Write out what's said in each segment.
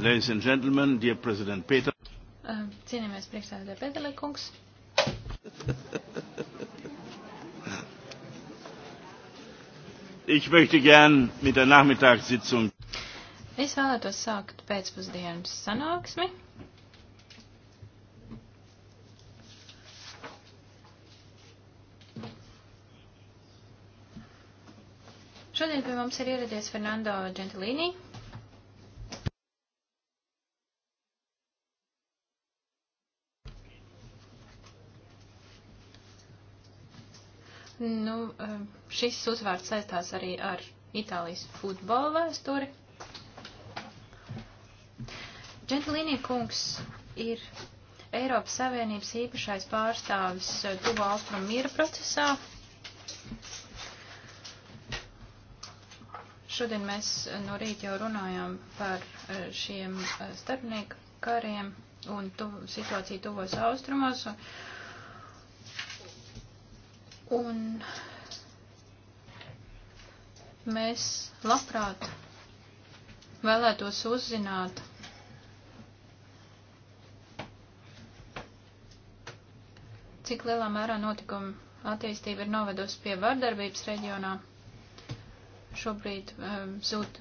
Ladies and gentlemen, dear President Peter. Cienījamies priekšsēdētāja Pēterle kungs. Ich möchte gern mit der Nachmittagssitzung. Es vēlētos sākt pēcpusdienas sanāksmi. Šodien pie mums ir ieradies Fernando Gentilini, Nu, eh, šis uzvārds saistās arī ar Itālijas futbola vēsturi. Džentlīnī kungs ir Eiropas Savienības īpašais pārstāvis eh, tuvo austrumu mīra procesā. Šodien mēs eh, no rīta jau runājām par šiem starpnieku kariem un tu, situāciju tuvos austrumos. Un, Un mēs labprāt vēlētos uzzināt, cik lielā mērā notikuma attīstība ir novedusi pie vardarbības reģionā. Šobrīd um, zūd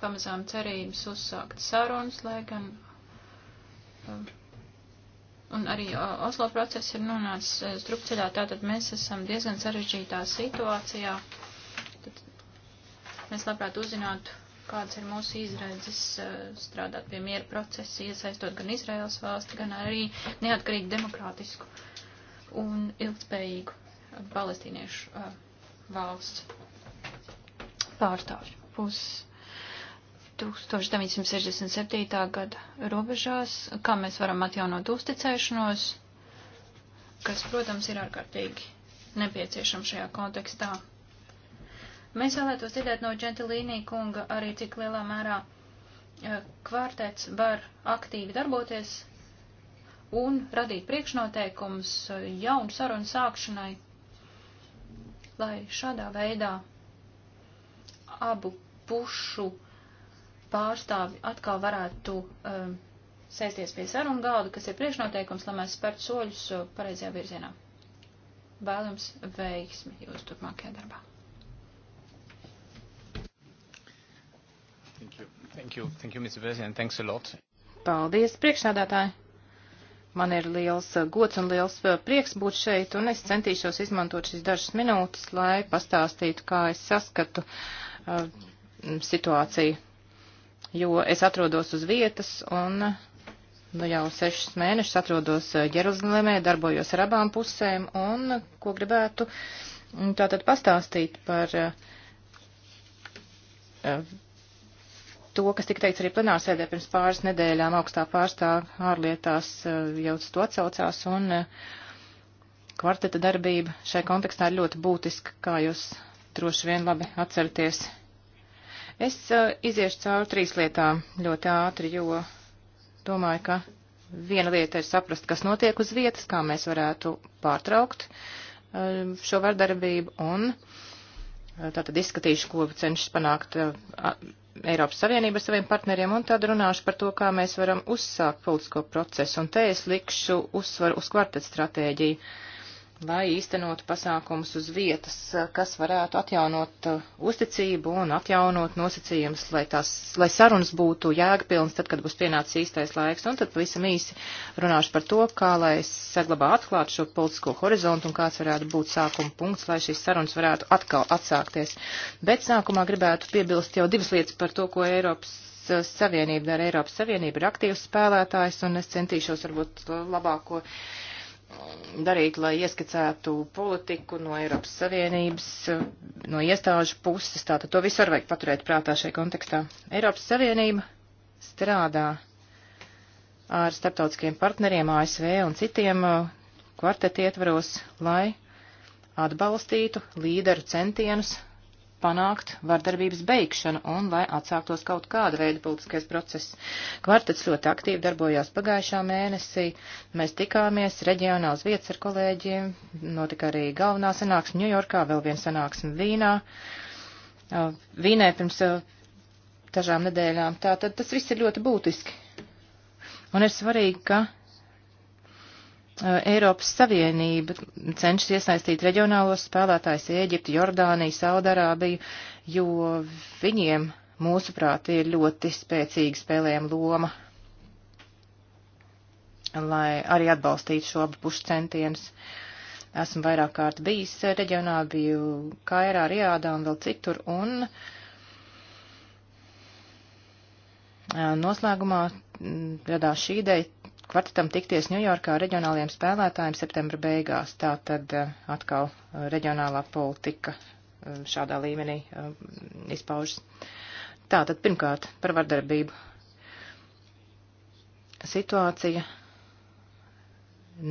pamazām cerības uzsākt sarunas, lai gan um, un arī Oslo process ir nonācis e, strupceļā, tātad mēs esam diezgan sarežģītā situācijā. Tad mēs labprāt uzzinātu, kādas ir mūsu izredzes e, strādāt pie miera procesa, iesaistot gan Izraels valsti, gan arī neatkarīgu demokrātisku un ilgspējīgu palestīniešu e, valsts pārstāvju puses. 1967. gada robežās, kā mēs varam atjaunot uzticēšanos, kas, protams, ir ārkārtīgi nepieciešams šajā kontekstā. Mēs vēlētos dzirdēt no Džentilīnī kunga arī, cik lielā mērā e, kvartets var aktīvi darboties un radīt priekšnoteikums e, jaunu sarunu sākšanai, lai šādā veidā abu pušu uh, pārstāvi atkal varētu um, sēsties pie sarunu galda, kas ir priekšnoteikums, lai mēs spērtu soļus uh, pareizajā virzienā. Vēl jums veiksmi jūsu turpmākajā darbā. Thank you. Thank you. Thank you, Mr. President. Thanks a lot. Paldies, priekšsādātāji. Man ir liels uh, gods un liels uh, prieks būt šeit, un es centīšos izmantot šīs dažas minūtes, lai pastāstītu, kā es saskatu uh, situāciju jo es atrodos uz vietas un nu, jau sešus mēnešus atrodos Ģeruzalemē, darbojos ar abām pusēm un ko gribētu mm, tātad pastāstīt par eh, to, kas tika teikts arī plenārsēdē pirms pāris nedēļām augstā pārstāv ārlietās eh, jau uz to atsaucās un eh, kvarteta darbība šai kontekstā ir ļoti būtiska, kā jūs droši vien labi atceraties Es uh, iziešu cauri trīs lietām ļoti ātri, jo domāju, ka viena lieta ir saprast, kas notiek uz vietas, kā mēs varētu pārtraukt uh, šo vardarbību un tātad izskatīšu, ko cenšas panākt Eiropas Savienība ar saviem partneriem, un tad runāšu par to, kā mēs varam uzsākt politisko procesu, un te es likšu uzsvaru uz kvartet stratēģiju. Uh, lai īstenotu pasākumus uz vietas, eh, kas varētu atjaunot eh, uzticību un atjaunot nosacījumus, lai, tās, lai sarunas būtu jēgpilnas tad, kad būs pienācis īstais laiks. Un tad pavisam īsi runāšu par to, kā lai saglabā atklāt šo politisko horizontu un kāds varētu būt sākuma punkts, lai šīs sarunas varētu atkal atsākties. Bet sākumā gribētu piebilst jau divas lietas par to, ko Eiropas eh, Savienība dara. Eiropas Savienība ir aktīvs spēlētājs un es centīšos varbūt labāko darīt, lai ieskicētu politiku no Eiropas Savienības, no iestāžu puses. Tātad to visu vajag paturēt prātā šajā kontekstā. Eiropas Savienība strādā ar starptautiskiem partneriem ASV un citiem uh, kvarteti ietvaros, lai atbalstītu līderu centienus panākt vardarbības beigšanu un lai atsāktos kaut kāda veida politiskais process. Kvartets ļoti aktīvi darbojās pagājušā mēnesī. Mēs tikāmies reģionā uz vietas ar kolēģiem, notika arī galvenā sanāksme Ņujorkā, vēl viena sanāksme Vīnā. Vīnē pirms dažām nedēļām. Tātad tas viss ir ļoti būtiski. Un ir svarīgi, ka Eh, Eiropas Savienība cenšas iesaistīt reģionālos spēlētājus Ēģipti, Jordāniju, Saudarābiju, jo viņiem, mūsuprāt, ir ļoti spēcīga spēlējama loma, lai arī atbalstītu šo abu pušu centienus. Esmu vairāk kārt bijis reģionā, biju Kairā, Riādā un vēl citur, un eh, noslēgumā radās šī ideja kvartetam tikties Ņujorkā reģionāliem spēlētājiem septembra beigās. Tā tad eh, atkal eh, reģionālā politika eh, šādā līmenī izpaužas. Tā tad pirmkārt par vardarbību. Situācija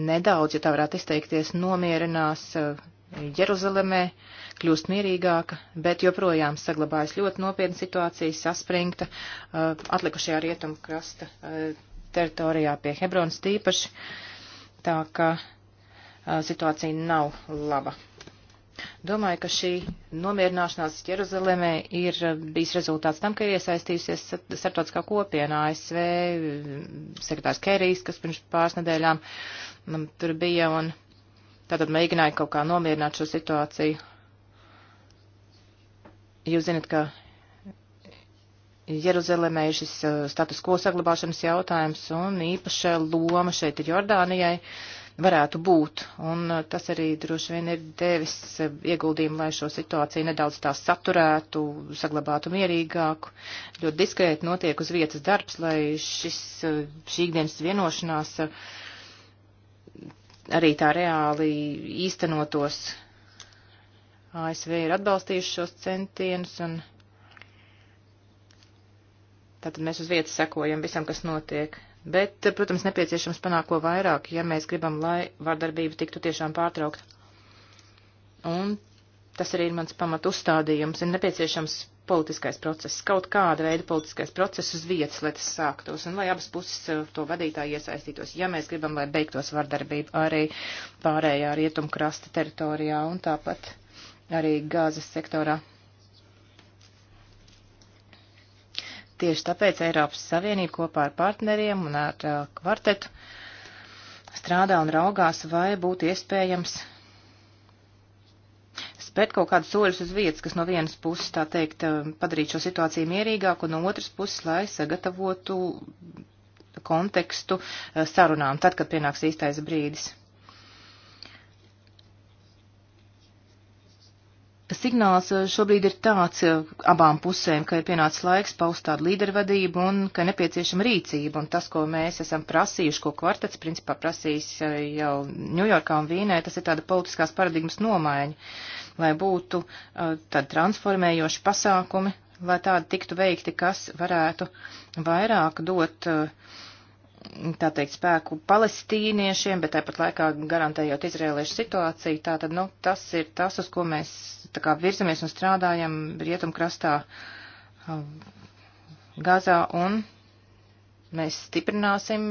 nedaudz, ja tā varētu izteikties, nomierinās Jeruzalemē, kļūst mierīgāka, bet joprojām saglabājas ļoti nopietna situācija saspringta atlikušajā rietumu krasta teritorijā pie Hebronas tīpaši, tā ka situācija nav laba. Domāju, ka šī nomierināšanās Jeruzalemē ir bijis rezultāts tam, ka ir iesaistījusies starptautiskā kopiena ASV, sekretārs Kerijs, kas pirms pāris nedēļām mm, tur bija un tātad mēģināja kaut kā nomierināt šo situāciju. Jūs zinat, ka Jeruzalemē ir šis uh, status quo saglabāšanas jautājums un īpaša loma šeit ir Jordānijai varētu būt. Un uh, tas arī droši vien ir devis uh, ieguldījumu, lai šo situāciju nedaudz tā saturētu, saglabātu mierīgāku. Ļoti diskrēti notiek uz vietas darbs, lai šis, šī ikdienas vienošanās arī tā reāli īstenotos. ASV ir atbalstījuši šos centienus un Tātad mēs uz vietas sekojam visam, kas notiek. Bet, protams, nepieciešams panākt ko vairāk, ja mēs gribam, lai vardarbība tiktu tiešām pārtraukta. Un tas arī ir mans pamat uzstādījums. Ir nepieciešams politiskais process, kaut kāda veida politiskais process uz vietas, lai tas sāktos un lai abas puses eh, to vadītāji iesaistītos, ja mēs gribam, lai beigtos vardarbība arī pārējā rietumkrasta teritorijā un tāpat arī gāzes sektorā. Tieši tāpēc Eiropas Savienība kopā ar partneriem un ar uh, kvartetu strādā un raugās, vai būtu iespējams spēt kaut kādus soļus uz vietas, kas no vienas puses, tā teikt, uh, padarītu šo situāciju mierīgāku, un no otras puses, lai sagatavotu kontekstu uh, sarunām, tad, kad pienāks īstais brīdis. Signāls eh, šobrīd ir tāds eh, abām pusēm, ka ir pienācis laiks paust tādu līdervadību un ka nepieciešama rīcība. Un tas, ko mēs esam prasījuši, ko kvartets principā prasījis eh, jau Ņujorkā un Vīnē, tas ir tāda politiskās paradigmas nomaiņa, lai būtu tādi transformējoši pasākumi, lai tādi tiktu veikti, kas varētu vairāk dot uh, tā teikt, spēku palestīniešiem, bet tāpat laikā garantējot izrēliešu situāciju. Tātad, nu, tas ir tas, uz ko mēs tā kā virzamies un strādājam rietumkrastā um, Gazā un mēs stiprināsim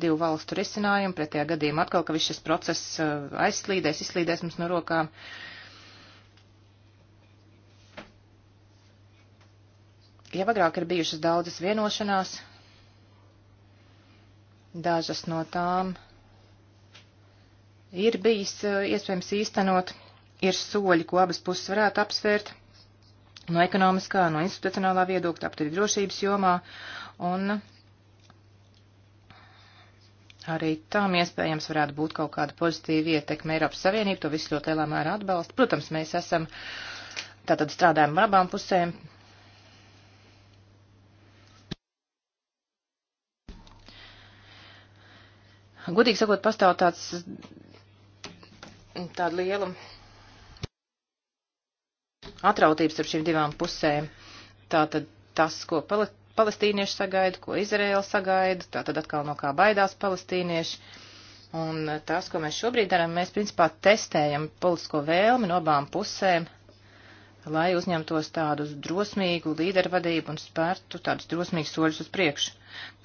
divu valstu risinājumu, pretējā gadījumā atkal, ka viss šis process uh, aizslīdēs, izslīdēs mums no rokām. Jau agrāk ir bijušas daudzas vienošanās, Dažas no tām ir bijis eh, iespējams īstenot, ir soļi, ko abas puses varētu apsvērt no ekonomiskā, no institucionālā viedokļa, tāpat arī drošības jomā, un arī tām iespējams varētu būt kaut kāda pozitīva ietekme Eiropas Savienība, to visu ļoti lielā mērā atbalsta. Protams, mēs esam, tātad strādājam ar abām pusēm, Godīgi sakot, pastāv tāds tāda liela atrautības ar šīm divām pusēm. Tātad tas, ko pal palestīnieši sagaida, ko Izraēla sagaida, tātad atkal no kā baidās palestīnieši. Un tas, ko mēs šobrīd darām, mēs principā testējam politisko vēlmi no abām pusēm lai uzņemtos tādus drosmīgu līdervadību un spērtu tādus drosmīgus soļus uz priekšu.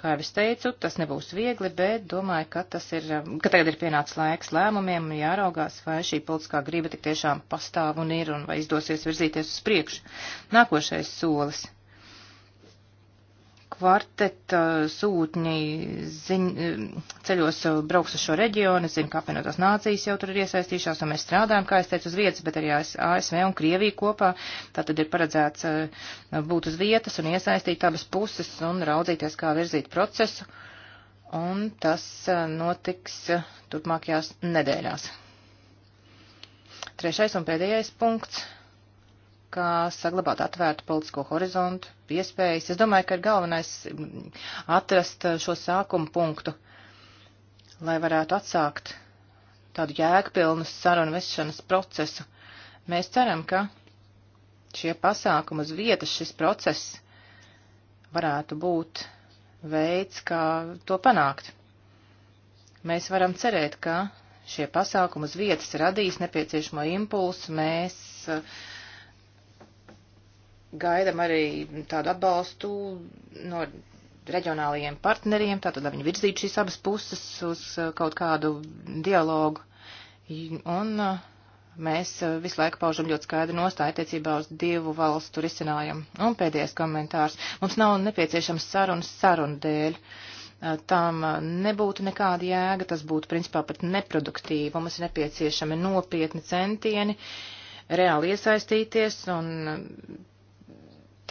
Kā jau es teicu, tas nebūs viegli, bet domāju, ka, tas ir, um, ka tagad ir pienācis laiks lēmumiem un jāraugās, vai šī politiskā grība tik tiešām pastāv un ir un vai izdosies virzīties uz priekšu. Nākošais solis kvarteta sūtņi ziņ, ceļos eh, brauks uz šo reģionu, zinu, ka apvienotās nācijas jau tur ir iesaistījušās, un mēs strādājam, kā es teicu, uz vietas, bet arī ASV un Krievija kopā. Tātad ir paredzēts eh, būt uz vietas un iesaistīt abas puses un raudzīties, kā virzīt procesu, un tas eh, notiks turpmākajās nedēļās. Trešais un pēdējais punkts kā saglabāt atvērtu politisko horizontu, iespējas. Es domāju, ka ir galvenais mm, atrast uh, šo sākumu punktu, lai varētu atsākt tādu jēgpilnu sarunu vešanas procesu. Mēs ceram, ka šie pasākumi uz vietas, šis process varētu būt veids, kā to panākt. Mēs varam cerēt, ka šie pasākumi uz vietas radīs nepieciešamo impulsu, mēs uh, gaidam arī tādu atbalstu no reģionālajiem partneriem, tātad, lai viņi virzītu šīs abas puses uz uh, kaut kādu dialogu. Un uh, mēs uh, visu laiku paužam ļoti skaidru nostāju attiecībā uz divu valstu risinājumu. Un pēdējais komentārs. Mums nav nepieciešams sarunas sarunu dēļ. Tām nebūtu nekāda jēga, tas būtu principā pat neproduktīvi. Mums ir nepieciešami nopietni centieni reāli iesaistīties un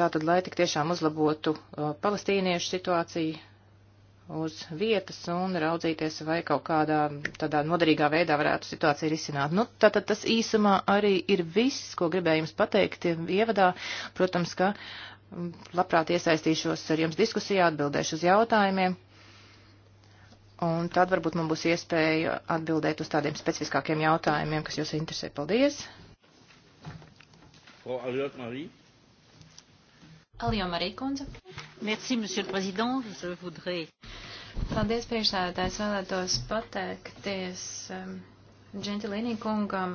Tātad, lai tik tiešām uzlabotu uh, palestīniešu situāciju uz vietas un raudzīties, vai kaut kādā tādā noderīgā veidā varētu situāciju risināt. Nu, tātad tas īsumā arī ir viss, ko gribēju jums pateikt ievadā. Protams, ka mm, labprāt iesaistīšos ar jums diskusijā, atbildēšu uz jautājumiem. Un tad varbūt man būs iespēja atbildēt uz tādiem specifiskākiem jautājumiem, kas jūs interesē. Paldies! Frau Alliot Marie. Alio Marīkundze. Merci, monsieur le président. Je voudrais. Paldies, priekšsēdētājs. Vēlētos pateikties Džentilīnī um, kungam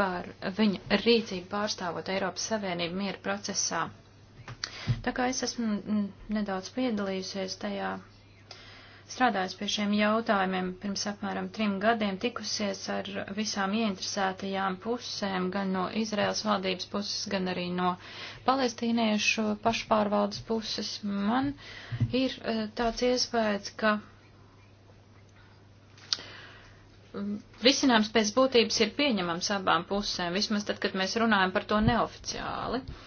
par viņa rīcību pārstāvot Eiropas Savienību miera procesā. Tā kā es esmu mm, nedaudz piedalījusies tajā strādājis pie šiem jautājumiem. Pirms apmēram trim gadiem tikusies ar visām ieinteresētajām pusēm, gan no Izraels valdības puses, gan arī no palestīniešu pašpārvaldes puses. Man ir e, tāds iespējas, ka mm, risinājums pēc būtības ir pieņemams abām pusēm, vismaz tad, kad mēs runājam par to neoficiāli. Uh,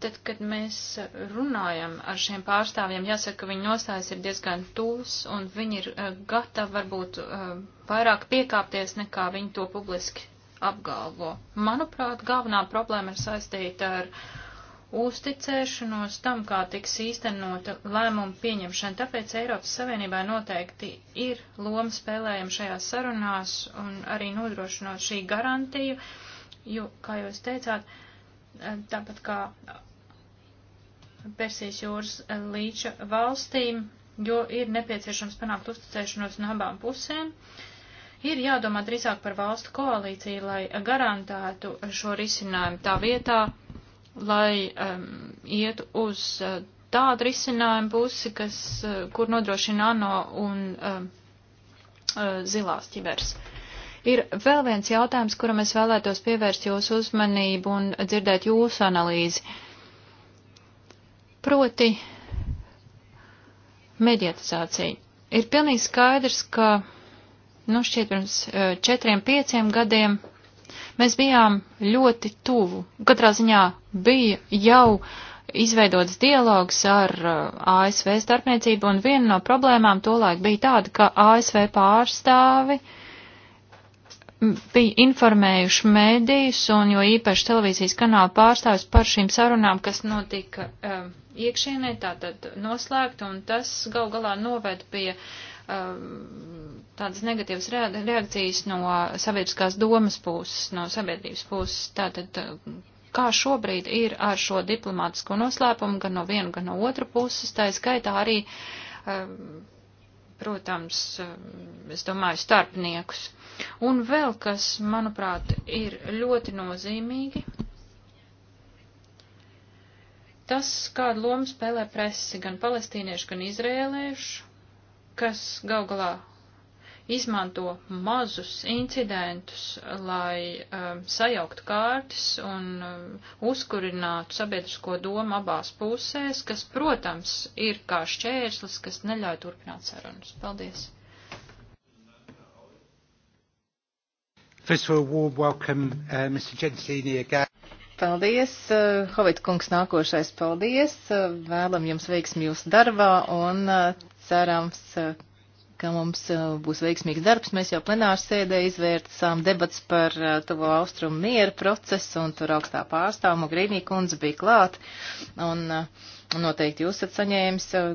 Tad, kad mēs runājam ar šiem pārstāvjiem, jāsaka, ka viņu nostājas ir diezgan tūs un viņi ir eh, gatavi varbūt eh, vairāk piekāpties nekā viņi to publiski apgalvo. Manuprāt, galvenā problēma ir saistīta ar uzticēšanos tam, kā tiks īstenota lēmuma pieņemšana. Tāpēc Eiropas Savienībai noteikti ir loma spēlējama šajās sarunās un arī nodrošinot šī garantiju, jo, kā jūs teicāt, tāpat kā Persijas jūras līča valstīm, jo ir nepieciešams panākt uzticēšanos no abām pusēm. Ir jādomā drīzāk par valstu koalīciju, lai garantētu šo risinājumu tā vietā, lai um, iet uz uh, tādu risinājumu pusi, kas, uh, kur nodrošina ANO un uh, uh, zilās ķivers. Uh, Ir vēl viens jautājums, kuram es vēlētos pievērst jūsu uzmanību un dzirdēt jūsu analīzi. Proti, mediatizācija. Ir pilnīgi skaidrs, ka, nu, šķiet pirms e, četriem, pieciem gadiem mēs bijām ļoti tuvu. Katrā ziņā bija jau izveidots dialogs ar e, ASV starpniecību, un viena no problēmām tolaik bija tāda, ka ASV pārstāvi uh, bija informējuši mēdījus un jo īpaši televīzijas kanāla pārstāvis par šīm sarunām, kas notika um, iekšienē, tātad noslēgt, un tas gal galā noved pie um, tādas negatīvas reakcijas no sabiedriskās domas puses, no sabiedrības puses. Tātad, um, kā šobrīd ir ar šo diplomātisko noslēpumu gan no viena, gan no otra puses, tā ir skaitā arī, um, protams, um, es domāju, starpniekus. Un vēl kas, manuprāt, ir ļoti nozīmīgi, tas, kādu lomu spēlē presi gan palestīniešu, gan izrēliešu, kas gal galā izmanto mazus incidentus, lai um, sajauktu kārtas un um, uzkurinātu sabiedrisko domu abās pusēs, kas, protams, ir kā šķērslis, kas neļauj turpināt sarunas. Paldies! First of all, warm welcome, uh, Mr. Gentini again. Paldies, uh, Hovita kungs nākošais, paldies. Uh, vēlam jums veiksmi jūsu darbā un uh, cerams, uh, ka mums uh, būs veiksmīgs darbs. Mēs jau plenāru sēdē izvērtsām debats par uh, tuvo austrumu mieru procesu un tur augstā pārstāvuma Grīnī kundze bija klāt. Un, uh, Noteikti jūs esat saņēmis eh,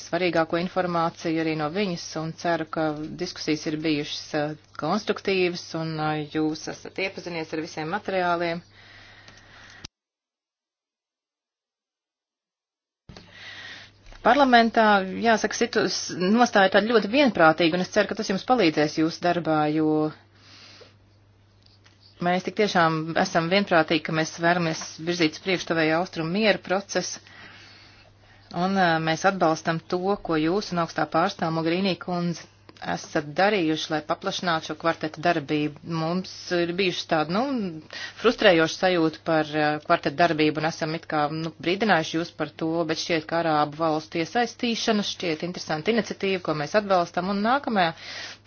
svarīgāko informāciju arī no viņas un ceru, ka diskusijas ir bijušas eh, konstruktīvas un eh, jūs esat iepazinies ar visiem materiāliem. Parlamentā, jāsaka, situs, nostāja tāda ļoti vienprātīga, un es ceru, ka tas jums palīdzēs jūsu darbā, jo mēs tik tiešām esam vienprātīgi, ka mēs vēlamies virzīt priekš tavējā austrumu miera procesu un eh, mēs atbalstam to, ko jūs un augstā pārstāv Mogrīnī kundze esat darījuši, lai paplašinātu šo kvarteta darbību? Mums ir bijuši tādi, nu, frustrējoši sajūta par eh, kvarteta darbību un esam it kā, nu, brīdinājuši jūs par to, bet šķiet, ka arābu valstu iesaistīšana šķiet interesanta iniciatīva, ko mēs atbalstam, un nākamajā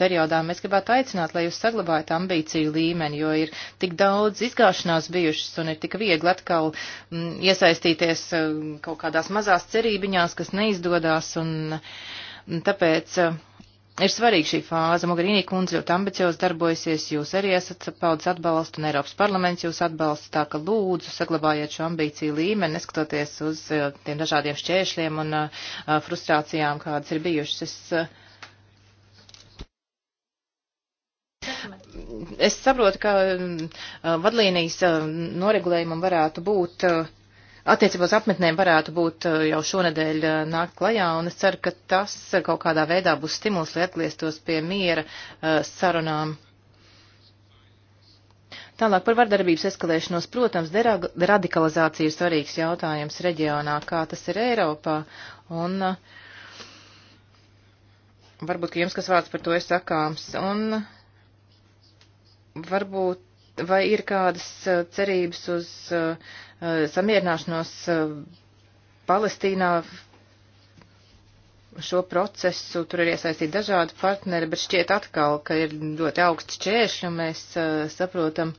periodā mēs gribētu aicināt, lai jūs saglabājat ambīciju līmeni, jo ir tik daudz izgāšanās bijušas un ir tik viegli atkal m, mm, iesaistīties eh, kaut kādās mazās cerībiņās, kas neizdodas, un mm, tāpēc. Uh, Ir svarīga šī fāze. Mogarīnī kundze ļoti ambiciozi darbojasies, jūs arī esat paudzes atbalstu un Eiropas parlaments jūs atbalsta, tā ka lūdzu saglabājiet šo ambīciju līmeni, neskatoties uz uh, tiem dažādiem šķēršļiem un uh, uh frustrācijām, kādas ir bijušas. Es, uh, Es saprotu, ka um, uh, vadlīnijas uh, noregulējumam varētu būt uh, attiecībā uz apmetnēm varētu būt uh, jau šonadēļ uh, nākt klajā, un es ceru, ka tas uh, kaut kādā veidā būs stimuls, lai atgrieztos pie miera sarunām. Tālāk par vardarbības eskalēšanos, protams, deradikalizācija ir svarīgs jautājums reģionā, kā tas ir Eiropā, un varbūt, ka jums kas vārds par to ir sakāms, un varbūt vai ir kādas uh, cerības uz uh, uh, samierināšanos Palestīnā šo procesu, tur ir iesaistīti dažādi partneri, bet šķiet atkal, ka ir ļoti augsts čēršļi, un mēs saprotam,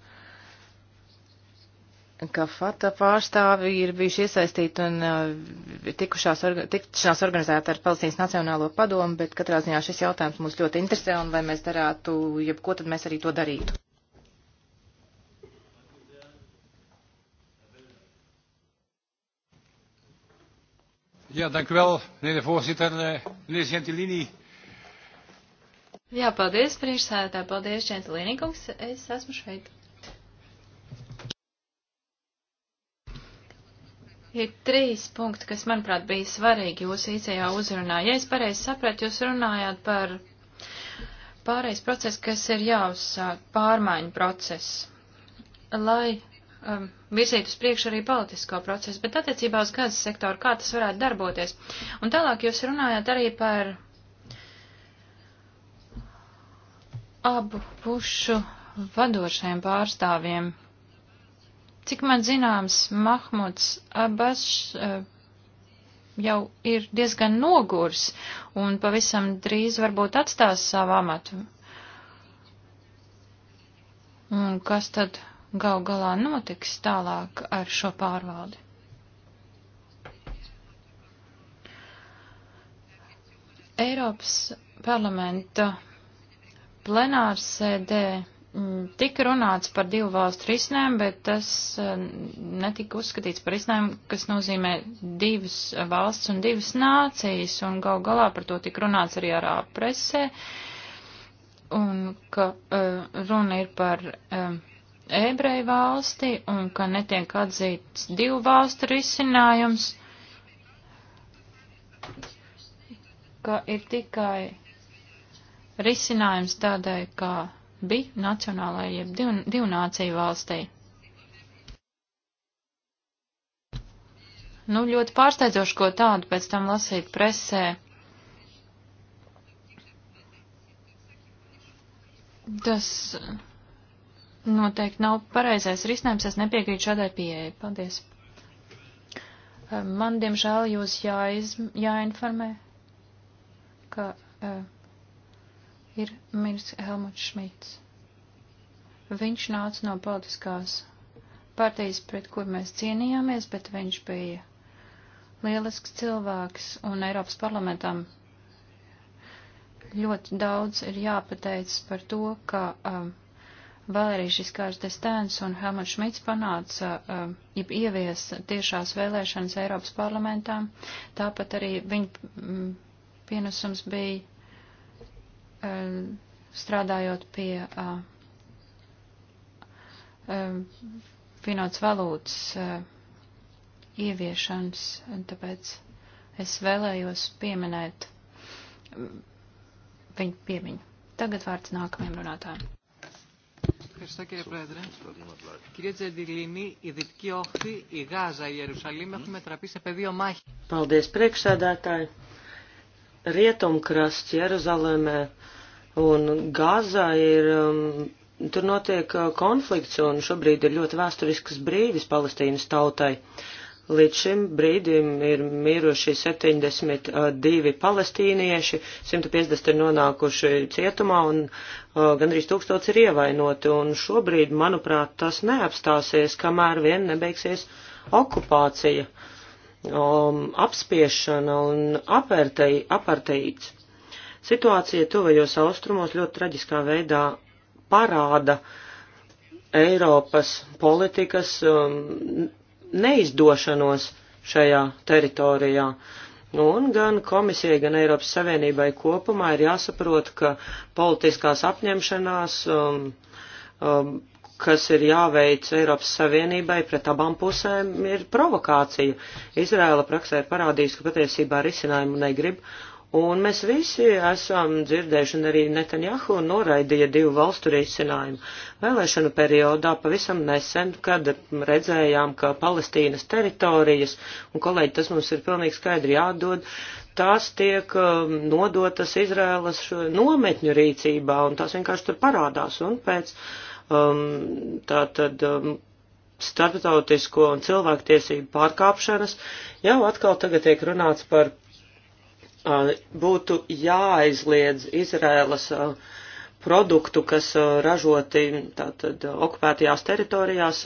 ka FATA pārstāvi ir bijuši iesaistīti un tikušās, tikšanās organizēta ar Palestīnas Nacionālo padomu, bet katrā ziņā šis jautājums mūs ļoti interesē, un vai mēs darētu, jebko tad mēs arī to darītu. Jā, dank vēl, Nīde Fositer, Nīde Gentilini. Jā, paldies, priekšsēdētāji, paldies, Gentilini kungs, es esmu šeit. Ir trīs punkti, kas, manuprāt, bija svarīgi jūsu īsajā uzrunā. Ja es pareizi sapratu, jūs runājāt par pārējais process, kas ir jāuzsāk, pārmaiņu process, lai um, virzīt uz priekšu arī politisko procesu, bet attiecībā uz gazas sektoru, kā tas varētu darboties. Un tālāk jūs runājāt arī par abu pušu vadošajiem pārstāvjiem. Cik man zināms, Mahmuds Abašs uh, jau ir diezgan nogurs un pavisam drīz varbūt atstās savu amatu. Un kas tad gau galā notiks tālāk ar šo pārvaldi. Eiropas parlamenta plenārsēdē mm, tika runāts par divu valstu risinājumu, bet tas mm, netika uzskatīts par risinājumu, kas nozīmē divas valsts un divas nācijas, un gal galā par to tika runāts arī arā presē, un ka uh, runa ir par uh, ebreju valsti un ka netiek atzīts divu valstu risinājums, ka ir tikai risinājums tādai kā bija nacionālajai jeb div, divu nāciju valstī. Nu, ļoti pārsteidzoši, ko tādu pēc tam lasīt presē. Tas noteikti nav pareizais risinājums. Es nepiekrītu šādai pieeja. Paldies. Eh, man, diemžēl, jūs jāiz, jāinformē, ka uh, ir mirs Helmuts Šmīts. Viņš nāca no politiskās partijas, pret kur mēs cienījāmies, bet viņš bija lielisks cilvēks un Eiropas parlamentam ļoti daudz ir jāpateic par to, ka. Uh, Valērijas Kārs Destēns un Helmut Šmits panāca, eh, ja ievies tiešās vēlēšanas Eiropas parlamentā, tāpat arī viņa mm, pienesums bija eh, strādājot pie eh, vienots valūtas ieviešanas, tāpēc es vēlējos pieminēt mm, viņu piemiņu. Tagad vārds nākamajam runātājam. Ευχαριστώ κύριε Πρόεδρε. Κύριε Τζεντιλίνη, η Δυτική Όχθη, η Γάζα, η Ιερουσαλήμ έχουν μετραπεί σε πεδίο μάχη. Paldies, priekšsēdētāji. Rietumkrasts Jeruzalemē un Gāza ir, um, tur notiek uh, konflikts un šobrīd ir ļoti vēsturisks brīdis Palestīnas tautai. Uh, Līdz šim brīdim ir miruši 72 palestīnieši, 150 ir nonākuši cietumā un uh, gandrīz tūkstots ir ievainoti. Un šobrīd, manuprāt, tas neapstāsies, kamēr vien nebeigsies okupācija, um, apspiešana un apartei, aparteīts. Situācija tuvajos austrumos ļoti traģiskā veidā parāda Eiropas politikas um, neizdošanos šajā teritorijā. Un gan komisijai, gan Eiropas Savienībai kopumā ir jāsaprot, ka politiskās apņemšanās, um, um, kas ir jāveic Eiropas Savienībai pret abām pusēm, ir provokācija. Izrēla praksē ir parādījusi, ka patiesībā risinājumu negrib, Un mēs visi esam dzirdējuši, un arī Netanjahu noraidīja divu valstu risinājumu. Vēlēšanu periodā pavisam nesen, kad redzējām, ka Palestīnas teritorijas, un kolēģi, tas mums ir pilnīgi skaidri jādod, tās tiek um, nodotas Izraēlas nometņu rīcībā, un tās vienkārši tur parādās, un pēc um, tā tad. Um, starptautisko un cilvēktiesību pārkāpšanas, jau atkal tagad tiek runāts par Uh, būtu jāaizliedz Izrēlas uh, produktu, kas uh, ražoti tātad okupētajās teritorijās,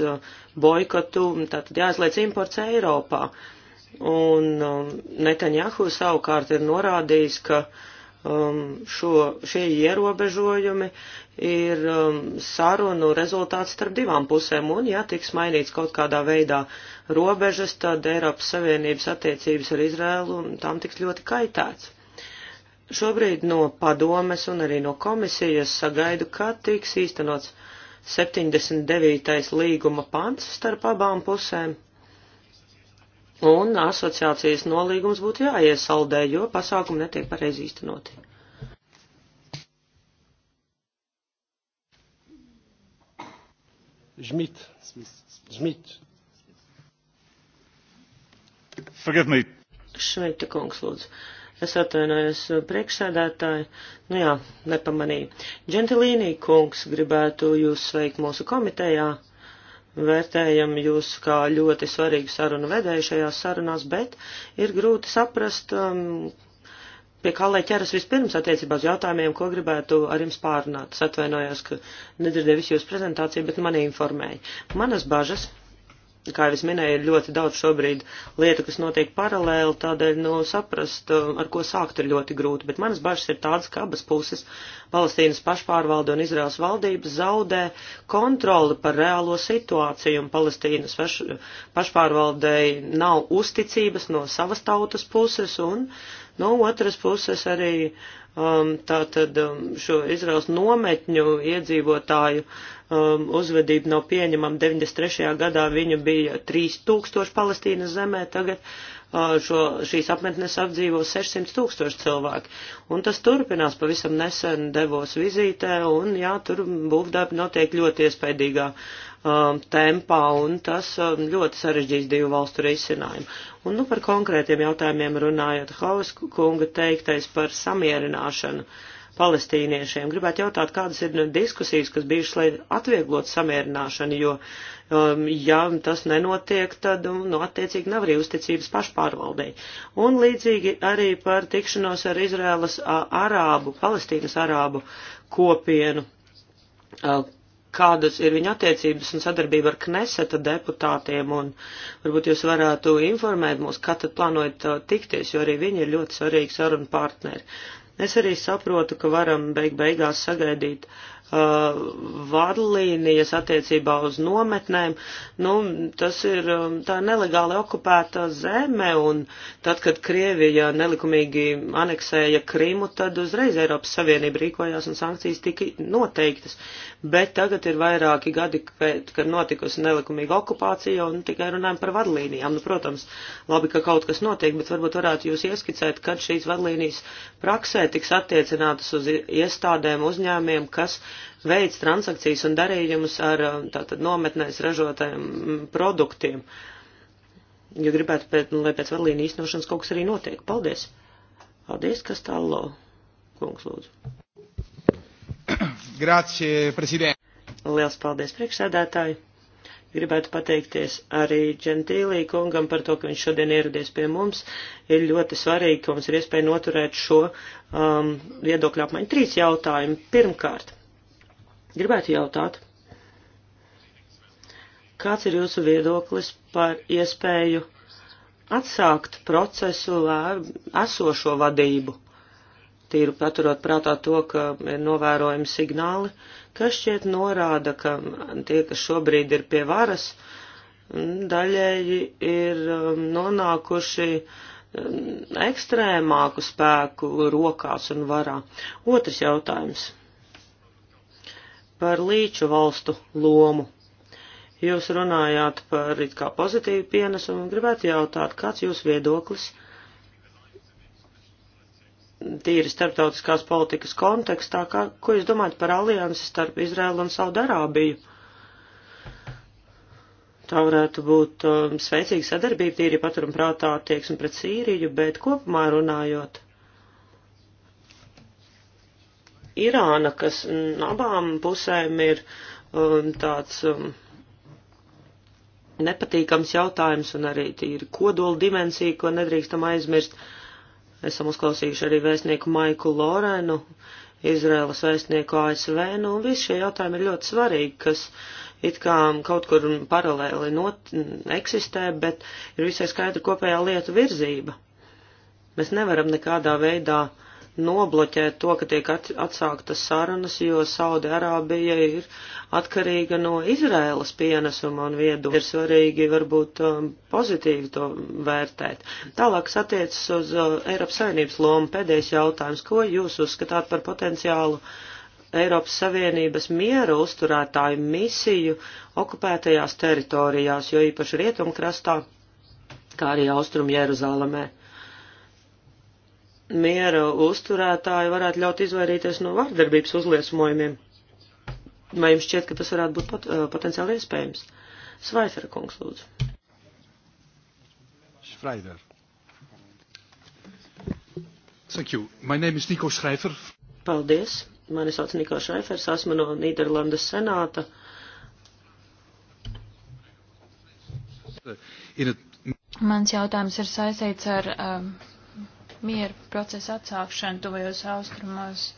boikotu, tātad jāaizliedz imports Eiropā. Un um, Netanjahu savukārt ir norādījis, ka uh, um, šo, šie ierobežojumi ir um, sarunu rezultāts starp divām pusēm, un ja tiks mainīts kaut kādā veidā robežas, tad Eiropas Savienības attiecības ar Izrēlu tam um, tiks ļoti kaitēts. Šobrīd no padomes un arī no komisijas sagaidu, ka tiks īstenots 79. līguma pants starp abām pusēm Un asociācijas nolīgums būtu jāiesaldē, jo pasākumi netiek pareizi īstenoti. Žmit. Žmit. Forgive me. Šveita kungs, lūdzu. Es atvainojos uh, priekšsēdētāji, nu jā, nepamanīju. Džentilīnī kungs gribētu jūs sveikt mūsu komitejā. Vērtējam jūs kā ļoti svarīgu sarunu vedēju šajās sarunās, bet ir grūti saprast, um, pie kā lai ķeras vispirms attiecībā uz jautājumiem, ko gribētu ar jums pārunāt. Es atvainojos, ka nedzirdēju visu jūsu prezentāciju, bet mani informēja. Manas bažas kā jau es minēju, ir ļoti daudz šobrīd lietu, kas notiek paralēli, tādēļ, nu, saprast, um, ar ko sākt ir ļoti grūti, bet manas bažas ir tādas, ka abas puses, Palestīnas pašpārvalde un Izraels valdības zaudē kontroli par reālo situāciju, un Palestīnas paš, pašpārvaldei nav uzticības no savas tautas puses, un no otras puses arī um, tātad um, šo Izraels nometņu iedzīvotāju um, uzvedību nav pieņemama. 93. gadā viņu bija 3000 Palestīnas zemē, tagad uh, šo, šīs apmetnes apdzīvo 600 tūkstoši cilvēki. Un tas turpinās pavisam nesen devos vizītē, un jā, tur būvdarbi notiek ļoti iespaidīgā um, tempā, un tas um, ļoti sarežģīs divu valstu risinājumu. Un nu, par konkrētiem jautājumiem runājot, Haus kunga teiktais par samierināšanu palestīniešiem. Gribētu jautāt, kādas ir nu, diskusijas, kas bijušas, lai atvieglot samierināšanu, jo, um, ja tas nenotiek, tad, um, nu, attiecīgi nav arī uzticības pašpārvaldei. Un līdzīgi arī par tikšanos ar Izrēlas arābu, Palestīnas arābu kopienu, kādas ir viņa attiecības un sadarbība ar Kneseta deputātiem, un varbūt jūs varētu informēt mūs, kad tad plānojat uh, tikties, jo arī viņi ir ļoti svarīgi sarunu partneri. Es arī saprotu, ka varam beig beigās sagaidīt uh, Uh, vadlīnijas attiecībā uz nometnēm, nu, tas ir um, tā nelegāli okupēta zeme, un tad, kad Krievija nelikumīgi aneksēja Krimu, tad uzreiz Eiropas Savienība rīkojās un sankcijas tika noteiktas. Bet tagad ir vairāki gadi, kad notikusi nelikumīga okupācija, un tikai runājam par vadlīnijām. Nu, protams, labi, ka kaut kas notiek, bet varbūt varētu jūs ieskicēt, kad šīs vadlīnijas praksē tiks attiecinātas uz iestādēm, uzņēmiem, kas veids transakcijas un darījumus ar um, tātad nometnēs ražotajiem mm, produktiem. Jo gribētu, pēc, lai pēc vadlīna īstenošanas kaut kas arī notiek. Paldies! Paldies, Kastallo! Kungs, lūdzu! Grācie, prezident! Liels paldies, priekšsēdētāji! Gribētu pateikties arī Džentīlī kungam par to, ka viņš šodien ieradies pie mums. Ir ļoti svarīgi, ka mums ir iespēja noturēt šo um, viedokļu apmaiņu. Trīs jautājumi. Pirmkārt, Gribētu jautāt, kāds ir jūsu viedoklis par iespēju atsākt procesu ar esošo vadību? Tīri paturot prātā to, ka ir novērojami signāli, kas šķiet norāda, ka tie, kas šobrīd ir pie varas, daļēji ir um, nonākuši um, ekstrēmāku spēku rokās un varā. Otrs jautājums par līču valstu lomu. Jūs runājāt par it kā pozitīvu pienesumu un gribētu jautāt, kāds jūs viedoklis tīri starptautiskās politikas kontekstā, kā, ko jūs domājat par aliansi starp Izrēlu un Saudarābiju? Tā varētu būt um, sveicīga sadarbība, tīri paturam prātā attieksme pret Sīriju, bet kopumā runājot Irāna, kas abām pusēm ir um, tāds um, nepatīkams jautājums un arī tīri kodola dimensija, ko nedrīkstam aizmirst. Esam uzklausījuši arī vēstnieku Maiku Lorenu, Izraēlas vēstnieku ASV, nu visi šie jautājumi ir ļoti svarīgi, kas it kā kaut kur paralēli not, eksistē, bet ir visai skaidra kopējā lietu virzība. Mēs nevaram nekādā veidā uh, nobloķēt to, ka tiek atsāktas sarunas, jo Saudi-Arābija ir atkarīga no Izrēlas pienesuma un viedu. Ir svarīgi varbūt um, pozitīvi to vērtēt. Tālāk satiecas uz uh, Eiropas Savienības lomu. Pēdējais jautājums, ko jūs uzskatāt par potenciālu Eiropas Savienības miera uzturētāju misiju okupētajās teritorijās, jo īpaši rietumkrastā, kā arī austrumu Jeruzālamē? miera uzturētāji varētu ļaut izvairīties no vārdarbības uzliesmojumiem. Vai jums šķiet, ka tas varētu būt pot, eh, potenciāli iespējams? Svaifera kungs, lūdzu. Schreiber. Thank you. My name is Niko Schreiber. Paldies. Mani sauc Niko Šreifers, esmu no Nīderlandes senāta. Mans jautājums ir saistīts ar um, mieru procesu atsākšanu tuvajos austrumos.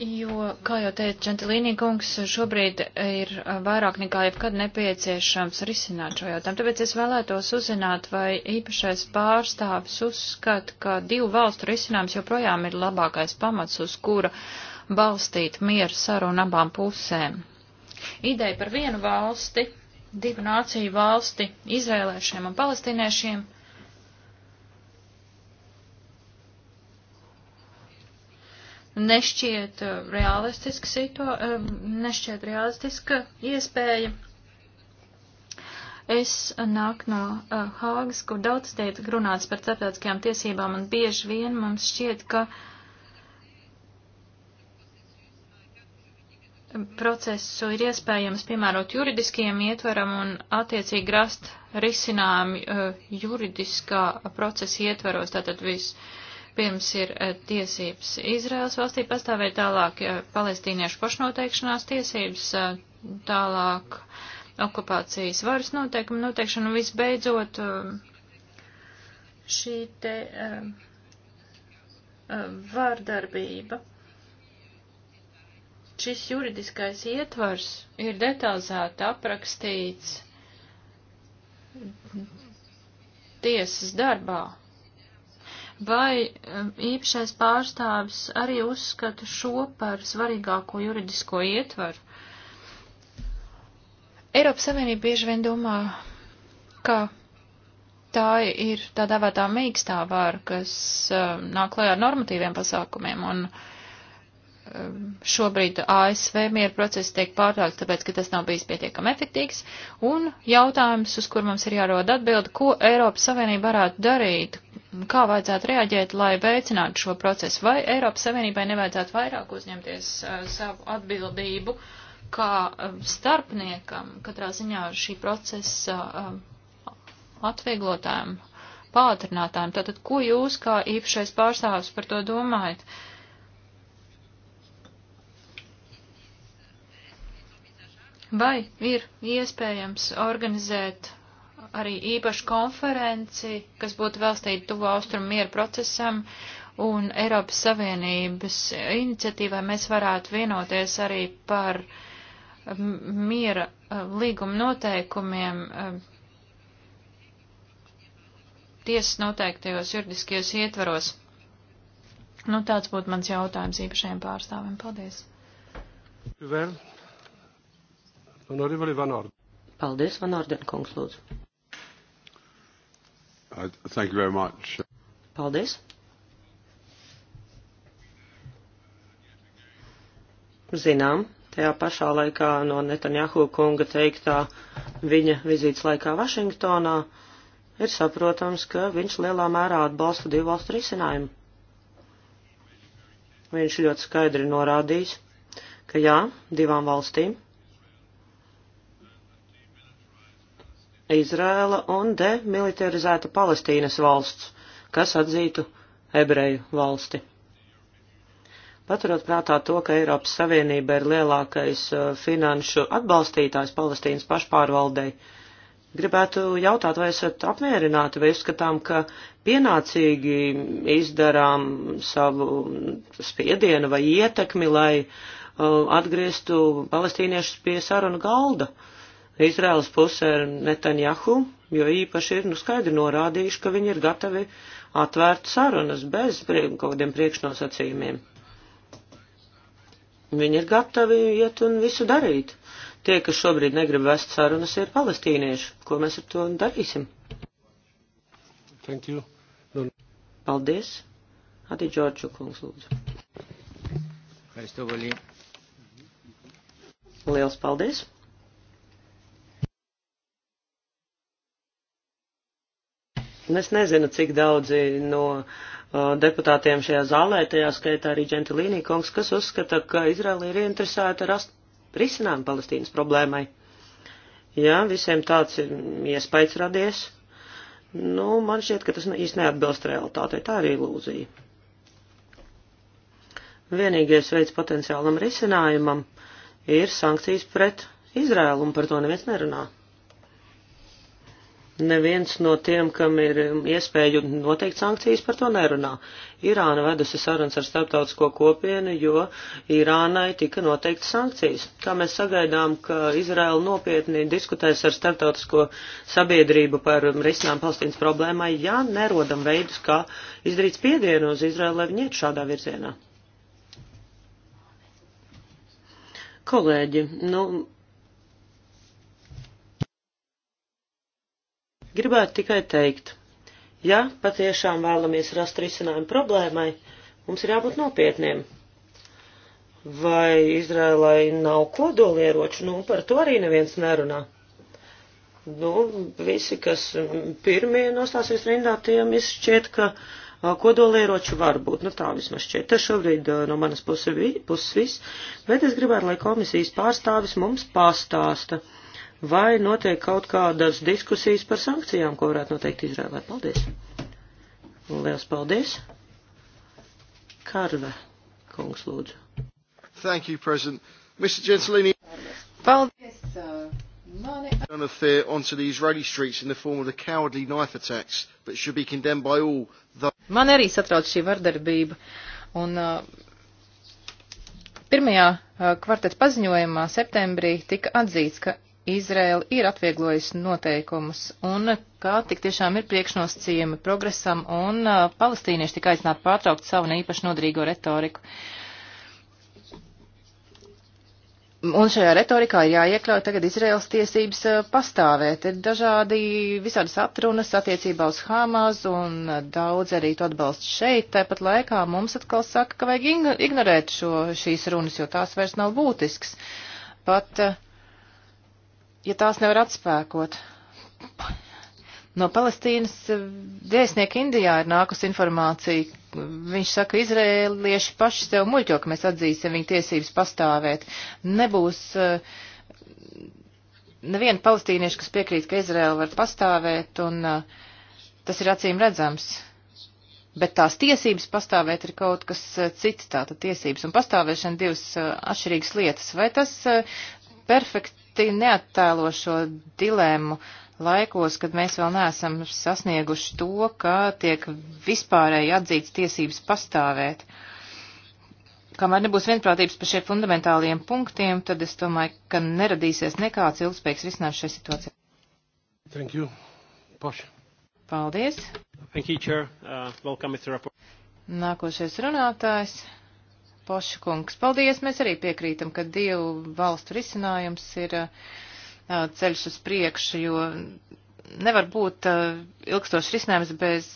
Jo, kā jau teica Čentilīnī kungs, šobrīd ir vairāk nekā jebkad nepieciešams risināt šo jautājumu. Tāpēc es vēlētos uzzināt, vai īpašais pārstāvis uzskata, ka divu valstu risinājums joprojām ir labākais pamats, uz kura balstīt mieru sarunu abām pusēm. Ideja par vienu valsti divu nāciju valsti izrēlēšiem un palestīniešiem. Nešķiet uh, realistiska, situa, um, nešķiet realistiska iespēja. Es nāku no uh, Hāgas, kur daudz tiek runāts par starptautiskajām tiesībām, un bieži vien mums šķiet, ka uh, procesu ir iespējams piemērot juridiskiem ietveram un attiecīgi rast risinājumi eh, juridiskā procesa ietveros. Tātad vispirms ir eh, tiesības Izraels valstī pastāvēt, tālāk eh, palestīniešu pašnoteikšanās tiesības, tālāk okupācijas varas noteikumu noteikšanu un visbeidzot šī te vārdarbība. Uh, uh, šis juridiskais ietvars ir detalizēti aprakstīts tiesas darbā. Vai um, īpašais pārstāvis arī uzskata šo par svarīgāko juridisko ietvaru? Eiropas Savienība bieži vien domā, ka tā ir tā dēvētā mīkstā vāra, kas uh, nāk klajā ar normatīviem pasākumiem, un uh, Um, šobrīd ASV miera procesi tiek pārtraukti, tāpēc, ka tas nav bijis pietiekami efektīgs. Un jautājums, uz kur mums ir jārod atbildi, ko Eiropas Savienība varētu darīt, kā vajadzētu reaģēt, lai veicinātu šo procesu, vai Eiropas Savienībai nevajadzētu vairāk uzņemties uh, savu atbildību kā uh, starpniekam, katrā ziņā šī procesa uh, um, atvieglotājiem, pātrinātājiem. Tātad, ko jūs kā īpašais pārstāvs par to domājat? Uh, Vai ir iespējams organizēt arī īpašu konferenci, kas būtu vēlstīta tuvu austrumu mieru procesam un Eiropas Savienības iniciatīvai mēs varētu vienoties arī par miera līguma noteikumiem tiesas noteiktajos juridiskajos ietvaros. Nu, tāds būtu mans jautājums īpašajiem pārstāvim. Paldies. Vēl. Honorevole Van Orden. Paldies, Van Orden, kungs, lūdzu. Uh, thank you very much. Paldies. Zinām, tajā pašā laikā no Netanjahu kunga teiktā viņa vizītes laikā Vašingtonā ir saprotams, ka viņš lielā mērā atbalsta divu valstu risinājumu. Viņš ļoti skaidri norādījis, ka jā, divām valstīm Izrēla un demilitarizēta Palestīnas valsts, kas atzītu ebreju valsti. Paturot prātā to, ka Eiropas Savienība ir lielākais uh, finanšu atbalstītājs Palestīnas pašpārvaldei, gribētu jautāt, vai esat apmierināti, vai uzskatām, ka pienācīgi izdarām savu spiedienu vai ietekmi, lai uh, atgrieztu palestīniešus pie sarunu galda. Uh, Izraels puse ar Netanjahu, jo īpaši ir nu skaidri norādījuši, ka viņi ir gatavi atvērt sarunas bez kaut kādiem priekšnosacījumiem. Viņi ir gatavi iet un visu darīt. Tie, kas šobrīd negrib vest sarunas, ir palestīnieši. Ko mēs ar to darīsim? Thank you. No. Paldies. Adi Džordžu kungs, lūdzu. Liels paldies. Es nezinu, cik daudzi no uh, deputātiem šajā zālē, tajā skaitā arī Džentilīnī kungs, kas uzskata, ka Izraela ir ieinteresēta rast risinājumu Palestīnas problēmai. Jā, visiem tāds ir iespējas radies. Nu, man šķiet, ka tas īsti neatbilst realitātei. Tā ir ilūzija. Vienīgais veids potenciālam risinājumam ir sankcijas pret Izraēlu, un par to neviens nerunā neviens no tiem, kam ir um, iespēja noteikt sankcijas, par to nerunā. Irāna vedusi sarunas ar starptautisko kopienu, jo Irānai tika noteikti sankcijas. Kā mēs sagaidām, ka Izraela nopietni diskutēs ar starptautisko sabiedrību par um, risinājumu Palestīnas problēmai, ja nerodam veidus, kā izdarīt spiedienu uz Izraelu, lai viņi iet šādā virzienā. Kolēģi, nu, Gribētu tikai teikt, ja patiešām vēlamies rast risinājumu problēmai, mums ir jābūt nopietniem. Vai Izrēlai nav kodolieroču? Nu, par to arī neviens nerunā. Nu, visi, kas pirmie nostāsies rindā, tiem izšķiet, ka kodolieroču var būt. Nu, tā vismaz šķiet. Tas šobrīd no manas puses, puses viss, bet es gribētu, lai komisijas pārstāvis mums pastāsta. Uh, vai notiek kaut kādas diskusijas par sankcijām, ko varētu noteikt Izrēlē? Paldies! Liels paldies! Karve, kungs lūdzu. Thank you, President. Mr. Gentilini. Paldies, sir. Uh, mani... None of fear onto the Israeli streets in the form of the cowardly knife attacks that should be condemned by all. The... Man arī satrauc šī vardarbība. Un, uh, Pirmajā uh, kvarteta paziņojumā septembrī tika atzīts, ka Izraela ir atvieglojusi noteikumus un ka tik tiešām ir priekšnosacījumi progresam un uh, palestīnieši tika aicināti pārtraukt savu neīpaši nodrīgo retoriku. Un šajā retorikā ir jāiekļauj tagad Izraels tiesības uh, pastāvēt. Ir dažādi visādas atrunas attiecībā uz Hamas un uh, daudz arī to atbalstu šeit. Tāpat laikā mums atkal saka, ka vajag ignorēt šo, šīs runas, jo tās vairs nav būtisks. Pat uh, ja tās nevar atspēkot. No Palestīnas vēstnieka Indijā ir nākus informācija. Viņš saka, izrēlieši paši sev muļķo, ka mēs atzīsim viņu tiesības pastāvēt. Nebūs eh, neviena palestīnieša, kas piekrīt, ka Izrēla var pastāvēt, un eh, tas ir acīm redzams. Bet tās tiesības pastāvēt ir kaut kas eh, cits, tātad tiesības un pastāvēšana divas atšķirīgas lietas. Vai tas perfekti īsti neattēlo šo dilēmu laikos, kad mēs vēl neesam sasnieguši to, kā tiek vispārēji atzīts tiesības pastāvēt. Kamēr nebūs vienprātības par šiem fundamentāliem punktiem, tad es domāju, ka neradīsies nekāds ilgspējīgs risinājums šai situācijai. Thank you. Poša. Paldies. Thank you, Chair. Uh, welcome, Mr. Rapport. Nākošais runātājs. Poškungs. Paldies, mēs arī piekrītam, ka divu valstu risinājums ir ceļš uz priekšu, jo nevar būt ilgstošs risinājums bez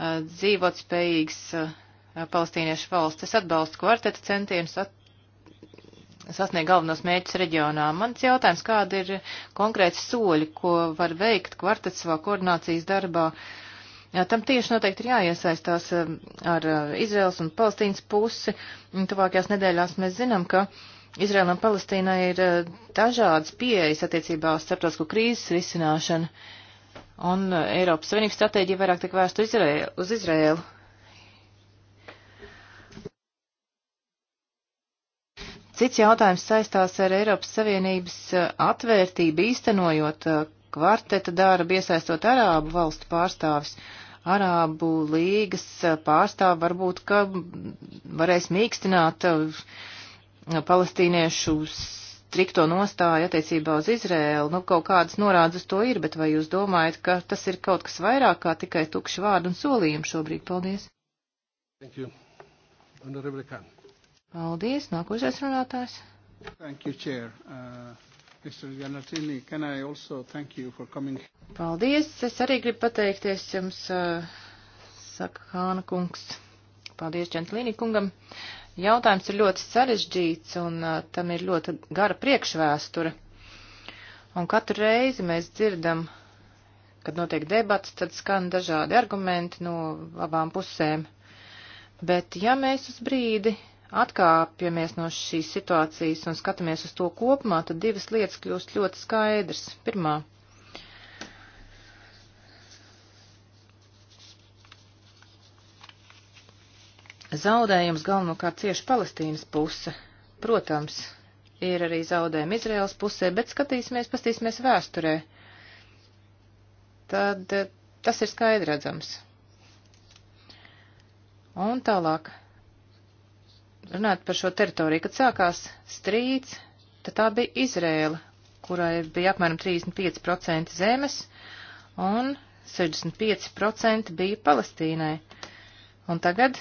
dzīvotspējīgas palestīniešu valsts. Es atbalstu kvarteta centienus at sasniegt galvenos mērķus reģionā. Mans jautājums, kāda ir konkrēta soļa, ko var veikt kvartets savā koordinācijas darbā? Uh, Tam tieši noteikti ir jāiesaistās um, ar uh, Izraels un Palestīnas pusi. Tuvākajās nedēļās mēs zinām, ka Izraela un Palestīna ir uh, dažādas pieejas attiecībā uz starptautisko krīzes risināšanu, un uh, Eiropas Savienības stratēģija vairāk tiek vērsta uz Izraēlu. Cits jautājums saistās ar Eiropas Savienības atvērtību īstenojot kvarteta darbu, iesaistot arābu valstu pārstāvis. Arābu līgas pārstāvi varbūt, ka varēs mīkstināt uh, palestīniešu strikto nostāju attiecībā uz Izrēlu, nu kaut kādas norādes to ir, bet vai jūs domājat, ka tas ir kaut kas vairāk kā tikai tukši vārdu un solījumi šobrīd? Paldies! Paldies, nākošais runātājs. Thank you, Chair. Uh... Mr. Giannattini, can I also thank you for coming? Paldies, es arī gribu pateikties jums, uh, saka Hāna kungs. Paldies, Džentlīni kungam. Jautājums ir ļoti sarežģīts un uh, tam ir ļoti gara priekšvēsture. Un katru reizi mēs dzirdam, kad notiek debats, tad skan dažādi argumenti no abām pusēm. Bet ja mēs uz brīdi atkāpjamies no šīs situācijas un skatāmies uz to kopumā, tad divas lietas kļūst ļoti skaidrs. Pirmā. Zaudējums galvenokārt cieši Palestīnas puse. Protams, ir arī zaudējumi Izraels pusē, bet skatīsimies, pastīsimies vēsturē. Tad eh, tas ir skaidredzams. Un tālāk runāt par šo teritoriju, kad sākās strīds, tad tā bija Izrēla, kurai bija apmēram 35% zemes un 65% bija Palestīnai. Un tagad,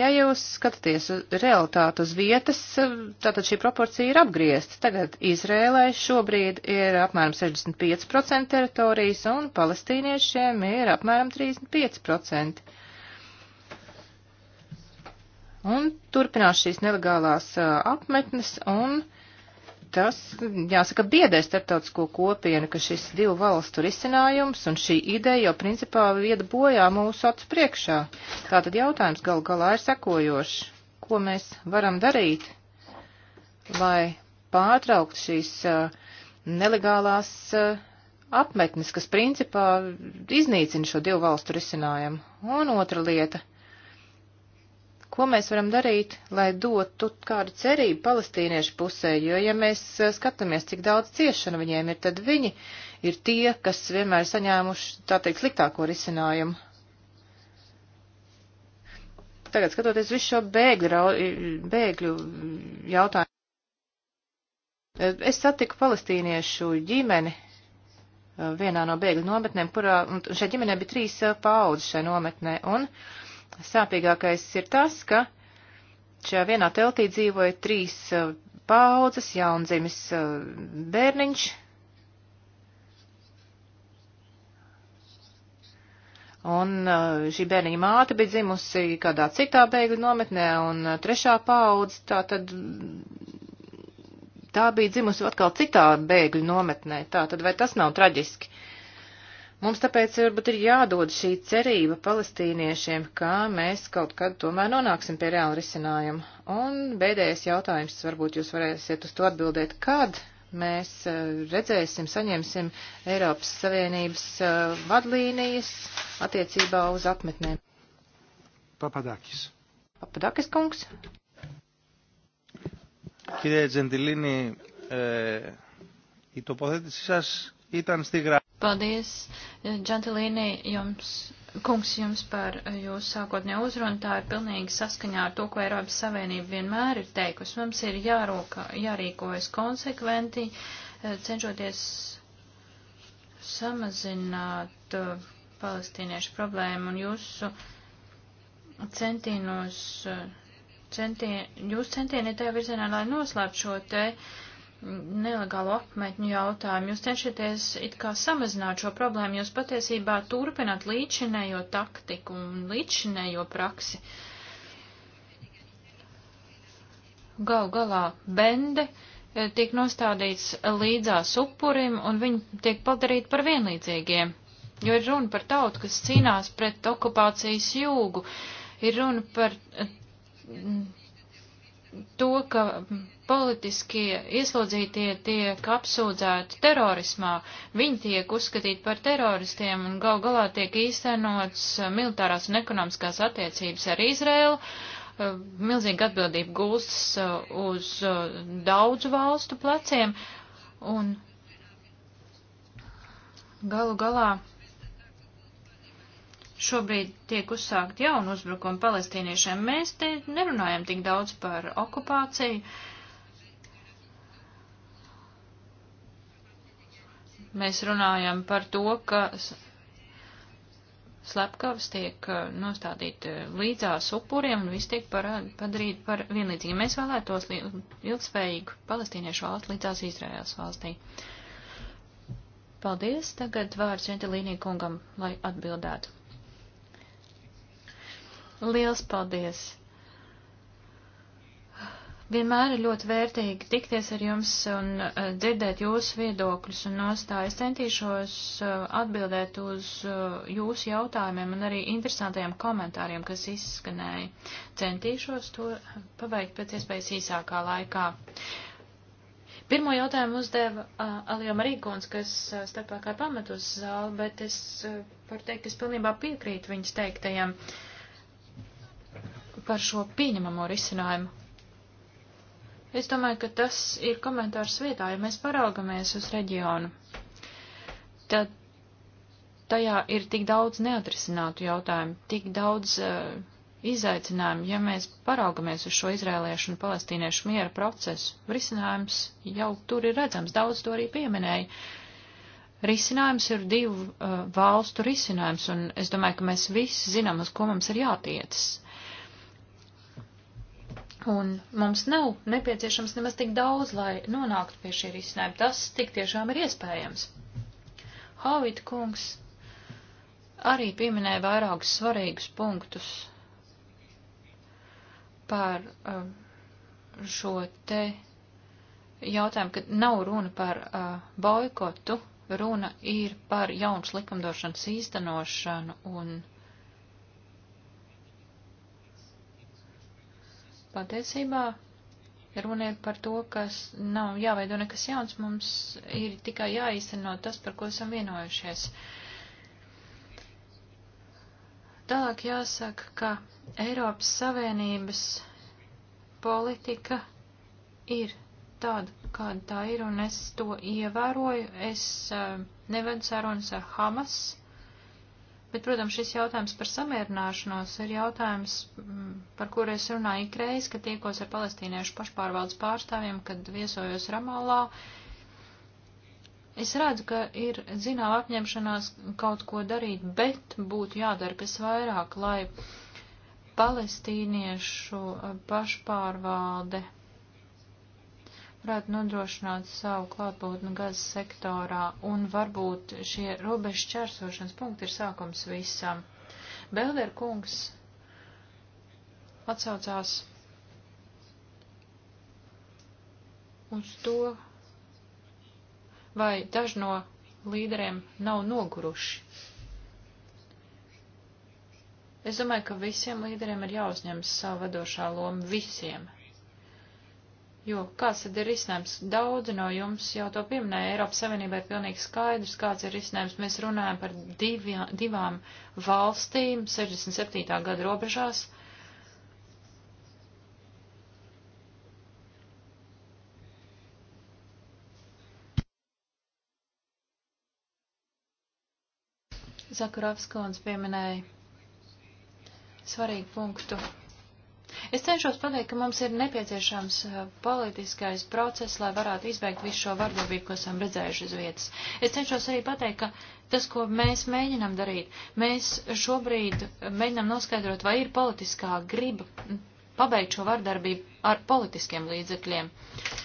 ja jūs skatāties uz realitātu uz vietas, tātad šī proporcija ir apgriezta. Tagad Izrēlai šobrīd ir apmēram 65% teritorijas un palestīniešiem ir apmēram 35%. Un turpinās šīs nelegālās uh, apmetnes, un tas, jāsaka, biedē starptautisko kopienu, ka šis divu valstu risinājums un šī ideja jau principā vieda bojā mūsu acu priekšā. Tātad jautājums gal galā ir sekojošs. Ko mēs varam darīt, lai pārtraukt šīs uh, nelegālās uh, apmetnes, kas principā iznīcina šo divu valstu risinājumu. Un otra lieta Ko mēs varam darīt, lai dotu kādu cerību palestīniešu pusē, jo, ja mēs eh, skatāmies, cik daudz ciešana viņiem ir, tad viņi ir tie, kas vienmēr saņēmuši, tā teikt, sliktāko risinājumu. Tagad skatoties visu šo bēgļu, bēgļu jautājumu. Eh, es satiku palestīniešu ģimeni eh, vienā no bēgļu nometnēm, kurā, un šai ģimenei bija trīs paudzes šai nometnē, un uh, sāpīgākais ir tas, ka šajā vienā teltī dzīvoja trīs uh, paudzes jaundzimis uh, bērniņš. Un uh, šī bērniņa māte bija dzimusi kādā citā bēgļu nometnē, un trešā paudze tā tad tā bija dzimusi atkal citā bēgļu nometnē. Tā tad vai tas nav traģiski? Uh, Mums tāpēc varbūt ir jādod šī cerība palestīniešiem, ka mēs kaut kad tomēr nonāksim pie reāla risinājuma. Un bēdējais jautājums, varbūt jūs varēsiet uz to atbildēt, kad mēs eh, redzēsim, saņemsim Eiropas Savienības eh, vadlīnijas attiecībā uz apmetnēm. Papadakis. Papadakis kungs. Κύριε Τζεντιλίνη, ε, η τοποθέτησή σας ήταν στη γραμμή. Paldies, Džentilīnī, jums, kungs, jums par jūsu sākotnējo uzrunu. Tā ir pilnīgi saskaņā ar to, ko Eiropas Savienība vienmēr ir teikusi. Mums ir jāroka, jārīkojas konsekventi, eh, cenšoties samazināt eh, palestīniešu problēmu un jūsu centienos, eh, centien, jūs centieni tajā virzienā, lai noslēptu šo te. Uh, nelegālo apmetņu jautājumu. Jūs cenšaties it kā samazināt šo problēmu, jūs patiesībā turpināt līdzinējo taktiku un līdzinējo praksi. Gal galā bende eh, tiek nostādīts līdzās upurim un viņi tiek padarīti par vienlīdzīgiem, jo ir runa par tautu, kas cīnās pret okupācijas jūgu, ir runa par eh, to, ka politiskie ieslodzītie tiek apsūdzēti terorismā, viņi tiek uzskatīti par teroristiem un gal galā tiek īstenots militārās un ekonomiskās attiecības ar Izrēlu. Eh, milzīga atbildība gulstas eh, uz eh, daudzu valstu pleciem un galu galā Šobrīd tiek uzsākt jaunu uzbrukumu palestīniešiem. Mēs te nerunājam tik daudz par okupāciju. Mēs runājam par to, ka slepkavas tiek eh, nostādīti eh, līdzās upuriem un viss tiek padarīt par vienlīdzīgi. Mēs vēlētos ilgspējīgu palestīniešu valstu līdzās Izraēlas valstī. Paldies, tagad vārds Ventilīnī kungam, lai atbildētu. Liels paldies! Vienmēr ir ļoti vērtīgi tikties ar jums un eh, dzirdēt jūsu viedokļus un nostājas. Centīšos eh, atbildēt uz eh, jūsu jautājumiem un arī interesantajiem komentāriem, kas izskanēja. Centīšos to paveikt pēc iespējas īsākā laikā. Pirmo jautājumu uzdeva Alija Marīkons, kas starpā kā pamatus zāli, bet es varu teikt, ka es pilnībā piekrītu viņas teiktajam. Uh, par šo pieņemamo risinājumu. Es domāju, ka tas ir komentārs vietā, ja mēs paraugamies uz reģionu. Tad tajā ir tik daudz neatrisinātu jautājumu, tik daudz uh, izaicinājumu, ja mēs paraugamies uz šo izrēliešu un palestīniešu miera procesu. Risinājums jau tur ir redzams, daudz to arī pieminēja. Risinājums ir divu uh, valstu risinājums, un es domāju, ka mēs visi zinām, uz ko mums ir jātiecas. Un mums nav nepieciešams nemaz tik daudz, lai nonāktu pie šī risinājuma. Tas tik tiešām ir iespējams. Havita kungs arī pieminēja vairākus svarīgus punktus par um, šo te jautājumu, ka nav runa par uh, boikotu, runa ir par jaunas likumdošanas īstenošanu un uh, Patiesībā runa ir par to, kas nav jāveido nekas jauns, mums ir tikai jāīsteno tas, par ko esam vienojušies. Tālāk jāsaka, ka Eiropas Savienības politika ir tāda, kāda tā ir, un es to ievēroju. Es uh, nevedu sarunas ar Hamas. Uh, Bet, protams, šis jautājums par samierināšanos ir jautājums, mm, par kuru es runāju ikreiz, kad tiekos ar palestīniešu pašpārvaldes pārstāvjiem, kad viesojos Ramallā. Es redzu, ka ir zināma apņemšanās kaut ko darīt, bet būtu jādara kas vairāk, lai palestīniešu eh, pašpārvalde varētu nodrošināt savu klātbūtni gazas sektorā, un varbūt šie robežu čērsošanas punkti ir sākums visam. Belder kungs atsaucās uz to, vai daži no līderiem nav noguruši. Es domāju, ka visiem līderiem ir jāuzņem savu vadošā loma visiem Jo kāds tad ir risinājums? Daudzi no jums jau to pieminēja. Eiropas Savienībā ir pilnīgi skaidrs, kāds ir risinājums. Mēs runājam par divi, divām valstīm 67. gada robežās. Zakuravskons pieminēja svarīgu punktu Es cenšos pateikt, ka mums ir nepieciešams uh, politiskais process, lai varētu izbeigt visu šo vardarbību, ko esam redzējuši uz vietas. Es cenšos arī pateikt, ka tas, ko mēs mēģinām darīt, mēs šobrīd uh, mēģinām noskaidrot, vai ir politiskā griba pabeigt šo vardarbību ar politiskiem līdzekļiem. Uh,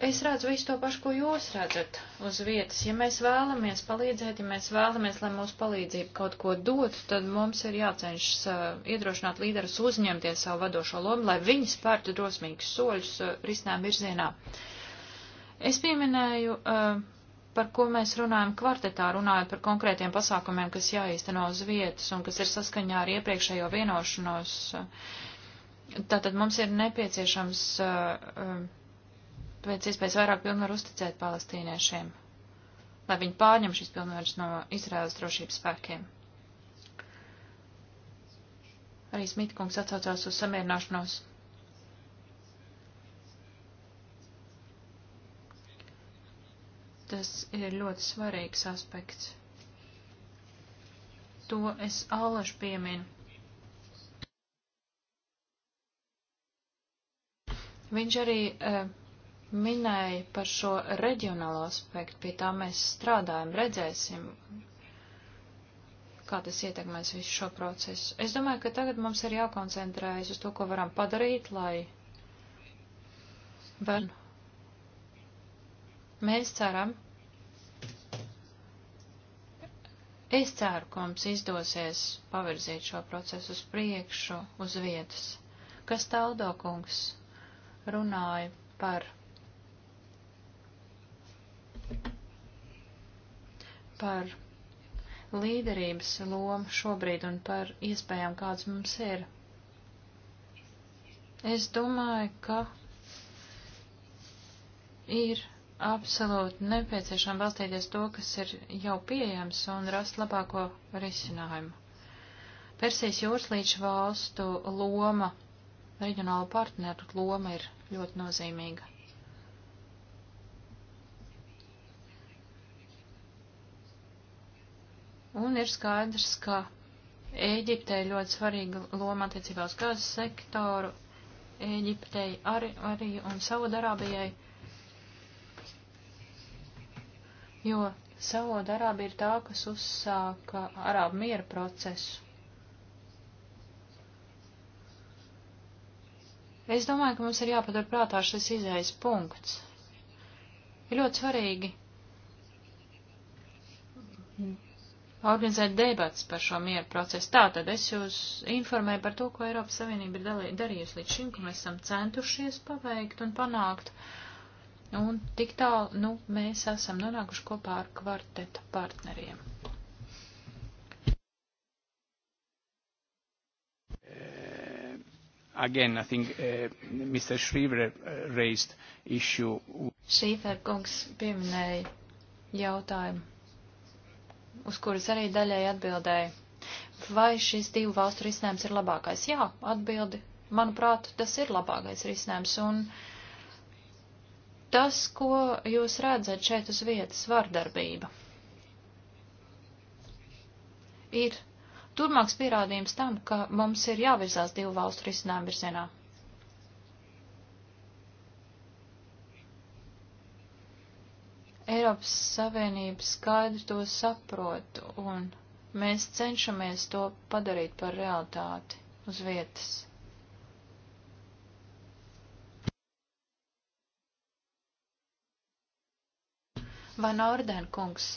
Es redzu visu to pašu, ko jūs redzat uz vietas. Ja mēs vēlamies palīdzēt, ja mēs vēlamies, lai mūsu palīdzība kaut ko dot, tad mums ir jācenšas uh, iedrošināt līderus uzņemties savu vadošo lomu, lai viņi spērtu drosmīgus soļus uh, risinājumu virzienā. Es pieminēju, uh, par ko mēs runājam kvartetā, runājot par konkrētiem pasākumiem, kas jāīsteno uz vietas un kas ir saskaņā ar iepriekšējo vienošanos. Tātad mums ir nepieciešams. Uh, uh, pēc iespējas vairāk pilnvaru uzticēt palestīniešiem, lai viņi pārņem šīs pilnvaras no Izraēlas drošības spēkiem. Arī Smitkungs atcaucās uz samierināšanos. Tas ir ļoti svarīgs aspekts. To es allašu pieminu. Viņš arī uh, minēja par šo reģionālo aspektu, pie tā mēs strādājam, redzēsim, kā tas ietekmēs visu šo procesu. Es domāju, ka tagad mums ir jākoncentrējas uz to, ko varam padarīt, lai bērnu. Mēs ceram. Es ceru, ka mums izdosies pavirzīt šo procesu uz priekšu, uz vietas, kas taldokungs runāja par par līderības lomu šobrīd un par iespējām, kādas mums ir. Es domāju, ka ir absolūti nepieciešams balstīties to, kas ir jau pieejams un rast labāko risinājumu. Persijas jūras līdz valstu loma, reģionālu partneru loma ir ļoti nozīmīga. Un ir skaidrs, ka Ēģiptei ļoti svarīga loma attiecībā uz gazas sektoru, Ēģiptei arī, arī un Saudarābijai, jo Saudarābija ir tā, kas uzsāka Arābu miera procesu. Es domāju, ka mums ir jāpatur prātā šis izējas punkts. Ir ļoti svarīgi organizēt debats par šo mieru procesu. Tātad es jūs informēju par to, ko Eiropas Savienība ir darījusi līdz šim, ko mēs esam centušies paveikt un panākt. Un tik tālu, nu, mēs esam nonākuši kopā ar kvarteta partneriem. Uh, again, I think uh, Mr. Shriver uh, raised issue. Šīfer kungs pieminēja jautājumu uz kuras arī daļai atbildēja. Vai šis divu valstu risinājums ir labākais? Jā, atbildi. Manuprāt, tas ir labākais risinājums. Un tas, ko jūs redzat šeit uz vietas, vardarbība. Ir turmāks pierādījums tam, ka mums ir jāvirzās divu valstu risinājumu virzienā. Eiropas Savienība skaidri to saprot, un mēs cenšamies to padarīt par realitāti uz vietas. Van Orden kungs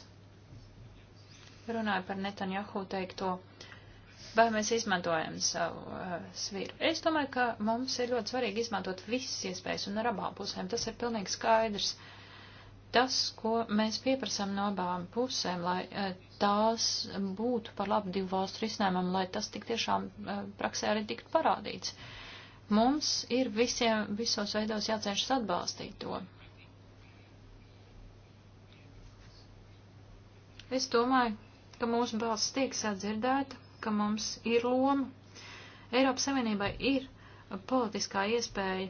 runāja par Netanjahu teikto, vai mēs izmantojam savu uh, eh, sviru. Es domāju, ka mums ir ļoti svarīgi izmantot visas iespējas un ar abām pusēm. Tas ir pilnīgi skaidrs. Uh, tas, ko mēs pieprasām no abām pusēm, lai eh, tās būtu par labu divu valstu risinājumam, lai tas tik tiešām eh, praksē arī tiktu parādīts. Mums ir visiem visos veidos jācenšas atbalstīt to. Es domāju, ka mūsu balss tiek sadzirdēta, ka mums ir loma. Eiropas Savienībai ir politiskā iespēja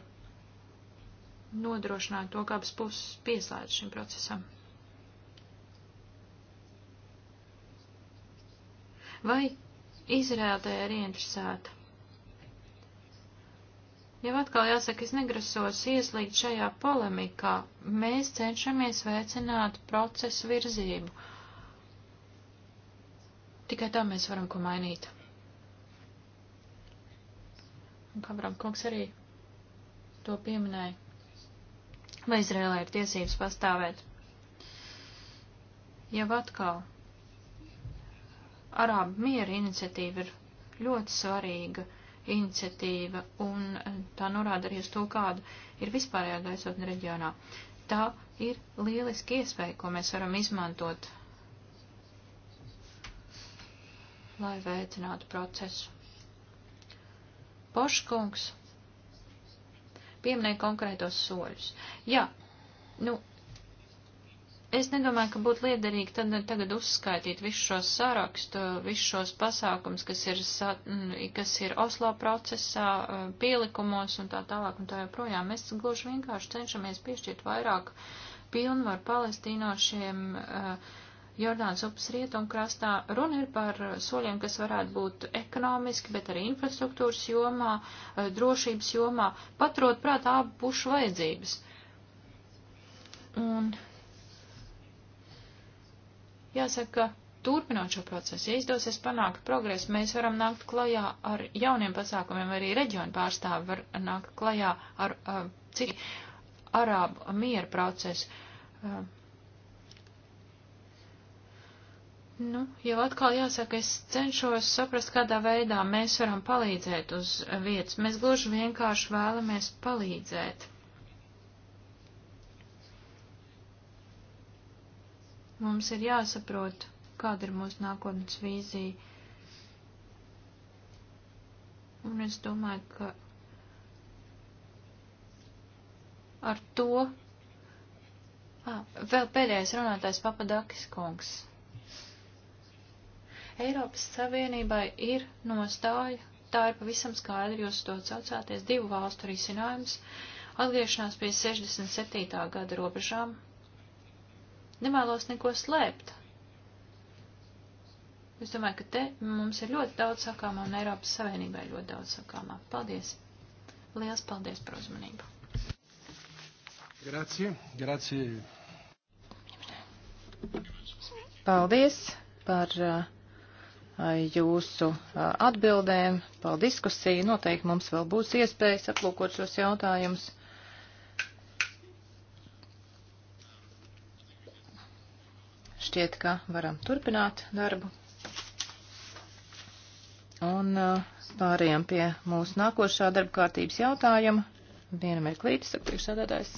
nodrošināt to, kā abas puses pieslēdz šim procesam. Vai Izrēlētāja ir ieinteresēta? Jau atkal jāsaka, es negrasos ieslīgt šajā polemikā. Mēs cenšamies veicināt procesu virzību. Tikai tā mēs varam ko mainīt. Un Kabram kungs arī to pieminēja vai Izrēlē ir tiesības pastāvēt. Jau atkal, Arābu miera iniciatīva ir ļoti svarīga iniciatīva, un eh, tā norāda arī uz to, kāda ir vispārējā gaisotne reģionā. Tā ir lieliski iespēja, ko mēs varam izmantot, lai veicinātu procesu. Poškungs pieminēja konkrētos soļus. Jā, nu, es nedomāju, ka būtu liederīgi tad, tagad uzskaitīt visu šo sarakstu, visu šos pasākums, kas ir, mm, kas ir Oslo procesā, eh, pielikumos un tā tālāk un tā joprojām. Mēs gluži vienkārši cenšamies piešķirt vairāk pilnvaru palestīnošiem. Uh, Jordānas upes rietumkrastā. Runa ir par eh, soļiem, kas varētu būt ekonomiski, bet arī infrastruktūras jomā, eh, drošības jomā, paturot prātā abu pušu vajadzības. Un jāsaka, turpinot šo procesu, ja izdosies panākt progresu, mēs varam nākt klajā ar jauniem pasākumiem, arī reģionu pārstāvi var nākt klajā ar uh, eh, citu arābu miera procesu. Uh, Nu, jau atkal jāsaka, es cenšos saprast, kādā veidā mēs varam palīdzēt uz vietas. Mēs gluži vienkārši vēlamies palīdzēt. Mums ir jāsaprot, kāda ir mūsu nākotnes vīzija. Un es domāju, ka ar to. Ah, vēl pēdējais runātājs Papadakis kungs. Eiropas Savienībai ir nostāja, tā ir pavisam skaidri, jūs to atsaucāties, divu valstu risinājums, atgriešanās pie 67. gada robežām. Nevēlos neko slēpt. Es domāju, ka te mums ir ļoti daudz sakāmā un Eiropas Savienībai ļoti daudz sakāmā. Paldies! Liels paldies par uzmanību! Grazie, grazie. Paldies par uh, jūsu atbildēm, par diskusiju. Noteikti mums vēl būs iespējas aplūkot šos jautājumus. Šķiet, ka varam turpināt darbu. Un pārējām pie mūsu nākošā darba kārtības jautājuma. Vienam ir klītis, saka priekšsēdētājs.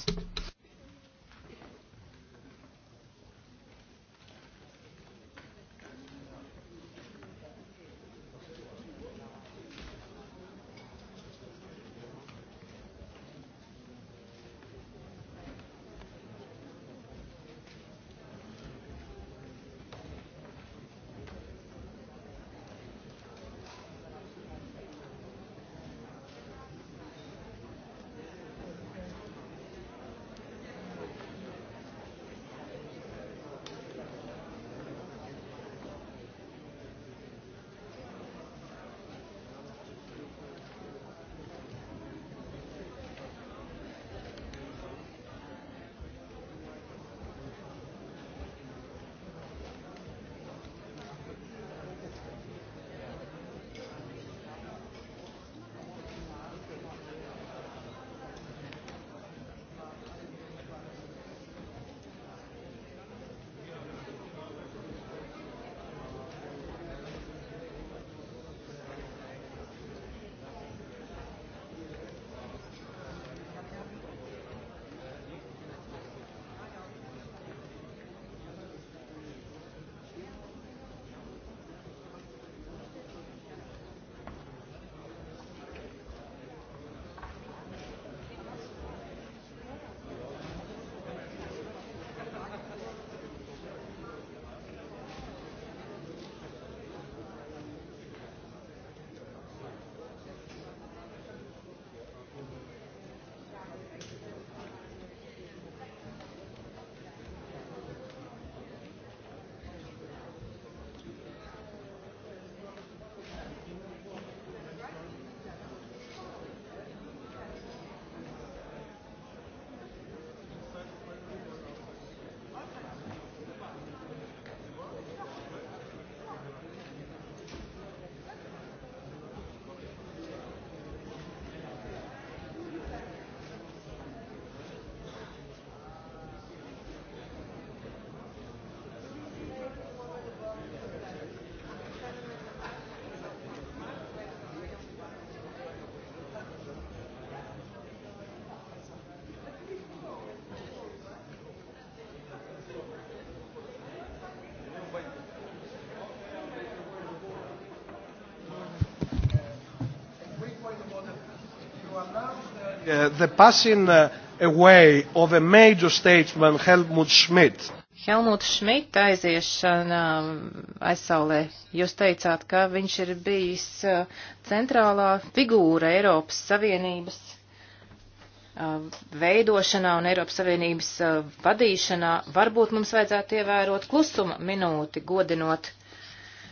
uh, the passing uh, away of a major statesman Helmut Schmidt. Helmuta Šmita aiziešana um, aizsaulē. Jūs teicāt, ka viņš ir bijis uh, centrālā figūra Eiropas Savienības uh, veidošanā un Eiropas Savienības uh, vadīšanā. Varbūt mums vajadzētu ievērot klusuma minūti, godinot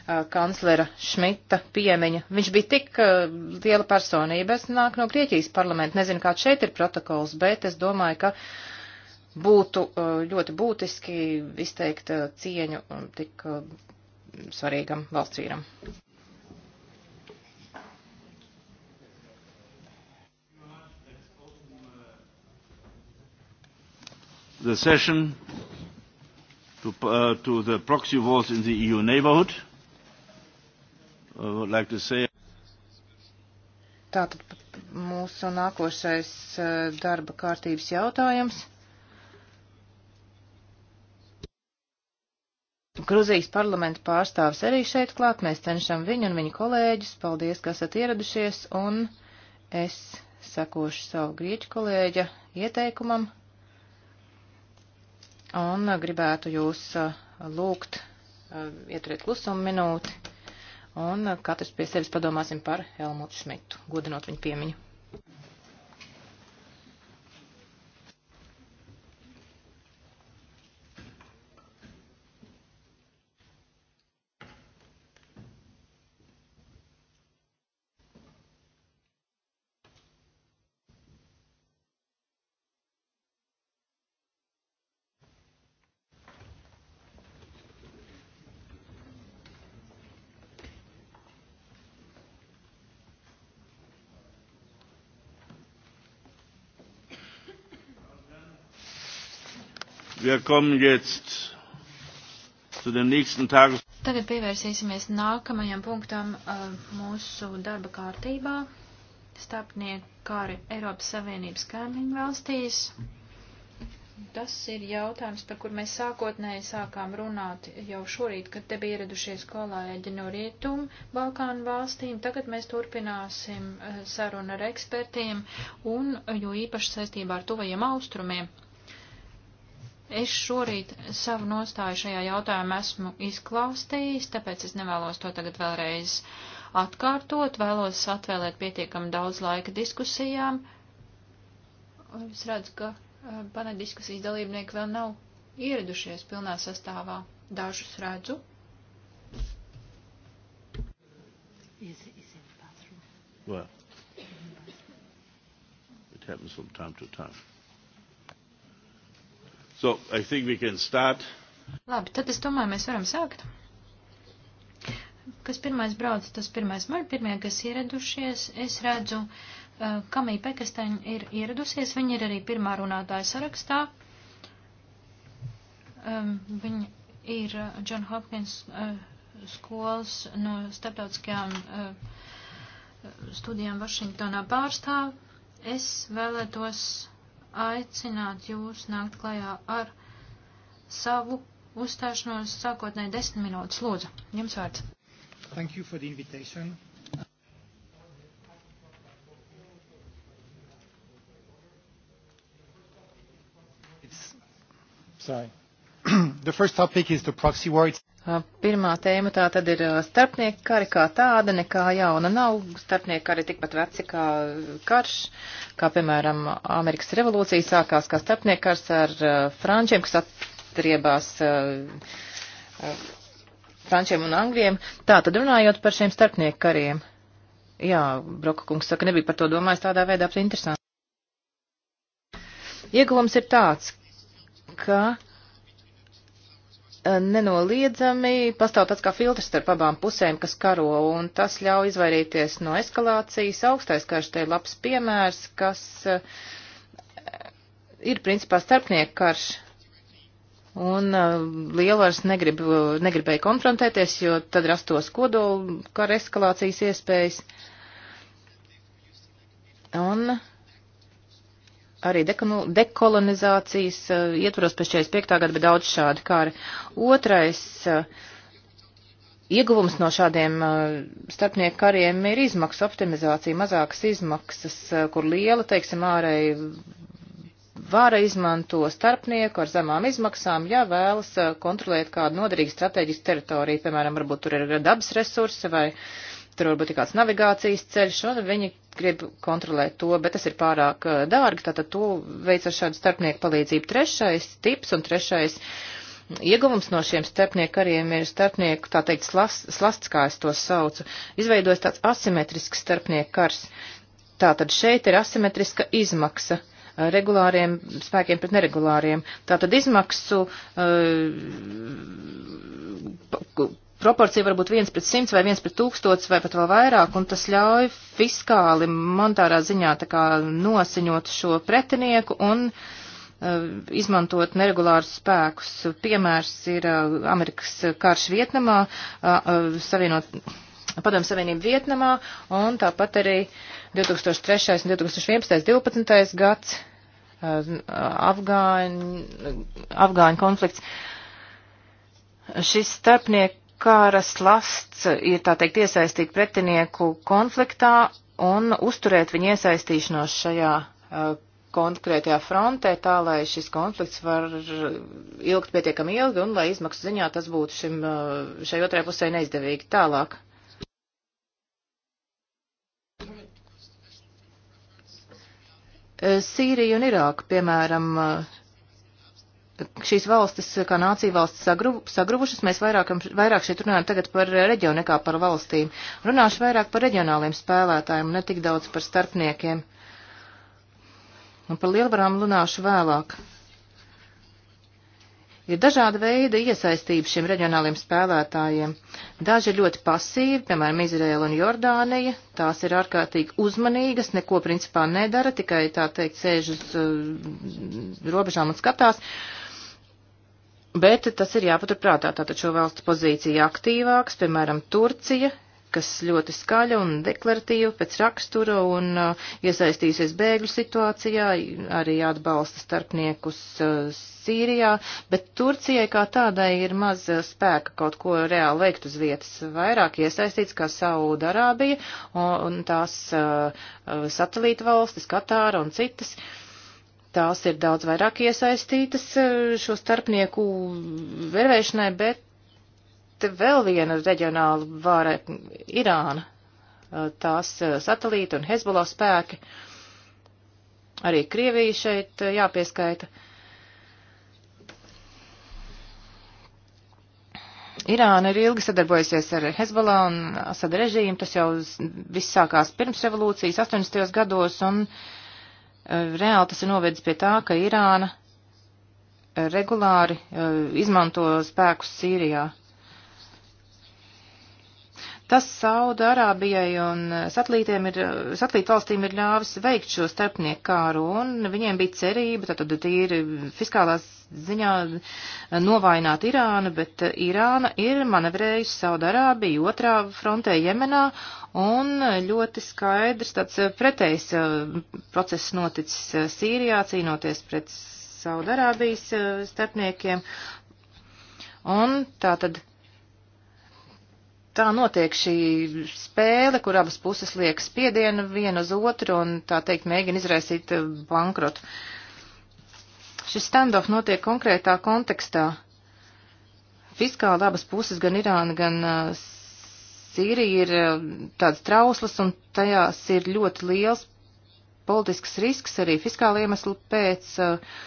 Uh, kanclera Šmita piemiņu. Viņš bija tik uh, liela personība. Es nāku no Grieķijas parlamenta. Nezinu, kāds šeit ir protokols, bet es domāju, ka būtu uh, ļoti būtiski izteikt uh, cieņu um, tik uh, svarīgam valsts vīram. The session to, uh, to the proxy wars in the EU neighborhood like say... Tātad mūsu nākošais uh, darba kārtības jautājums. Gruzijas parlamenta pārstāvis arī šeit klāt. Mēs cenšam viņu un viņa kolēģus. Paldies, ka esat ieradušies. Un es sekošu savu grieķu kolēģa ieteikumam. Un gribētu jūs uh, lūgt uh, ieturēt klusumu minūti un katrs pie sevis padomāsim par Helmutu Šmitu, godinot viņu piemiņu. Wir kommen jetzt zu dem nächsten Tages. Tagad pievērsīsimies nākamajam punktam uh, mūsu darba kārtībā. Stāpnieku kari Eiropas Savienības kaimiņu valstīs. Tas ir jautājums, par kur mēs sākotnēji sākām runāt jau šorīt, kad te bija ieradušies kolēģi no Rietumu Balkānu valstīm. Tagad mēs turpināsim uh, sarunu ar ekspertiem un jo īpaši saistībā ar tuvajiem austrumiem. Es šorīt savu nostāju šajā jautājumā esmu izklāstījis, tāpēc es nevēlos to tagad vēlreiz atkārtot, vēlos atvēlēt pietiekami daudz laika diskusijām. Es redzu, ka eh, pana diskusijas dalībnieki vēl nav ieradušies pilnā sastāvā. Dažus redzu. Is, is it bathroom? Well, it happens from time to time. So, I think we can start. Labi, tad es domāju, mēs varam sākt. Kas pirmais brauc, tas pirmais man, pirmie, kas ieradušies, es redzu, uh, Kamija Pekastaņa ir ieradusies, viņa ir arī pirmā runātāja sarakstā. Um, viņa ir uh, John Hopkins uh, skolas no starptautiskajām uh, studijām Vašingtonā pārstāv. Es vēlētos aicināt jūs nākt klajā ar savu uzstāšanos sākotnēji desmit minūtes. Lūdzu, jums vārds. Thank you for the invitation. It's... Sorry. the first topic is the proxy war. It's uh, Pirmā tēma tā tad ir uh, starpnieku kari kā tāda, nekā jauna nav. Starpnieku kari tikpat veci kā karš, kā piemēram Amerikas revolūcija sākās kā starpnieku kars ar uh, frančiem, kas atriebās frančiem un angļiem. Tā tad runājot par šiem starpnieku kariem. Jā, Broka kungs saka, nebija par to domājis tādā veidā, bet interesanti. Iegulums ir tāds, ka Eh, nenoliedzami pastāv tāds kā filtrs starp abām pusēm, kas karo, un tas ļauj izvairīties no eskalācijas. Augstais karš te ir labs piemērs, kas eh, ir principā starpnieku karš. Un eh, lielvars negrib, negribēja konfrontēties, jo tad rastos kodolu kara eskalācijas iespējas. Un uh, arī dekolonizācijas eh, ietvaros pēc 45. gada bija daudz šādi kāri. Otrais eh, ieguvums no šādiem eh, starpnieku kariem ir izmaksu optimizācija, mazākas izmaksas, kur liela, teiksim, ārēji vara izmanto starpnieku ar zemām izmaksām, ja vēlas kontrolēt kādu noderīgu strateģisku teritoriju, piemēram, varbūt tur ir dabas resursi vai tur varbūt ir kāds navigācijas ceļš, un viņi grib kontrolēt to, bet tas ir pārāk dārgi, tātad to veic ar šādu starpnieku palīdzību. Trešais tips un trešais ieguvums no šiem starpnieku kariem ir starpnieku, tā teikt, slas, slasts, kā es to saucu, izveidojas tāds asimetrisks starpnieku kars. Tātad šeit ir asimetriska izmaksa regulāriem spēkiem pret neregulāriem. Tātad izmaksu uh, proporcija var būt 1 pret 100 vai 1 pret 1000 vai pat vēl vairāk, un tas ļauj fiskāli monetārā ziņā tā kā nosiņot šo pretinieku un uh, izmantot neregulārus spēkus. Piemērs ir uh, Amerikas karš Vietnamā, uh, savienot Padomu Savienību Vietnamā, un tāpat arī 2003. un 2011. 12. gads Afgāņu, Afgāņu konflikts. Šis starpniek, karas lasts ir, tā teikt, iesaistīt pretinieku konfliktā un uzturēt viņu iesaistīšanos šajā uh, konkrētajā frontē, tā lai šis konflikts var eh, ilgt pietiekami ilgi un lai izmaksu ziņā tas būtu šim, uh, šai otrai pusē neizdevīgi. Tālāk. Sīrija un Irāka, piemēram, uh, šīs valstis kā nācija valsts sagruv, sagruvušas, mēs vairāk, vairāk šeit runājam tagad par reģionu nekā par valstīm. Runāšu vairāk par reģionāliem spēlētājiem un ne tik daudz par starpniekiem. Un par lielvarām runāšu vēlāk. Ir dažāda veida iesaistība šiem reģionāliem spēlētājiem. Daži ļoti pasīvi, piemēram, Izraela un Jordānija, tās ir ārkārtīgi uzmanīgas, neko principā nedara, tikai tā teikt sēž uz uh, robežām un skatās. Uh, Bet tas ir jāpaturprātā. Tātad šo valstu pozīcija aktīvāks, piemēram, Turcija, kas ļoti skaļa un deklaratīva pēc rakstura un uh, iesaistījusies bēgļu situācijā, arī atbalsta starpniekus uh, Sīrijā, bet Turcijai kā tādai ir maz uh, spēka kaut ko reāli veikt uz vietas. Vairāk iesaistīts kā Saudarābija un, un tās uh, uh, satelīta valstis, Katāra un citas. Uh, tās ir daudz vairāk iesaistītas e, šo starpnieku vervēšanai, bet vēl viena reģionāla vāra - Irāna, e, tās e, satelīta un Hezbollah spēki, arī Krievija šeit jāpieskaita. Irāna ir ilgi sadarbojusies ar Hezbollah un Asad režīmu, tas jau viss sākās pirms revolūcijas 80. gados, un uh, Eh, reāli tas ir novedis pie tā, ka Irāna eh, regulāri eh, izmanto spēkus Sīrijā. Tas Sauda Arābijai un satelītiem ir, satelīt valstīm ir ļāvis veikt šo starpnieku kāru, un viņiem bija cerība, tātad tīri fiskālās ziņā novājināt Irānu, bet Irāna ir manevrējusi Saudarābiju otrā frontē Jemenā un ļoti skaidrs tāds pretējs uh, process noticis uh, Sīrijā, cīnoties pret Saudarābijas uh, starpniekiem. Un tā tad tā notiek šī spēle, kur abas puses liek spiedienu vienu uz otru un tā teikt mēģina izraisīt bankrotu. Uh, Šis standoff notiek konkrētā kontekstā. Fiskāli abas puses, gan Irāna, gan uh, Sīrija, ir uh, tādas trauslas, un tajās ir ļoti liels politisks risks arī fiskāla iemeslu pēc, uh,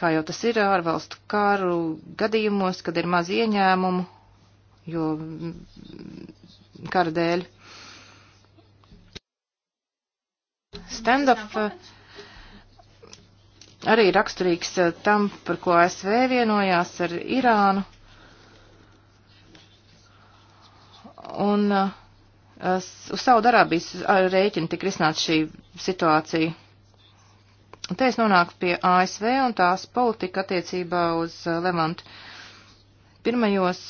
kā jau tas ir ārvalstu karu gadījumos, kad ir maz ieņēmumu, jo mm, kara dēļ. Stand-up. Uh, arī raksturīgs eh, tam, par ko ASV vienojās ar Irānu. Un uh, uz Saudarābijas rēķina tika risināta šī situācija. Un te es nonāku pie ASV un tās politika attiecībā uz eh, Levantu. Pirmajos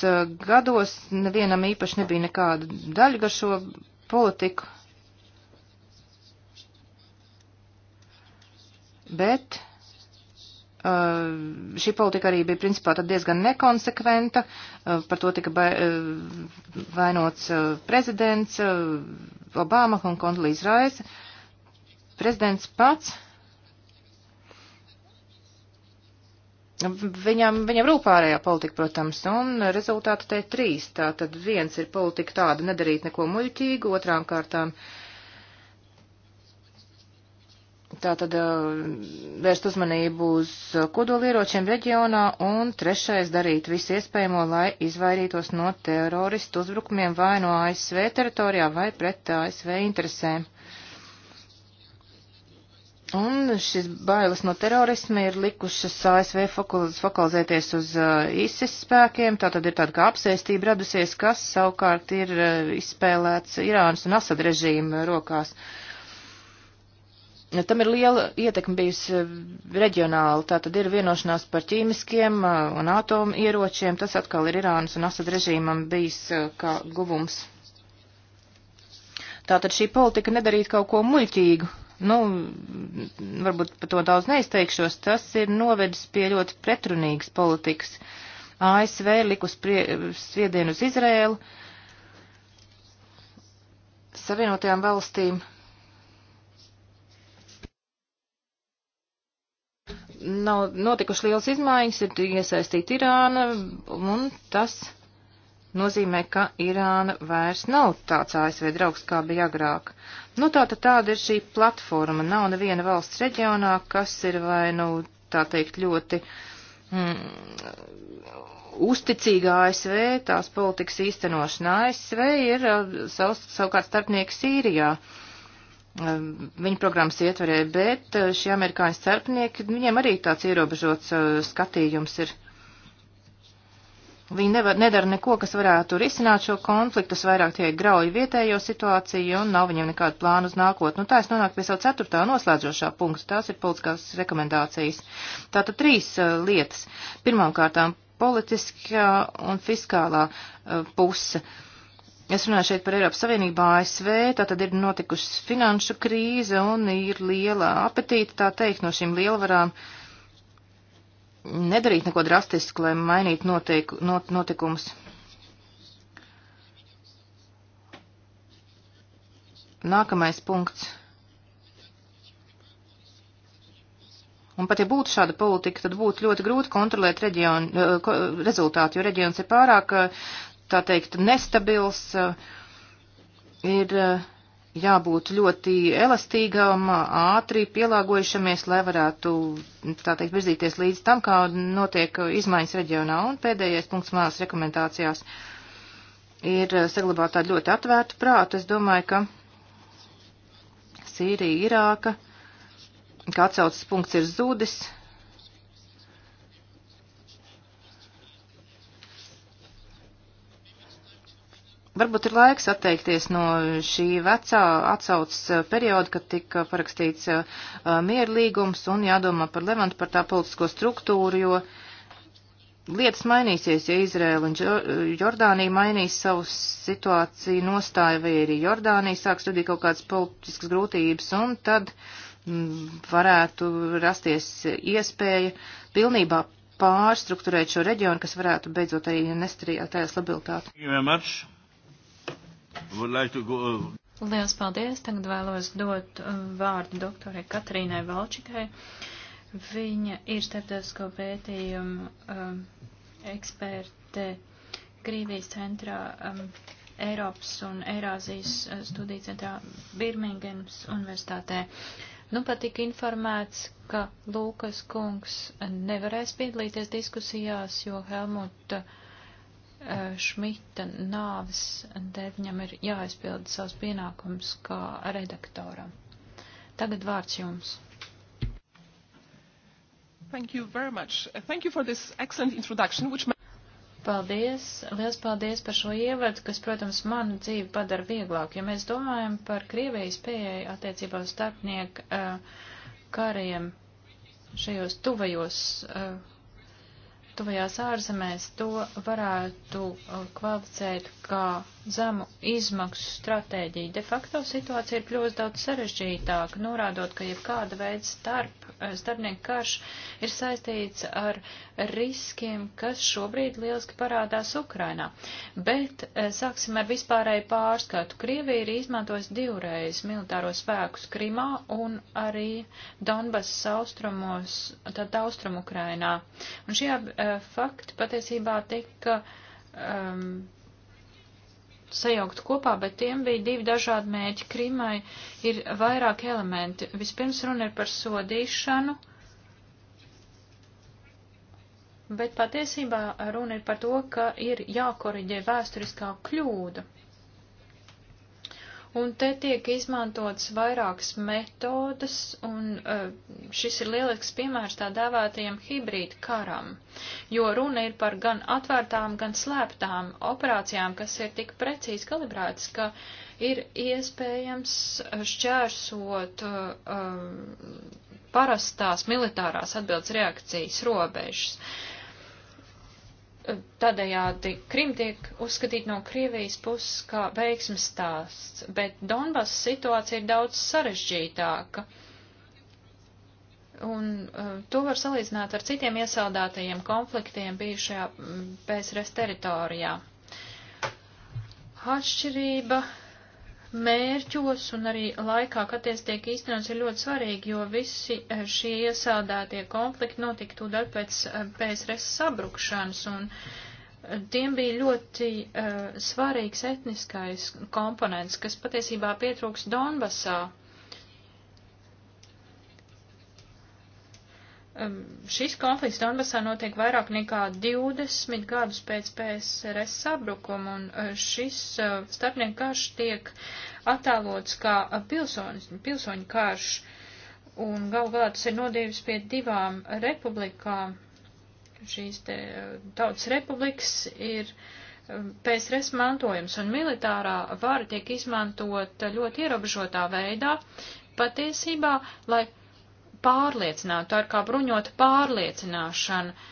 gados nevienam īpaši nebija nekāda daļa gar šo politiku, bet šī politika arī bija principā tad diezgan nekonsekventa, eh, par to tika eh, vainots eh, prezidents Obama un Kondalīz Raisa. Prezidents pats, viņam, viņam rūp pārējā politika, protams, un rezultāti te ir trīs. Tātad viens ir politika tāda nedarīt neko muļķīgu, otrām kārtām. Uh, tātad eh, vērst uzmanību uz kodolieročiem reģionā un trešais darīt visu iespējamo, lai izvairītos no teroristu uzbrukumiem vai no ASV teritorijā vai pret ASV interesēm. Un šis bailes no terorisma ir likušas ASV fokalizēties uz eh, ISIS spēkiem, tātad ir tāda kā apsēstība radusies, kas savukārt ir eh, izspēlēts Irānas un Asad režīma rokās. Uh, Tam ir liela ietekme bijusi eh, reģionāli. Tā tad ir vienošanās par ķīmiskiem eh, un atomu ieročiem. Tas atkal ir Irānas un Asad režīmam bijis eh, kā guvums. Tātad šī politika nedarīt kaut ko muļķīgu. Nu, varbūt par to daudz neizteikšos. Tas ir novedis pie ļoti pretrunīgas politikas. ASV likus sviedienu uz Izrēlu, Savienotajām valstīm nav notikuši liels izmaiņas, ir iesaistīta Irāna, un tas nozīmē, ka Irāna vairs nav tāds ASV draugs, kā bija agrāk. Nu, tā tad tāda ir šī platforma. Nav neviena valsts reģionā, kas ir vai, nu, tā teikt, ļoti mm, uzticīga ASV, tās politikas īstenošana. ASV ir sav, savukārt starpnieks Sīrijā. Uh, Um, viņa programmas ietvarē, bet uh, šie amerikāņu starpnieki, viņiem arī tāds ierobežots uh, skatījums ir. Viņi nevar, nedara neko, kas varētu risināt šo konfliktu, vairāk tie grauj vietējo situāciju un nav viņiem nekādu plānu uz nākotnu. Nu, tā es nonāku pie savu ceturtā noslēdzošā punkta, tās ir politiskās rekomendācijas. Tātad trīs uh, lietas. Pirmām kārtām politiskā un fiskālā uh, puse. Uh, Es runāju šeit par Eiropas Savienību ASV, tā tad ir notikusi finanšu krīze un ir liela apetīte, tā teikt, no šīm lielvarām nedarīt neko drastisku, lai mainītu notiek, not, notikumus. Nākamais punkts. Un pat ja būtu šāda politika, tad būtu ļoti grūti kontrolēt reģionu, eh, rezultātu, jo reģions ir pārāk eh, tā teikt, nestabils, eh, ir eh, jābūt ļoti elastīgam, ātri pielāgojušamies, lai varētu, tā teikt, virzīties līdz tam, kā notiek izmaiņas reģionā. Un pēdējais punkts manās rekomendācijās ir eh, saglabāt tādu ļoti atvērtu prātu. Es domāju, ka Sīrija, Irāka, kā atsaucas punkts ir zudis, Varbūt ir laiks atteikties no šī vecā atsaucas eh, perioda, kad tika parakstīts eh, mieru līgums un jādomā par Levantu, par tā politisko struktūru, jo lietas mainīsies, ja Izrēla un Jordānija mainīs savu situāciju nostāju, vai arī Jordānija sāks radīt kaut kādas politiskas grūtības, un tad mm, varētu rasties iespēja pilnībā pārstruktūrēt šo reģionu, kas varētu beidzot arī nest arī tajā stabilitāti. Uh, Liels paldies! Tagad vēlos dot uh, vārdu doktorai Katrīnai Valčikai. Viņa ir starptautisko pētījumu um, eksperte Grīvijas centrā, um, Eiropas un Eirāzijas uh, studiju centrā Birmingemas universitātē. Nu, pat tika informēts, ka Lūkas kungs nevarēs piedalīties diskusijās, jo Helmuta uh, Eh, Šmita nāves dēļ viņam ir jāizpilda savus pienākumus kā redaktoram. Tagad vārds jums. Thank you very much. Eh, thank you for this excellent introduction, which Paldies, liels paldies par šo ievadu, kas, protams, manu dzīvi padara vieglāku. Ja mēs domājam par Krievijas pieeju attiecībā uz starpnieku uh, kariem šajos tuvajos uh, tuvajās ārzemēs, to varētu uh, kvalificēt kā zemu izmaksu stratēģiju. De facto situācija ir kļūst daudz sarežģītāka, norādot, ka jebkāda veida starp, eh, starpnieku karš ir saistīts ar riskiem, kas šobrīd lieliski parādās Ukrainā. Bet eh, sāksim ar vispārēju pārskatu. Krievija ir izmantojusi divreiz militāro spēkus Krimā un arī Donbass austrumos, tad austrum Ukrainā. Un šie uh, fakti patiesībā tika. Um, sajaukt kopā, bet tiem bija divi dažādi mēķi. Krimai ir vairāk elementi. Vispirms runa ir par sodīšanu, bet patiesībā runa ir par to, ka ir jākoriģē vēsturiskā kļūda. Un te tiek izmantotas vairākas metodas, un eh, šis ir lielisks piemērs tā dēvētajam hibrīd karam, jo runa ir par gan atvērtām, gan slēptām operācijām, kas ir tik precīzi kalibrētas, ka ir iespējams šķērsot um, parastās militārās atbildes reakcijas robežas. Uh, Tādējādi Krim tiek uzskatīt no Krievijas puses kā veiksmes stāsts, bet Donbass situācija ir daudz sarežģītāka. Un uh, to var salīdzināt ar citiem iesaldātajiem konfliktiem bijušajā mm, PSRS teritorijā. Atšķirība mērķos un arī laikā, kad ties tiek īstenots, ir ļoti svarīgi, jo visi eh, šie iesādātie konflikti notika tūdaļ pēc eh, PSRS sabrukšanas, un eh, tiem bija ļoti uh, svarīgs etniskais komponents, kas patiesībā pietrūks Donbasā. Šis konflikts Donbassā notiek vairāk nekā 20 gadus pēc PSRS sabrukuma, un eh, šis eh, starpnieku karš tiek attēlots kā eh, pilsoņu, pilsoņu karš, un gal galā tas ir nodīvis pie divām republikām. Šīs te tautas republikas ir PSRS mantojums, un militārā vara tiek izmantot ļoti ierobežotā veidā, patiesībā, lai pārliecināti, tā ir kā bruņota pārliecināšana,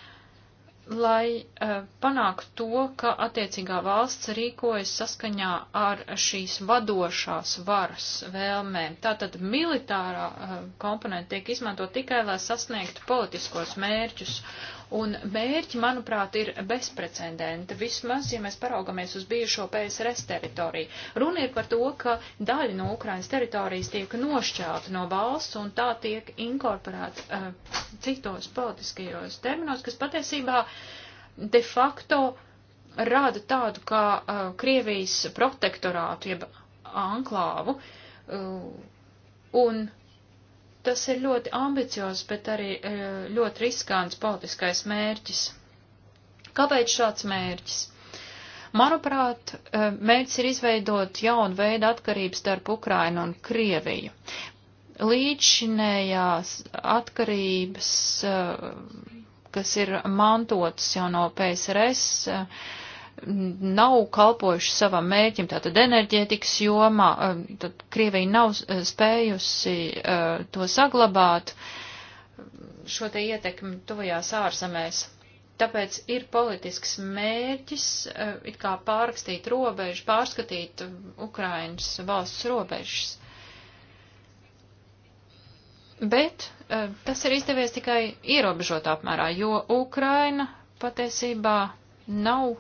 lai uh, panāktu to, ka attiecīgā valsts rīkojas saskaņā ar šīs vadošās varas vēlmēm. Tātad militārā uh, komponenta tiek izmanto tikai, lai sasniegtu politiskos mērķus, Un mērķi, manuprāt, ir bezprecedenta, vismaz, ja mēs paraugamies uz bijušo PSRS teritoriju. Runa ir par to, ka daļa no Ukrainas teritorijas tiek nošķelta no valsts un tā tiek inkorporēta uh, citos politiskajos terminos, kas patiesībā de facto rada tādu kā uh, Krievijas protektorātu, jeb anklāvu. Uh, un Tas ir ļoti ambiciozs, bet arī e, ļoti riskants politiskais mērķis. Kāpēc šāds mērķis? Manuprāt, e, mērķis ir izveidot jaunu veidu atkarības starp Ukrainu un Krieviju. Līdzinējās atkarības, e, kas ir mantotas jau no PSRS, nav kalpojuši savam mērķim, tātad enerģētikas jomā, um, tad Krievija nav eh, spējusi eh, to saglabāt, šo te ietekmi tuvajās ārzemēs. Tāpēc ir politisks mērķis eh, it kā pārrakstīt robežu, pārskatīt um, Ukrainas valsts robežas. Bet tas ir izdevies tikai ierobežot apmērā, jo Ukraina patiesībā nav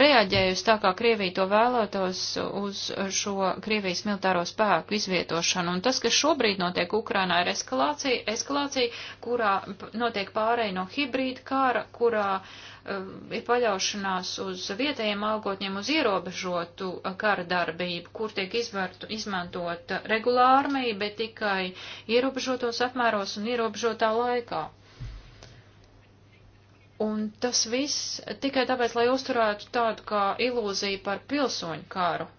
reaģējusi tā, kā Krievija to vēlētos uz šo Krievijas militāro spēku izvietošanu. Un tas, kas šobrīd notiek Ukrainā, ir eskalācija, eskalācija kurā notiek pārēj no hibrīda kāra, kurā uh, ir paļaušanās uz vietējiem algotņiem, uz ierobežotu eh, kara darbību, kur tiek izvartu, izmantota regulārmija, bet tikai ierobežotos apmēros un ierobežotā laikā. Un tas viss tikai tāpēc, lai uzturētu tādu kā ilūziju par pilsoņu kāru.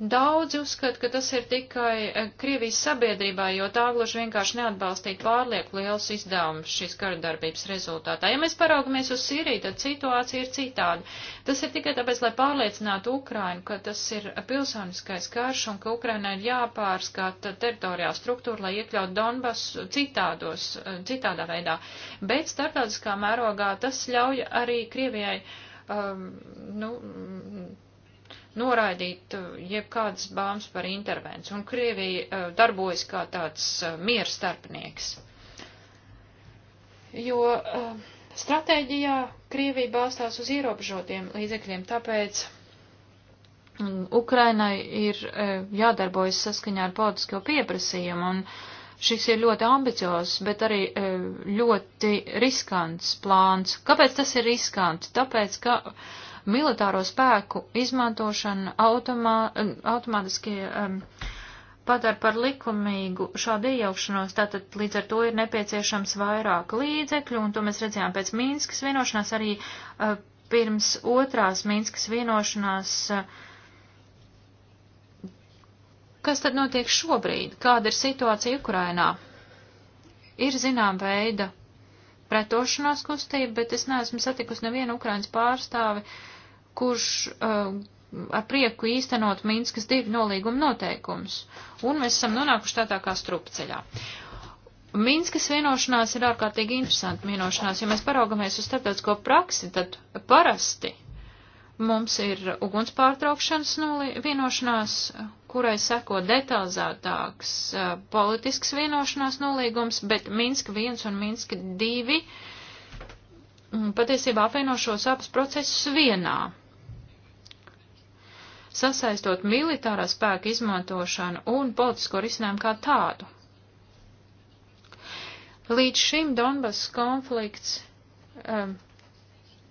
Daudzi uzskata, ka tas ir tikai eh, Krievijas sabiedrībā, jo tā gluži vienkārši neatbalstīt pārlieku liels izdevums šīs karadarbības rezultātā. Ja mēs paraugamies uz Sīriju, tad situācija ir citāda. Tas ir tikai tāpēc, lai pārliecinātu Ukrainu, ka tas ir pilsoniskais karš un ka Ukrainai ir jāpārskata teritorijā struktūra, lai iekļaut Donbas citādos, eh, citādā veidā. Bet starptautiskā mērogā tas ļauj arī Krievijai, um, nu, noraidīt eh, jebkādas bāmas par intervenciju, un Krievija eh, darbojas kā tāds eh, miera starpnieks. Jo stratēģijā Krievija balstās uz ierobežotiem līdzekļiem, tāpēc mm, Ukrainai ir jādarbojas saskaņā ar politisko pieprasījumu, un šis ir ļoti ambiciozs, bet arī ļoti riskants plāns. Kāpēc tas ir riskanti? Tāpēc, ka militāro spēku izmantošana automā, automātiski um, padara par likumīgu šādu iejaukšanos, tātad līdz ar to ir nepieciešams vairāk līdzekļu, un to mēs redzējām pēc Mīnskas vienošanās, arī uh, pirms otrās Mīnskas vienošanās. Uh, kas tad notiek šobrīd? Kāda ir situācija Ukrainā? Ir zinām veida pretošanās kustība, bet es neesmu satikusi nevienu Ukrainas pārstāvi, uh, kurš uh, ar prieku īstenot Minskas divu nolīgumu noteikumus. Un mēs esam nonākuši tādā kā strupceļā. Minskas vienošanās ir ārkārtīgi interesanta vienošanās. Ja mēs paraugamies uz starptautisko praksi, tad parasti mums ir uguns pārtraukšanas vienošanās, kurai seko detalizētāks uh, politisks vienošanās nolīgums, bet Minska 1 un Minska 2 mm, patiesībā apvieno šos abus procesus vienā sasaistot militārā spēka izmantošanu un politisko risinājumu kā tādu. Līdz šim Donbass konflikts um,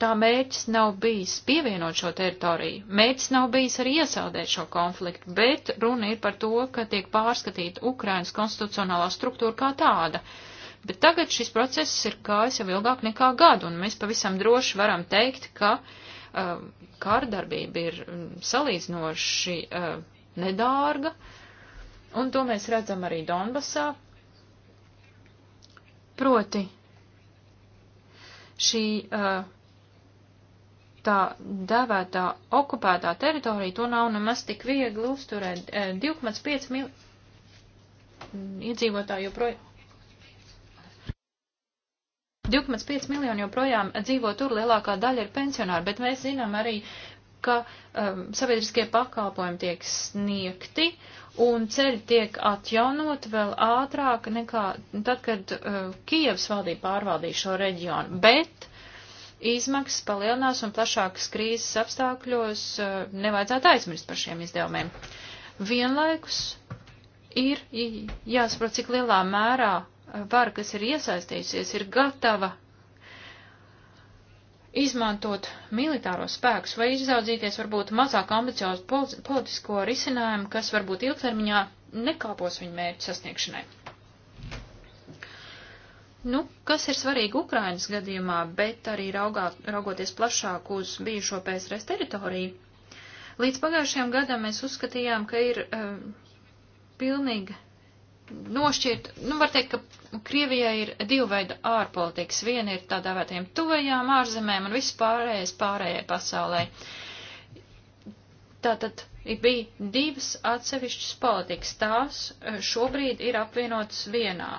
tā mērķis nav bijis pievienot šo teritoriju, mērķis nav bijis arī iesaldēt šo konfliktu, bet runa ir par to, ka tiek pārskatīta Ukrainas konstitucionālā struktūra kā tāda. Bet tagad šis process ir kājis jau ilgāk nekā gadu, un mēs pavisam droši varam teikt, ka uh, Um, kārdarbība ir um, salīdzinoši uh, nedārga, un to mēs redzam arī Donbasā. Proti šī uh, tā dēvētā okupētā teritorija, to nav nemaz tik viegli uzturēt. 2,5 uh, miljonu mm, iedzīvotāji joprojām 2,5 miljoni joprojām dzīvo tur, lielākā daļa ir pensionāri, bet mēs zinām arī, ka um, sabiedriskie pakalpojumi tiek sniegti un ceļi tiek atjaunot vēl ātrāk nekā tad, kad uh, Kievas valdība pārvaldīja šo reģionu. Bet izmaksas palielinās un plašākas krīzes apstākļos uh, nevajadzētu aizmirst par šiem izdevumiem. Vienlaikus ir jāsaprot, cik lielā mērā vara, kas ir iesaistījusies, ir gatava izmantot militāro spēkus vai izaudzīties varbūt mazāk ambiciozu politisko risinājumu, kas varbūt ilgtermiņā nekāpos viņu mērķu sasniegšanai. Nu, kas ir svarīgi Ukrainas gadījumā, bet arī raugā, raugoties plašāk uz bijušo PSRS teritoriju, līdz pagājušajam gadam mēs uzskatījām, ka ir uh, pilnīgi nošķirt, nu var teikt, ka Krievijai ir divi veidi ārpolitikas. Viena ir tādā vērtējiem tuvajām ārzemēm un viss pārējais pārējai pasaulē. Tātad bija divas atsevišķas politikas. Tās eh, šobrīd ir apvienotas vienā,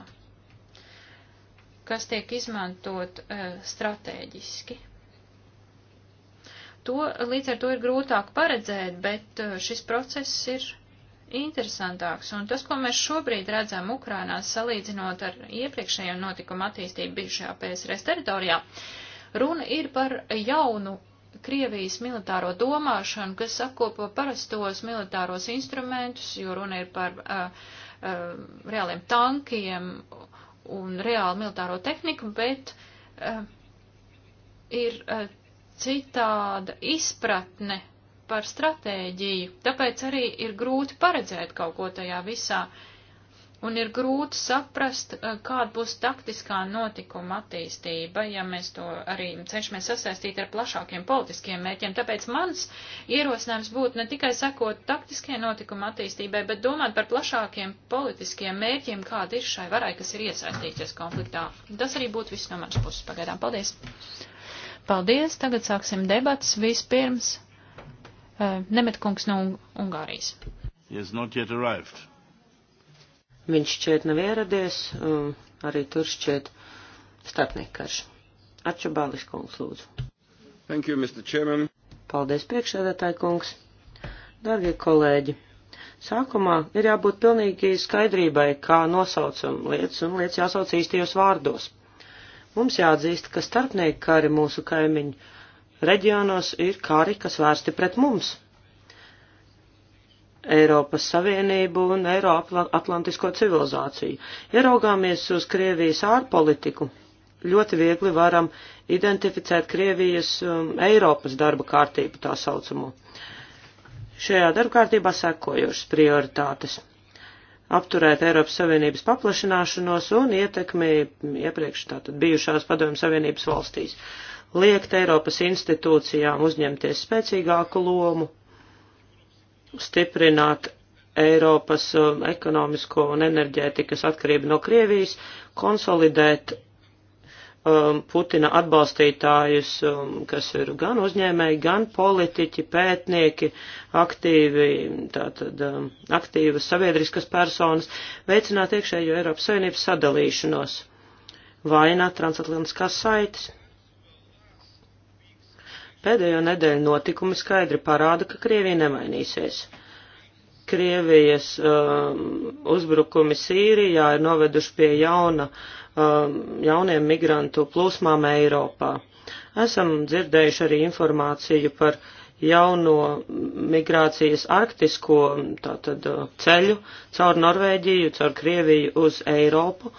kas tiek izmantot eh, stratēģiski. To, līdz ar to ir grūtāk paredzēt, bet eh, šis process ir interesantāks, un tas, ko mēs šobrīd redzam Ukrainā, salīdzinot ar iepriekšējo notikumu attīstību bijušajā PSRS teritorijā, runa ir par jaunu Krievijas militāro domāšanu, kas apkopo parastos militāros instrumentus, jo runa ir par uh, uh, reāliem tankiem un reālu militāro tehniku, bet uh, ir uh, citāda izpratne par stratēģiju, tāpēc arī ir grūti paredzēt kaut ko tajā visā, un ir grūti saprast, eh, kāda būs taktiskā notikuma attīstība, ja mēs to arī cenšamies sasaistīt ar plašākiem politiskiem mērķiem. Tāpēc mans ierosinājums būtu ne tikai sekot taktiskajai notikuma attīstībai, bet domāt par plašākiem politiskiem mērķiem, kāda ir šai varai, kas ir iesaistīties konfliktā. Tas arī būtu viss no manas puses pagaidām. Paldies! Paldies! Tagad sāksim debats vispirms. Eh, Nemetkungs no Ungārijas. Viņš šķiet nav ieradies, um, arī tur šķiet starpniekarš. Atčabālis kungs lūdzu. Thank you, Mr. Chairman. Paldies, priekšsēdētāji kungs. Dargie kolēģi, sākumā ir jābūt pilnīgi skaidrībai, kā nosaucam lietas un lietas jāsauc īstajos vārdos. Mums jāatzīst, ka starpnieki kari mūsu kaimiņu reģionos ir kari, kas vērsti pret mums. Eiropas Savienību un Eiroatlantisko civilizāciju. Ieraugāmies uz Krievijas ārpolitiku. Ļoti viegli varam identificēt Krievijas um, Eiropas darba kārtību tā saucamo. Šajā darba kārtībā sekojošas prioritātes apturēt Eiropas Savienības paplašināšanos un ietekmi iepriekš tātad bijušās Padomju Savienības valstīs. Uh, liekt Eiropas institūcijām uzņemties spēcīgāku lomu, stiprināt Eiropas um, ekonomisko un enerģētikas atkarību no Krievijas, konsolidēt um, Putina atbalstītājus, um, kas ir gan uzņēmēji, gan politiķi, pētnieki, aktīvi, tātad um, aktīvas sabiedriskas personas, veicināt iekšējo Eiropas Savienības sadalīšanos, vainot transatlantiskās saites. Pēdējo nedēļu notikumi skaidri parāda, ka Krievija nevainīsies. Krievijas um, uzbrukumi Sīrijā ir noveduši pie jauna, um, jauniem migrantu plūsmām Eiropā. Esam dzirdējuši arī informāciju par jauno migrācijas arktisko tātad, uh, ceļu caur Norvēģiju, caur Krieviju uz Eiropu,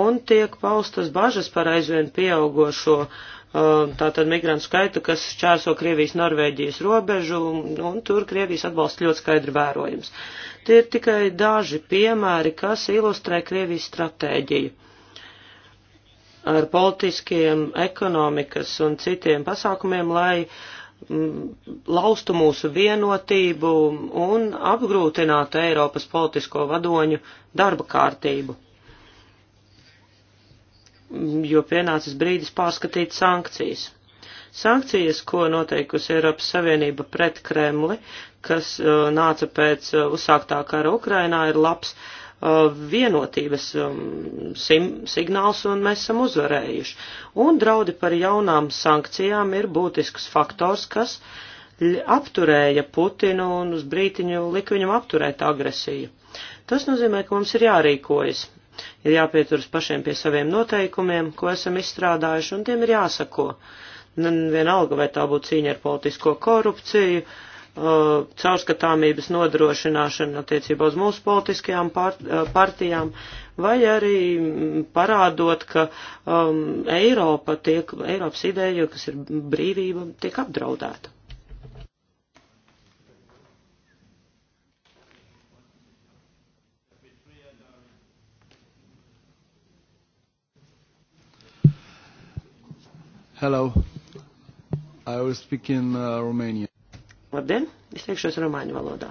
un tiek paustas bažas par aizvien pieaugošo uh, Um, tātad migrantu skaitu, kas čērso Krievijas-Norvēģijas robežu, un tur Krievijas atbalsts ļoti skaidri vērojams. Tie ir tikai daži piemēri, kas ilustrē Krievijas stratēģiju. Ar politiskiem, ekonomikas un citiem pasākumiem, lai mm, laustu mūsu vienotību un apgrūtinātu Eiropas politisko vadoņu darba kārtību jo pienācis brīdis pārskatīt sankcijas. Sankcijas, ko noteikusi Eiropas Savienība pret Kremli, kas uh, nāca pēc uh, uzsāktā kara Ukrainā, ir labs uh, vienotības um, sim, signāls un mēs esam uzvarējuši. Un draudi par jaunām sankcijām ir būtisks faktors, kas apturēja Putinu un uz brītiņu lika viņam apturēt agresiju. Tas nozīmē, ka mums ir jārīkojas Ir jāpieturas pašiem pie saviem noteikumiem, ko esam izstrādājuši, un tiem ir jāsako. Vienalga, vai tā būtu cīņa ar politisko korupciju, caurskatāmības nodrošināšana attiecībā uz mūsu politiskajām partijām, vai arī parādot, ka um, Eiropa tiek, Eiropas ideja, kas ir brīvība, tiek apdraudēta. Hello. I will speak in uh, Romania. Labdien, es teikšos romāņu valodā.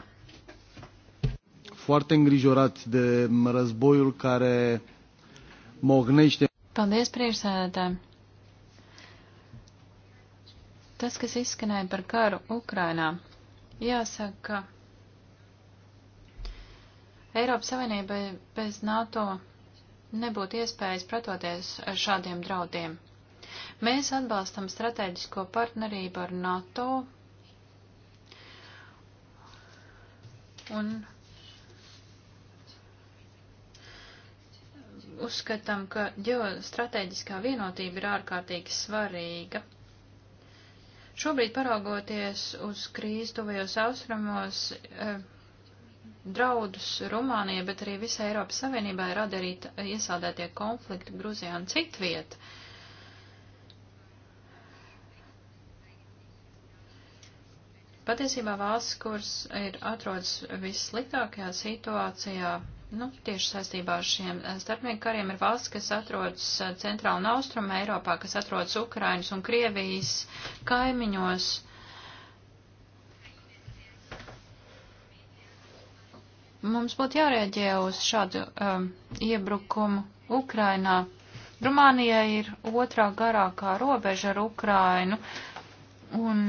Foarte îngrijorat de războiul care mognește. Paldies, priekšsēdētāji. Tas, kas izskanēja par karu Ukrainā, jāsaka, ka Eiropas Savienībai bez NATO nebūtu iespējas pretoties ar šādiem draudiem. Mēs atbalstam strateģisko partnerību ar NATO un uzskatām, ka ģeostrateģiskā vienotība ir ārkārtīgi svarīga. Šobrīd paraugoties uz krīzi tuvajos austrumos, eh, draudus Rumānija, bet arī visai Eiropas Savienībai rada arī iesaldētie konflikti Gruzijā un citviet. vieta. Patiesībā valsts, kuras ir atrodas vissliktākajā situācijā, nu, tieši saistībā ar šiem eh, starpnieku kariem, ir valsts, kas atrodas eh, centrāla un austruma Eiropā, kas atrodas Ukrainas un Krievijas kaimiņos. Mums būtu jārēģē uz šādu um, iebrukumu Ukrainā. Rumānija ir otrā garākā robeža ar Ukrainu, un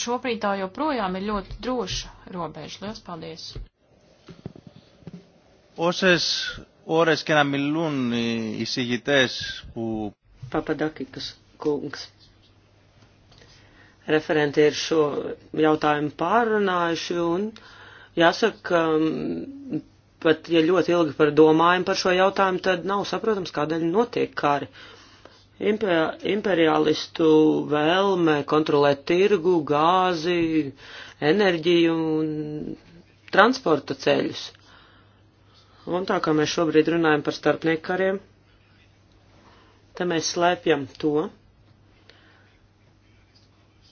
šobrīd tā joprojām ir ļoti droša robeža. Lielas paldies! Όσες ώρες και να μιλούν οι εισηγητές που... Παπαντάκικος Κούγκς. Referenti ir šo jautājumu pārunājuši un jāsaka, pat ja ļoti ilgi par domājumu par šo jautājumu, tad nav saprotams, kādēļ notiek kari. Uh, imperialistu vēlme kontrolēt tirgu, gāzi, enerģiju un transporta ceļus. Un tā kā mēs šobrīd runājam par starpnieku kariem, te mēs slēpjam to,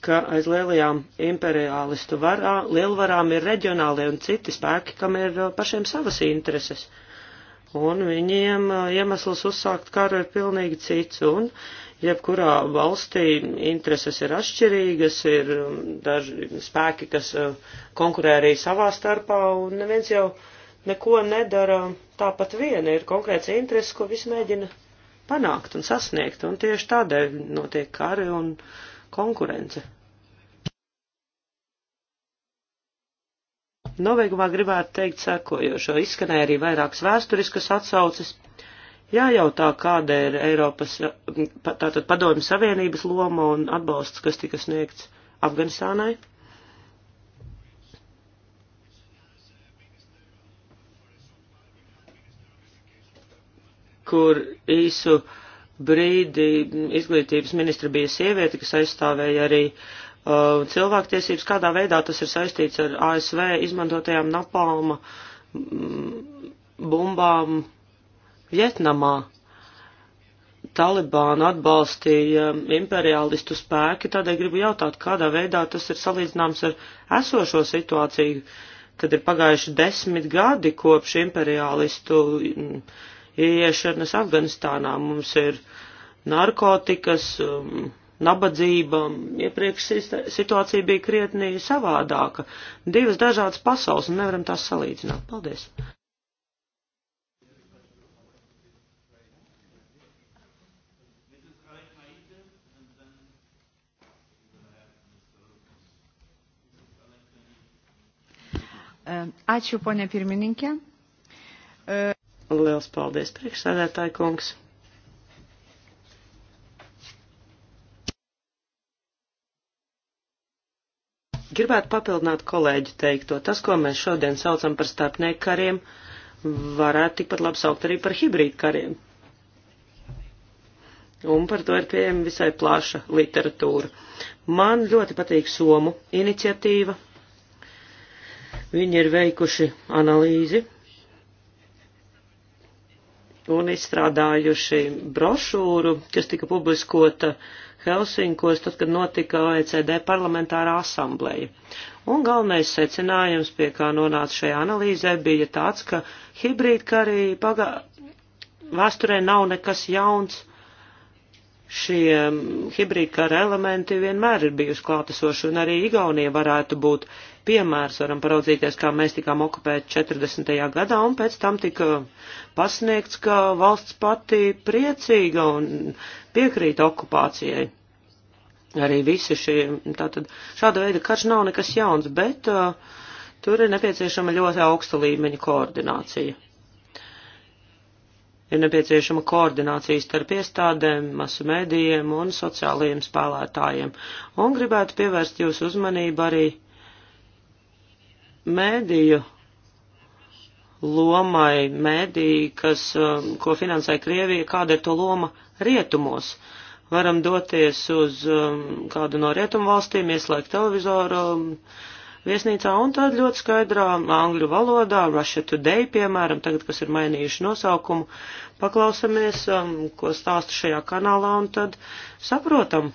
ka aiz lielajām imperialistu varā, lielvarām ir reģionālie un citi spēki, kam ir pašiem savas intereses. Uh, un viņiem uh, iemesls uzsākt karu ir pilnīgi cits, un jebkurā valstī intereses ir atšķirīgas, ir um, daži spēki, kas uh, konkurē arī savā starpā, un neviens jau neko nedara tāpat viena, ir konkrēts intereses, ko visi mēģina panākt un sasniegt, un tieši tādēļ notiek kari un konkurence. Novēgumā gribētu teikt sekojošo. Izskanēja arī vairākas vēsturiskas atsauces. Jājautā, kāda ir Eiropas, tātad padomju savienības loma un atbalsts, kas tika sniegts Afganistānai. kur īsu brīdi izglītības ministra bija sieviete, kas aizstāvēja arī uh, Uh, cilvēktiesības, kādā veidā tas ir saistīts ar ASV izmantotajām napalma mm, bumbām Vietnamā. Talibānu atbalstīja imperialistu spēki, tādēļ gribu jautāt, kādā veidā tas ir salīdzināms ar esošo situāciju, kad ir pagājuši desmit gadi kopš imperialistu mm, ieiešanas Afganistānā. Mums ir narkotikas, um, nabadzība, iepriekš situācija bija krietnī savādāka. Divas dažādas pasaules un nevaram tās salīdzināt. Paldies! Ačiū, ponė pirmininkė. Liels paldies, priekšsēdētāji kungs. Gribētu papildināt kolēģi teikto. Tas, ko mēs šodien saucam par starpnieku kariem, varētu tikpat labi saukt arī par hibrīdu kariem. Un par to ir pieejama visai plaša literatūra. Man ļoti patīk Somu iniciatīva. Viņi ir veikuši analīzi un izstrādājuši brošūru, kas tika publiskota uh, Helsinkos, tad, kad notika OECD parlamentārā asambleja. Un galvenais secinājums, pie kā nonāca šajā analīzē, bija tāds, ka hibrīdkarī pagā... vēsturē nav nekas jauns. Šie mm, hibrīdkara elementi vienmēr ir bijuši klātesoši, un arī Igaunija varētu būt piemērs varam paraudzīties, kā mēs tikām okupēti 40. gadā, un pēc tam tika pasniegts, ka valsts pati priecīga un piekrīt okupācijai. Arī visi šie, tātad šāda veida karš nav nekas jauns, bet uh, tur ir nepieciešama ļoti augsta līmeņa koordinācija ir nepieciešama koordinācija starp iestādēm, masu mēdījiem un sociālajiem spēlētājiem, un gribētu pievērst jūsu uzmanību arī Mēdīju lomai, mēdīji, kas, um, ko finansē Krievija, kāda ir to loma rietumos. Varam doties uz um, kādu no rietumu valstīm, ieslēgt televizoru um, viesnīcā un tad ļoti skaidrā angļu valodā, Russia Today, piemēram, tagad, kas ir mainījuši nosaukumu, paklausamies, ko stāsta šajā kanālā un tad saprotam,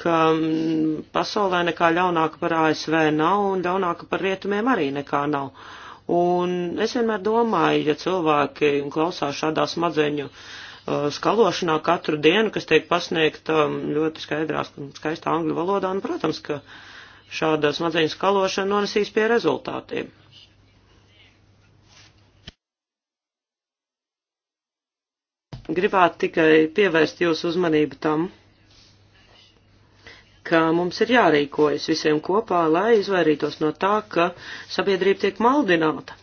ka mm, pasaulē nekā ļaunāka par ASV nav un ļaunāka par rietumiem arī nekā nav. Un es vienmēr domāju, ja cilvēki klausās šādā smadzeņu uh, skalošanā katru dienu, kas tiek pasniegta um, ļoti skaidrā, skaistā angļu valodā, un, protams, ka šāda smadzeņu skalošana nonesīs pie rezultātiem. Gribētu tikai pievērst jūsu uzmanību tam, ka mums ir jārīkojas visiem kopā, lai izvairītos no tā, ka sabiedrība tiek maldināta.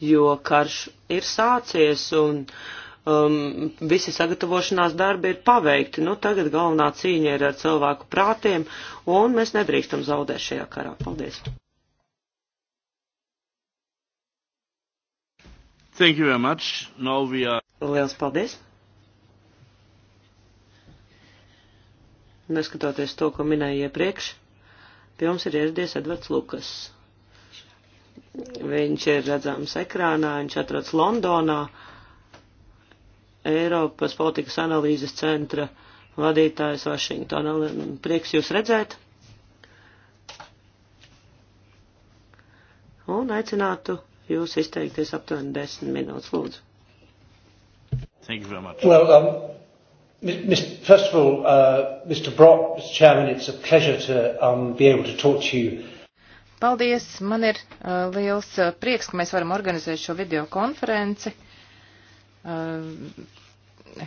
Jo karš ir sācies un um, visi sagatavošanās darbi ir paveikti. Nu, tagad galvenā cīņa ir ar cilvēku prātiem un mēs nedrīkstam zaudēt šajā karā. Paldies! Thank you very much. Now we are... Liels paldies! neskatoties to, ko minēju iepriekš, pie mums ir ieradies Edvards Lukas. Viņš ir redzams ekrānā, viņš atrodas Londonā, Eiropas politikas analīzes centra vadītājs Vašingtonā. Prieks jūs redzēt. Un aicinātu jūs izteikties aptuveni desmit minūtes, lūdzu. Thank you very much. Well, um, First of all, uh, Mr. Brock, Mr. Chairman, it's a pleasure to um, be able to talk to you. Paldies, man ir uh, liels uh, prieks, ka mēs varam organizēt šo video konferenci. Uh,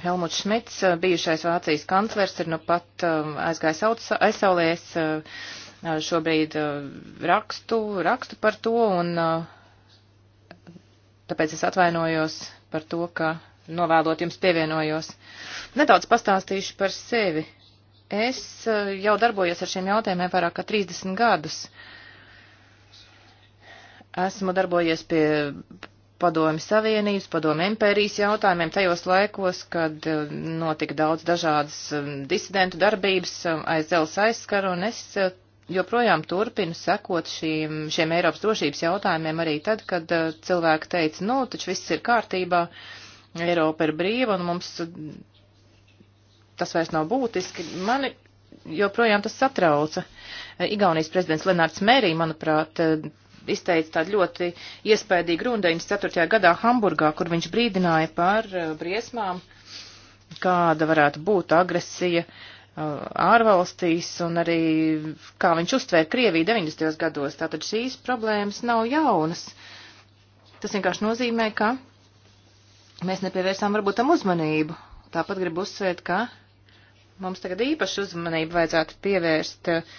Helmuts Šmits, uh, bijušais Vācijas kanclers, ir nu pat um, uh, aizgājis aizsaulēs, uh, šobrīd uh, rakstu, rakstu par to, un uh, tāpēc es atvainojos par to, ka novēlot jums pievienojos. Nedaudz pastāstīšu par sevi. Es eh, jau darbojos ar šiem jautājumiem vairāk kā 30 gadus. Esmu darbojies pie padomi savienības, padomi impērijas jautājumiem tajos laikos, kad eh, notika daudz dažādas eh, disidentu darbības aiz dzelzs aizskaru, un es joprojām turpinu sekot šīm, šiem Eiropas drošības jautājumiem arī tad, kad cilvēki teica, nu, taču viss ir kārtībā. Uh, Eiropa ir brīva un mums tas vairs nav būtiski. Mani joprojām tas satrauca. Igaunijas prezidents Lenārds Mērī, manuprāt, izteica tādu ļoti iespaidīgu runu 94. gadā Hamburgā, kur viņš brīdināja par eh, briesmām, kāda varētu būt agresija eh, ārvalstīs un arī kā viņš uztvēra Krieviju 90. gados. Tātad šīs problēmas nav jaunas. Tas vienkārši nozīmē, ka mēs nepievērsām varbūt tam uzmanību. Tāpat gribu uzsvērt, ka mums tagad īpaši uzmanību vajadzētu pievērst eh,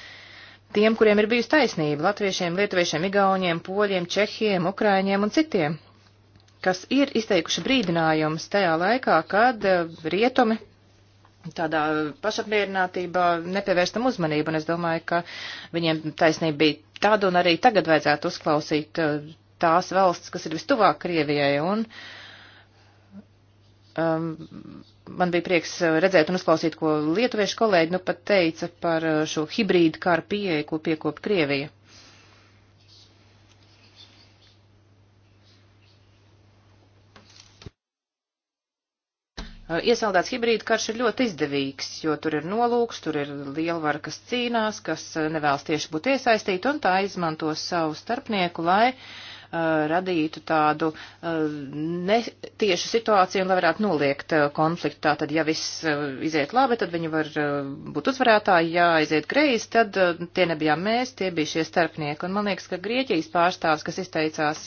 tiem, kuriem ir bijusi taisnība - latviešiem, lietuviešiem, igauniem, poļiem, čehiem, ukraiņiem un citiem, kas ir izteikuši brīdinājumus tajā laikā, kad eh, rietumi tādā pašapmierinātībā nepievērstam uzmanību, un es domāju, ka viņiem taisnība bija tāda, un arī tagad vajadzētu uzklausīt eh, tās valsts, kas ir vistuvāk Krievijai, un uh, Um, man bija prieks uh, redzēt un uzklausīt, ko lietuviešu kolēģi nu pat teica par uh, šo hibrīdu kāru pieeju, ko piekop Krievija. Uh, iesaldēts hibrīda karš ir ļoti izdevīgs, jo tur ir nolūks, tur ir lielvara, kas cīnās, kas nevēlas tieši būt iesaistīta, un tā izmanto savu starpnieku, lai uh, Uh, radītu tādu uh, netiešu situāciju un lai varētu noliegt uh, konfliktu. Tātad, ja viss iziet labi, tad viņi var būt uzvarētāji, ja aiziet greizi, tad tie nebijām mēs, tie bija šie starpnieki. Un man liekas, ka Grieķijas pārstāvs, kas izteicās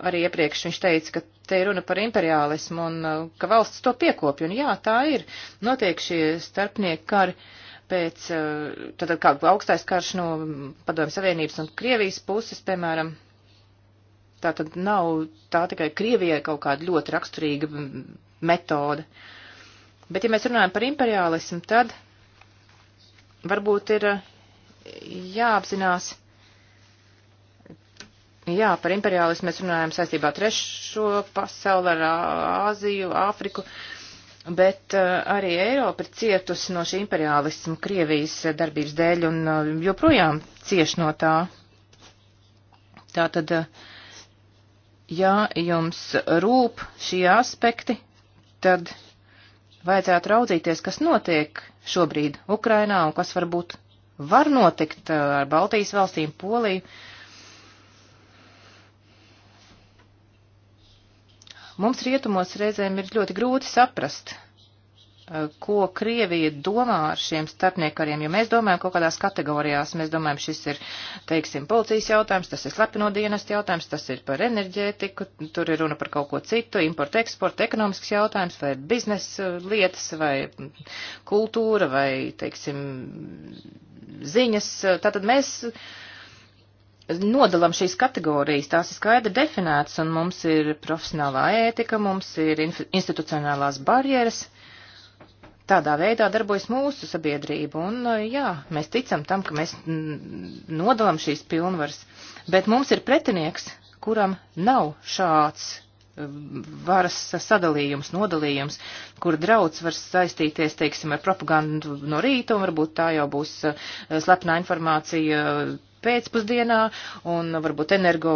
arī iepriekš viņš teica, ka te ir runa par imperiālismu un ka valsts to piekopja. Un jā, tā ir. Notiek šie starpnieki kari. Ar pēc, eh, tātad kā augstais karš no Padomju Savienības un Krievijas puses, piemēram, tātad nav tā tikai Krievijai kaut kāda ļoti raksturīga metode. Bet, ja mēs runājam par imperialismu, tad varbūt ir eh, jāapzinās, jā, par imperialismu mēs runājam saistībā trešo pasauli ar Āziju, Āfriku. Uh, bet uh, arī Eiropa ir cietusi no šī imperialismu Krievijas darbības dēļ un uh, joprojām cieš no tā. Tātad, uh, ja jums rūp šie aspekti, tad vajadzētu raudzīties, kas notiek šobrīd Ukrainā un kas varbūt var notikt ar Baltijas valstīm, Poliju. Uh, Mums rietumos reizēm ir ļoti grūti saprast, eh, ko Krievija domā ar šiem starpniekariem, jo mēs domājam kaut kādās kategorijās. Mēs domājam, šis ir, teiksim, policijas jautājums, tas ir slepeno dienestu jautājums, tas ir par enerģētiku, tur ir runa par kaut ko citu, import, eksport, ekonomisks jautājums, vai biznesa eh, lietas, vai kultūra, vai, teiksim, ziņas. Tātad mēs nodalam šīs kategorijas, tās ir skaidri definētas, un mums ir profesionālā ētika, mums ir institucionālās barjeras. Tādā veidā darbojas mūsu sabiedrība, un uh, jā, mēs ticam tam, ka mēs nodalam šīs pilnvaras, bet mums ir pretinieks, kuram nav šāds um, varas sadalījums, nodalījums, kur draudz var saistīties, teiksim, ar propagandu no rīta, un varbūt tā jau būs uh, slepnā informācija pēcpusdienā un varbūt energo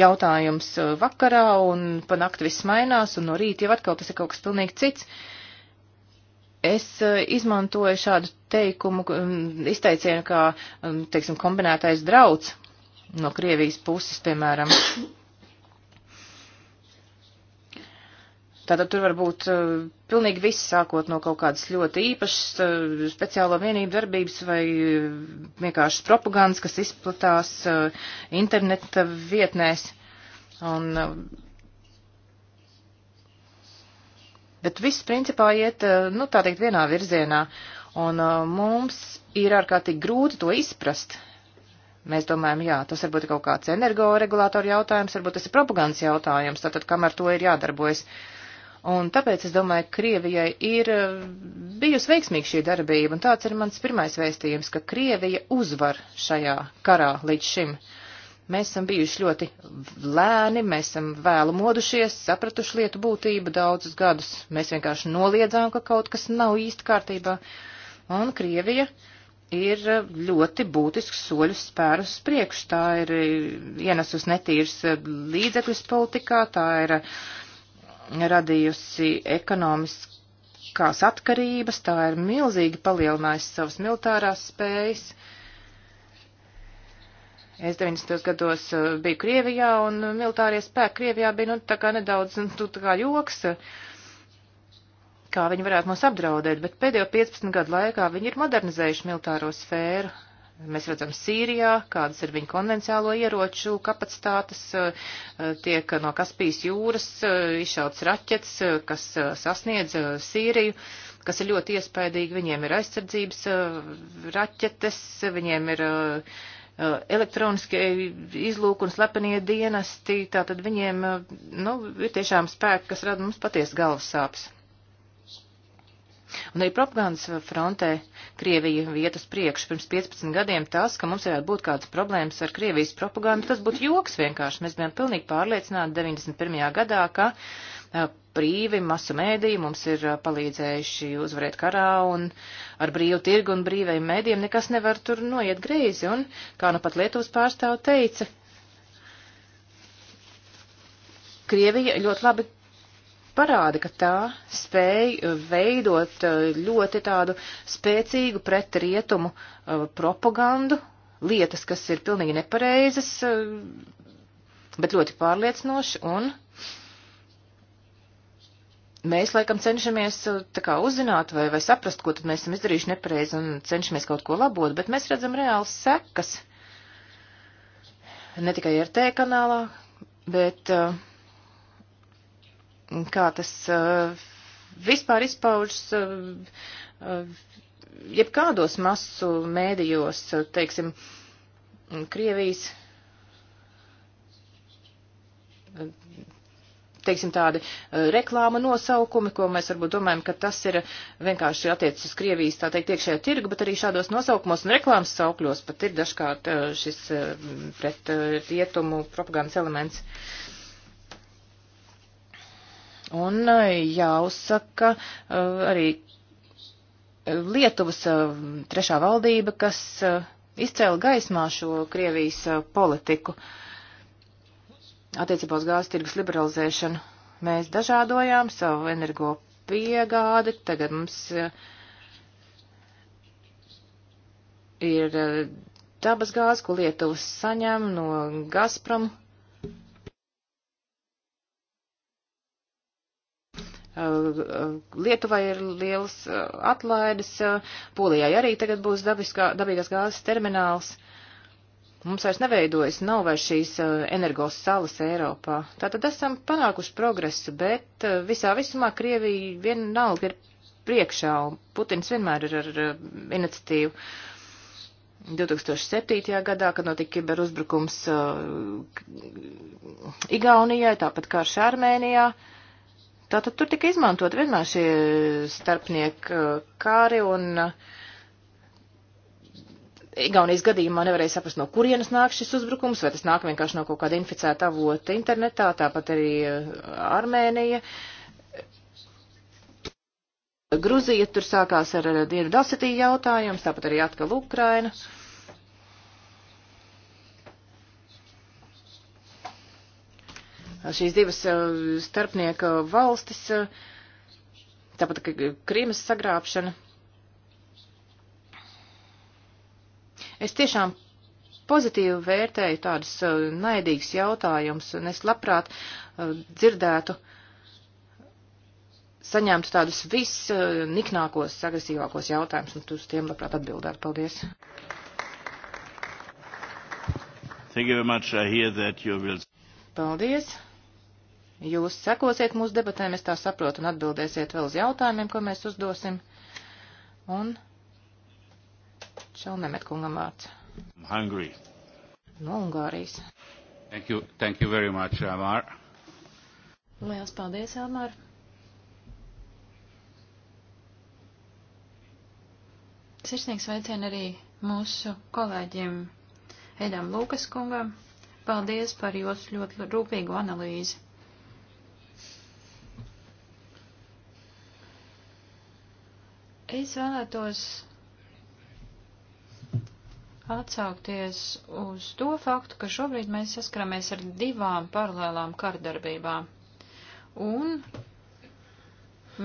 jautājums uh, vakarā un pa nakti viss mainās un no rīta jau atkal tas ir kaut kas pilnīgi cits. Es uh, izmantoju šādu teikumu, um, izteicienu kā, um, teiksim, kombinētais drauds no Krievijas puses, piemēram. Tātad tur var būt uh, pilnīgi viss, sākot no kaut kādas ļoti īpašas uh, speciālo vienību darbības vai uh, vienkāršas propagandas, kas izplatās uh, interneta vietnēs. Un, uh, bet viss principā iet, uh, nu, tā teikt, vienā virzienā. Un uh, mums ir ārkārtīgi grūti to izprast. Mēs domājam, jā, tas varbūt ir kaut kāds energoregulātoru jautājums, varbūt tas ir propagandas jautājums, tātad kamēr to ir jādarbojas. Uh, Un tāpēc es domāju, Krievijai ir eh, bijusi veiksmīga šī darbība, un tāds ir mans pirmais vēstījums, ka Krievija uzvar šajā karā līdz šim. Mēs esam bijuši ļoti lēni, mēs esam vēlu modušies, sapratuši lietu būtību daudzus gadus. Mēs vienkārši noliedzām, ka kaut kas nav īsti kārtībā. Un Krievija ir eh, ļoti būtisks soļus spērus priekš. Tā ir eh, ienesus netīrs līdzekļus politikā, tā ir uh, radījusi ekonomiskās atkarības, tā ir milzīgi palielinājusi savas militārās spējas. Es 90. gados uh, biju Krievijā, un militārie spēki Krievijā bija, nu, tā kā nedaudz, nu, tā kā joks, uh, kā viņi varētu mūs apdraudēt, bet pēdējo 15 gadu laikā viņi ir modernizējuši militāro sfēru, Mēs redzam Sīrijā, kādas ir viņa konvenciālo ieroču kapacitātes, eh, tiek no Kaspijas jūras eh, izšauts raķets, eh, kas sasniedz Sīriju, kas ir ļoti iespaidīgi. Viņiem ir aizsardzības raķetes, viņiem ir elektroniskie izlūk un slepenie dienesti, tātad viņiem, nu, ir tiešām spēki, kas rada mums paties galvas sāpes. Un arī propagandas frontē Krievija vietas priekš pirms 15 gadiem tas, ka mums varētu būt kādas problēmas ar Krievijas propagandu, tas būtu joks vienkārši. Mēs bijām pilnīgi pārliecināti 91. gadā, ka uh, brīvi masu mēdīji mums ir palīdzējuši uzvarēt karā un ar brīvu tirgu un brīvajiem mēdījiem nekas nevar tur noiet greizi. Un, kā nu pat Lietuvas pārstāv teica, Krievija ļoti labi parāda, ka tā spēj uh, veidot uh, ļoti tādu spēcīgu pret rietumu uh, propagandu, lietas, kas ir pilnīgi nepareizas, bet ļoti pārliecinoši, un mēs laikam cenšamies tā kā uzzināt vai, vai saprast, ko tad mēs esam izdarījuši nepareizi un cenšamies kaut ko labot, bet mēs redzam reāls sekas, ne tikai RT kanālā, bet uh, kā tas uh, vispār izpaužas uh, uh, jebkādos masu mēdījos, teiksim, Krievijas, teiksim, tādi reklāma nosaukumi, ko mēs varbūt domājam, ka tas ir vienkārši attiecas uz Krievijas, tā teikt, iekšējā tirgu, bet arī šādos nosaukumos un reklāmas saukļos pat ir dažkārt šis pret rietumu propagandas elements. Uh, Un eh, jāuzsaka eh, arī Lietuvas eh, trešā valdība, kas izcēla gaismā šo Krievijas politiku attiecībā uz gāzes tirgus liberalizēšanu. Mēs dažādojām savu energo piegādi, tagad mums ir dabas gāze, ko Lietuvas saņem no Gazprom. Eh, Lietuvai ir liels eh, atlaides, eh, Polijai arī tagad būs dabiskā, dabīgās gāzes termināls. Mums vairs neveidojas, nav vairs šīs energos salas Eiropā. Tātad esam panākuši progresu, bet visā visumā Krievija vienalga ir priekšā, un Putins vienmēr ir ar iniciatīvu. 2007. gadā, kad notika kiberuzbrukums uh, Igaunijai, tāpat kā Šarmēnijā, uh, Tātad tur tika izmantot vienmēr šie starpnieki uh, kāri un uh, Igaunijas gadījumā nevarēja saprast, no kurienes nāk šis uzbrukums, vai tas nāk vienkārši no kaut kāda inficēta avota internetā, tāpat arī uh, Armēnija. Gruzija tur sākās ar Dienvidu Osetiju jautājums, tāpat arī atkal Ukraina. Uh, šīs divas eh, starpnieka valstis, eh, tāpat kā Krīmas sagrābšana. Es tiešām pozitīvi vērtēju tādus eh, naidīgus jautājumus, un es labprāt dzirdētu, saņemtu tādus visniknākos, agresīvākos jautājumus, un uz tiem labprāt atbildētu. Paldies! Thank you very much. I hear that you will. Paldies. Jūs sekosiet mūsu debatēm, es tā saprotu, un atbildēsiet vēl uz jautājumiem, ko mēs uzdosim. Un Čelnemet kungam vārds. Hungary. No Ungārijas. Thank you, thank you very much, Elmar. Liels paldies, Elmar. Sirsnīgs sveicien arī mūsu kolēģiem Edam Lūkas kungam. Paldies par jūsu ļoti rūpīgu analīzi. Es vēlētos atsaukties uz to faktu, ka šobrīd mēs saskaramies ar divām paralēlām kardarbībām. Un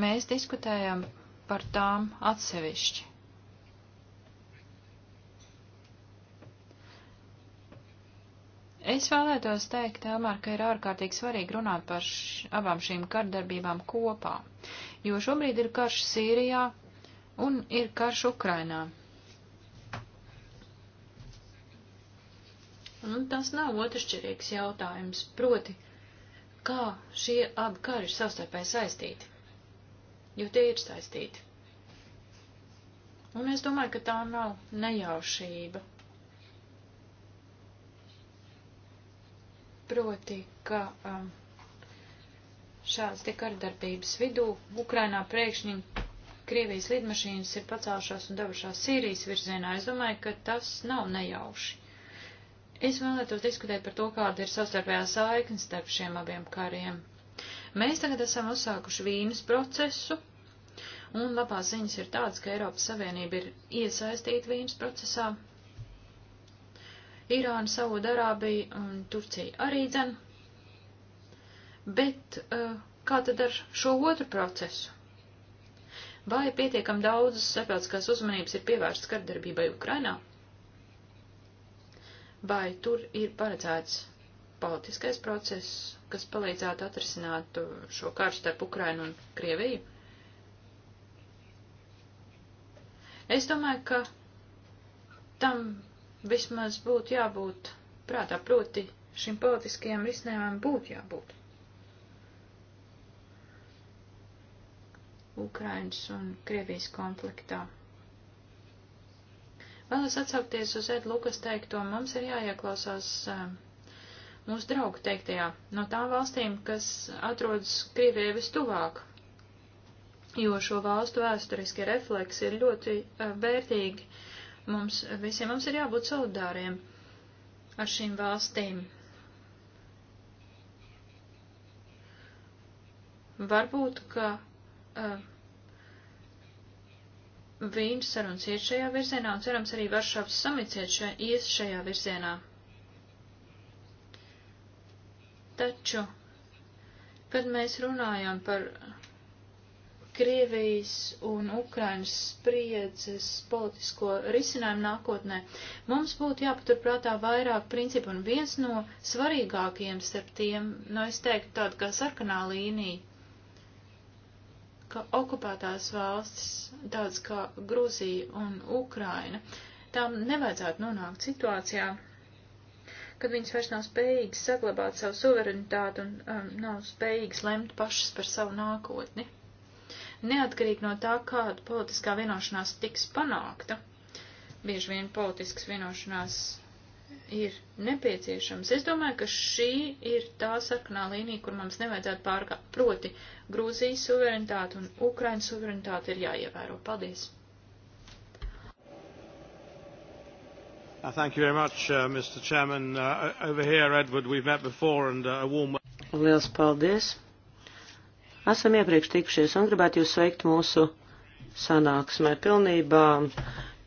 mēs diskutējam par tām atsevišķi. Es vēlētos teikt, Elmār, ka ir ārkārtīgi svarīgi runāt par š, abām šīm kardarbībām kopā, jo šobrīd ir karš Sīrijā, un ir karš Ukrainā. Un tas nav otršķirīgs jautājums, proti, kā šie abi kari ir savstarpēji saistīti, jo tie ir saistīti. Un es domāju, ka tā nav nejaušība. Proti, ka um, šāds te kardarbības vidū Ukrainā priekšņi Krievijas lidmašīnas ir pacēlušās un devušās Sīrijas virzienā. Es domāju, ka tas nav nejauši. Es vēlētos diskutēt par to, kāda ir savstarpējā saikne starp šiem abiem kariem. Mēs tagad esam uzsākuši vīnas procesu, un labās ziņas ir tādas, ka Eiropas Savienība ir iesaistīta vīnas procesā. Irāna, Saudarābija un Turcija arī dzen. Bet eh, kā tad ar šo otru procesu? Vai pietiekam daudz starptautiskās uzmanības ir pievērsts kardarbībai Ukrainā? Vai tur ir paredzēts politiskais process, kas palīdzētu atrisināt šo karšu starp Ukrainu un Krieviju? Es domāju, ka tam vismaz būtu jābūt prātā, proti šim politiskajam risinājumam būtu jābūt. Ukrainas un Krievijas konfliktā. Vēlos atsaukties uz Ed Lukas teikto, mums ir jāieklausās eh, mūsu draugu teiktajā no tām valstīm, kas atrodas Krievijai vistuvāk, jo šo valstu vēsturiskie refleksi ir ļoti eh, vērtīgi. Mums visiem mums ir jābūt solidāriem ar šīm valstīm. Varbūt, ka uh, viņš sarunas iet šajā virzienā un cerams arī Varšavas samits iet šajā, ies šajā virzienā. Taču, kad mēs runājam par Krievijas un Ukrainas spriedzes politisko risinājumu nākotnē, mums būtu jāpaturprātā vairāk principu, un viens no svarīgākajiem starp tiem, no nu, es teiktu, tāda kā sarkanā līnija ka okupētās valstis, tādas kā Gruzija un Ukraina, tām nevajadzētu nonākt situācijā, kad viņas vairs nav spējīgas saglabāt savu suverenitāti un um, nav spējīgas lemt pašas par savu nākotni. Neatkarīgi no tā, kāda politiskā vienošanās tiks panākta, bieži vien politiskas vienošanās ir nepieciešams. Es domāju, ka šī ir tā sarkanā līnija, kur mums nevajadzētu pārkāpt. Proti, Grūzijas suverenitāte un Ukrainas suverenitāte ir jāievēro. Paldies! Uh, thank you very much, uh, Mr. Chairman. Uh, uh, over here, Edward, we've met before and uh, a warm Liels paldies! Esam iepriekš tikušies un gribētu jūs sveikt mūsu sanāksmē pilnībā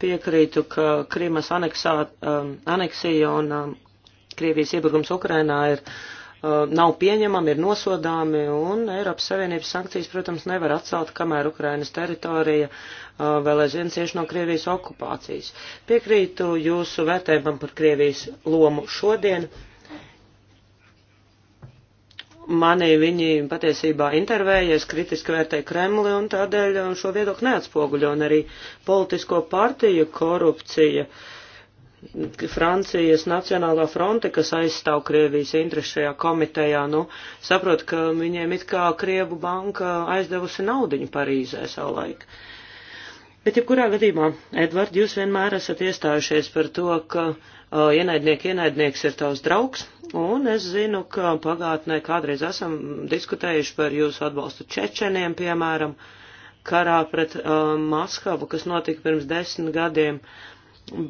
Piekrītu, ka Krīmas aneksā, um, aneksija un um, Krievijas iebrukums Ukrainā ir um, nav pieņemami, ir nosodāmi, un Eiropas Savienības sankcijas, protams, nevar atcelt, kamēr Ukrainas teritorija uh, vēl aizvien cieši no Krievijas okupācijas. Piekrītu jūsu vērtējumam par Krievijas lomu šodien. Uh, mani viņi patiesībā intervējies, kritiski vērtē Kremli un tādēļ uh, šo viedokli neatspoguļo un arī politisko partiju korupcija. Francijas Nacionālā fronte, kas aizstāv Krievijas interešu šajā komitejā, nu, saprot, ka viņiem it kā Krievu banka aizdevusi naudiņu Parīzē savulaik. Bet, jebkurā gadījumā, Edvard, jūs vienmēr esat iestājušies par to, ka uh, ienaidnieki ienaidnieks ir tavs draugs, Un es zinu, ka pagātnē kādreiz esam diskutējuši par jūsu atbalstu čečeniem, piemēram, karā pret uh, Maskavu, kas notika pirms desmit gadiem.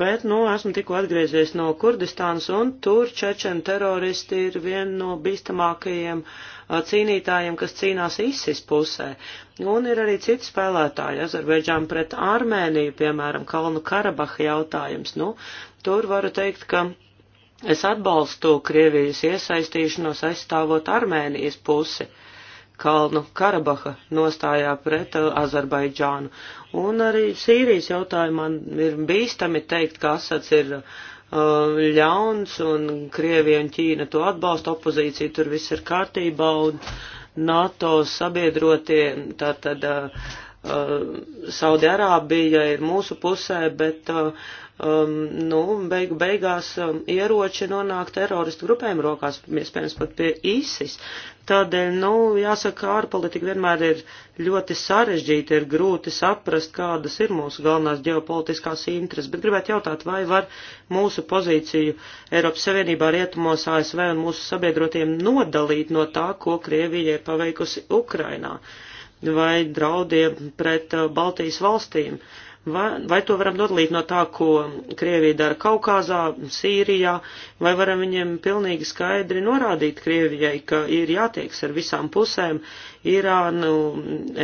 Bet, nu, esmu tikko atgriezies no Kurdistānas, un tur čečeni teroristi ir viena no bīstamākajiem uh, cīnītājiem, kas cīnās ISIS pusē. Un ir arī citi spēlētāji, Azerbaidžām pret Armēniju, piemēram, Kalnu Karabaha jautājums. Nu, tur varu teikt, ka Es atbalstu Krievijas iesaistīšanos aizstāvot Armēnijas pusi Kalnu Karabaha nostājā pret uh, Azerbaidžānu. Un arī Sīrijas jautājumā ir bīstami teikt, ka Asats ir uh, ļauns un Krievija un Ķīna to atbalsta, opozīcija tur viss ir kārtībā un NATO sabiedrotie, tātad uh, uh Saudi Arābija ir mūsu pusē, bet uh, um, nu, beigu beigās um, ieroči nonāk teroristu grupēm rokās, iespējams pat pie ISIS. Tādēļ, nu, jāsaka, ārpolitika vienmēr ir ļoti sarežģīta, ir grūti saprast, kādas ir mūsu galvenās ģeopolitiskās intereses, bet gribētu jautāt, vai var mūsu pozīciju Eiropas Savienībā, Rietumos, ASV un mūsu sabiedrotiem nodalīt no tā, ko Krievija ir paveikusi Ukrainā vai draudiem pret uh, Baltijas valstīm Vai, vai to varam nodalīt no tā, ko Krievija dara Kaukāzā, Sīrijā, vai varam viņiem pilnīgi skaidri norādīt Krievijai, ka ir jātieks ar visām pusēm - Irānu,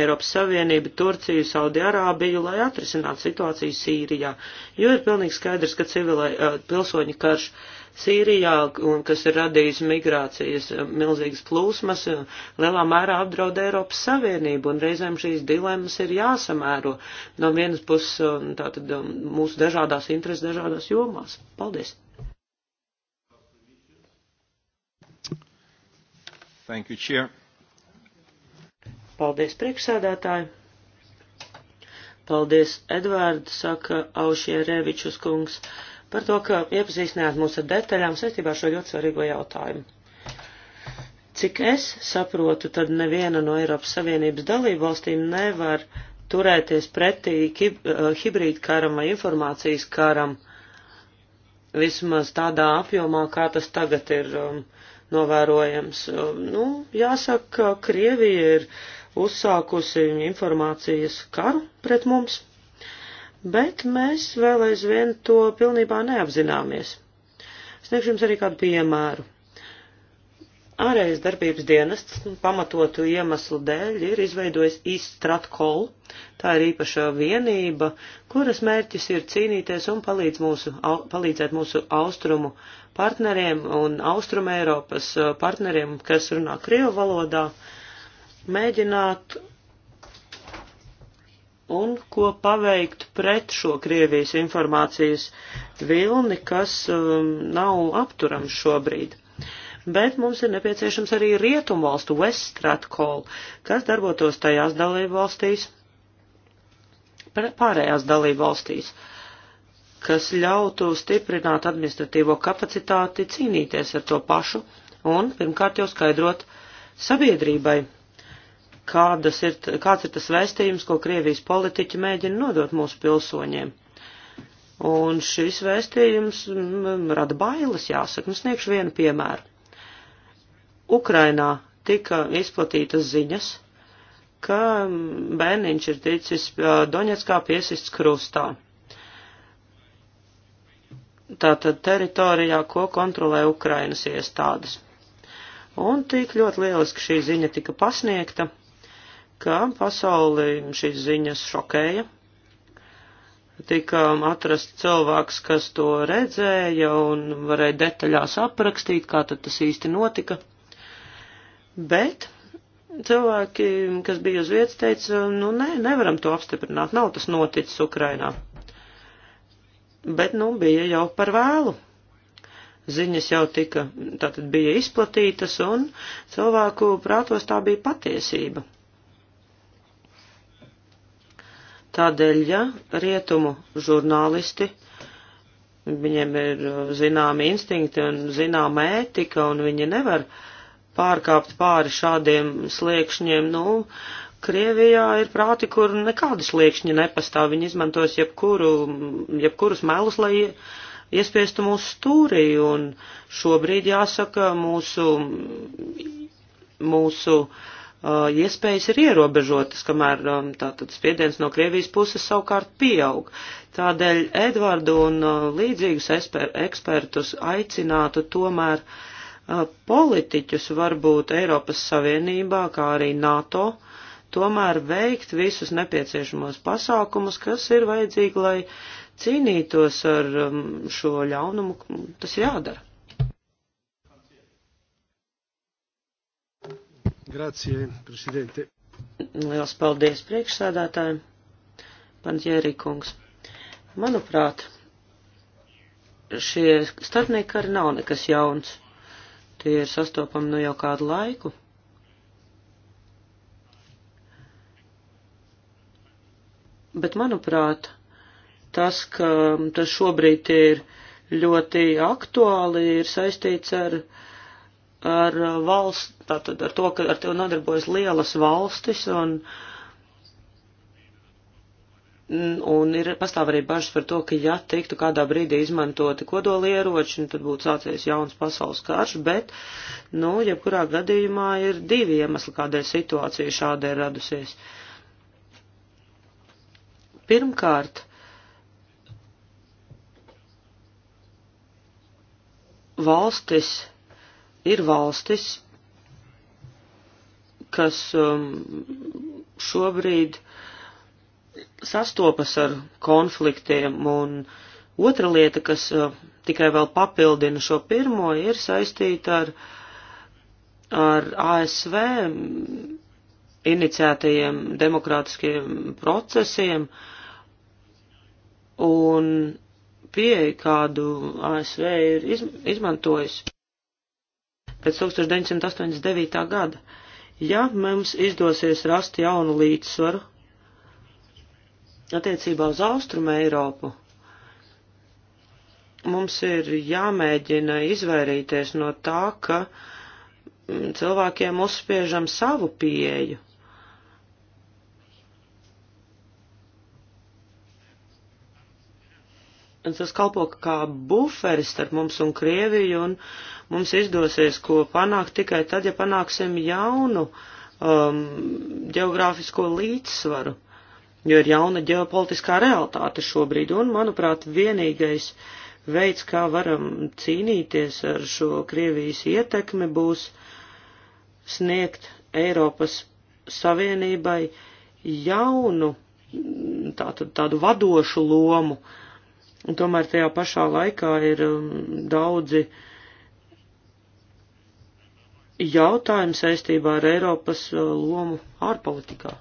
Eiropas Savienību, Turciju, Saudi-Arābiju, lai atrisinātu situāciju Sīrijā, jo ir pilnīgi skaidrs, ka civilai eh, pilsoņu karš uh, Sīrijā un kas ir radījis migrācijas eh, milzīgas plūsmas, eh, lielā mērā apdraud Eiropas Savienību un reizēm šīs dilemmas ir jāsamēro no vienas puses eh, tātad um, mūsu dažādās intereses dažādās jomās. Paldies! Thank you, Chair. Paldies, priekšsēdētāji! Paldies, Edvārds, saka Aušierevičus kungs. Uh, par to, ka iepazīstināt mūs ar detaļām saistībā ar šo ļoti svarīgo jautājumu. Cik es saprotu, tad neviena no Eiropas Savienības dalību valstīm nevar turēties pretī hib eh, hibrīd karam vai informācijas karam vismaz tādā apjomā, kā tas tagad ir um, novērojams. Um, nu, jāsaka, ka Krievija ir uzsākusi informācijas karu pret mums bet mēs vēl aizvien to pilnībā neapzināmies. Sniegšu jums arī kādu piemēru. Ārējas darbības dienests nu, pamatotu iemeslu dēļ ir izveidojis Istratkol. Tā ir īpaša vienība, kuras mērķis ir cīnīties un palīdz mūsu, palīdzēt mūsu austrumu partneriem un austrumu Eiropas uh, partneriem, kas runā Krievu valodā, mēģināt un ko paveikt pret šo Krievijas informācijas vilni, kas um, nav apturams šobrīd. Bet mums ir nepieciešams arī rietumvalstu West Stratcall, kas darbotos tajās dalību valstīs, pārējās dalību valstīs, kas ļautu stiprināt administratīvo kapacitāti cīnīties ar to pašu un, pirmkārt, jau skaidrot sabiedrībai, kādas ir, kāds ir tas vēstījums, ko Krievijas politiķi mēģina nodot mūsu pilsoņiem. Un šis vēstījums mm, rada bailes, jāsaka. Nu, sniegšu vienu piemēru. Ukrainā tika izplatītas ziņas, ka mm, bērniņš ir ticis Doņetskā piesists krustā. Tātad teritorijā, ko kontrolē Ukrainas iestādes. Un tik ļoti lieliski šī ziņa tika pasniegta ka pasauli šīs ziņas šokēja. Tika atrasts cilvēks, kas to redzēja un varēja detaļās aprakstīt, kā tad tas īsti notika. Bet cilvēki, kas bija uz vietas, teica, nu nē, nevaram to apstiprināt, nav tas noticis Ukrainā. Bet, nu, bija jau par vēlu. Ziņas jau tika, tātad bija izplatītas, un cilvēku prātos tā bija patiesība. Tādēļ, ja rietumu žurnālisti, viņiem ir uh, zināmi instinkti un zināma ētika, un viņi nevar pārkāpt pāri šādiem sliekšņiem, nu, Krievijā ir prāti, kur nekādi sliekšņi nepastāv. Viņi izmantos jebkuru, jebkurus melus, lai iespiestu mūsu stūrī, un šobrīd jāsaka mūsu, mūsu uh, uh, iespējas ir ierobežotas, kamēr um, tātad spiediens no Krievijas puses savukārt pieaug. Tādēļ Edvardu un uh, līdzīgus esper, ekspertus aicinātu tomēr uh, politiķus varbūt Eiropas Savienībā, kā arī NATO, tomēr veikt visus nepieciešamos pasākumus, kas ir vajadzīgi, lai cīnītos ar um, šo ļaunumu. Tas jādara. Grazie, prezidente. Liels paldies priekšsēdētājiem. Pandjērī kungs. Manuprāt, šie starpnieki kari nav nekas jauns. Tie ir sastopami nu jau kādu laiku. Bet, manuprāt, tas, ka tas šobrīd ir ļoti aktuāli, ir saistīts ar uh, ar uh, valsts, tātad ar to, ka ar to nodarbojas lielas valstis un, un ir pastāv arī bažas par to, ka ja tiktu kādā brīdī izmantoti kodolieroči, nu, tad būtu sācies jauns pasaules karš, bet, nu, jebkurā gadījumā ir divi iemesli, kādēļ situācija šāda ir radusies. Pirmkārt, valstis ir valstis, kas um, šobrīd sastopas ar konfliktiem, un otra lieta, kas uh, tikai vēl papildina šo pirmo, ir saistīta ar, ar ASV iniciētajiem demokrātiskiem procesiem, un pieeja, kādu ASV ir izmantojis pēc 1989. gada. Ja mums izdosies rast jaunu līdzsvaru attiecībā uz Austrumu Eiropu, mums ir jāmēģina izvairīties no tā, ka mm, cilvēkiem uzspiežam savu pieeju tas kalpo kā buferis starp mums un Krieviju, un mums izdosies, ko panākt tikai tad, ja panāksim jaunu um, geogrāfisko līdzsvaru, jo ir jauna ģeopolitiskā realitāte šobrīd, un, manuprāt, vienīgais veids, kā varam cīnīties ar šo Krievijas ietekmi, būs sniegt Eiropas Savienībai jaunu, tātad tādu vadošu lomu, uh, Un tomēr tajā pašā laikā ir um, daudzi jautājumi saistībā ar Eiropas uh, lomu ārpolitikā.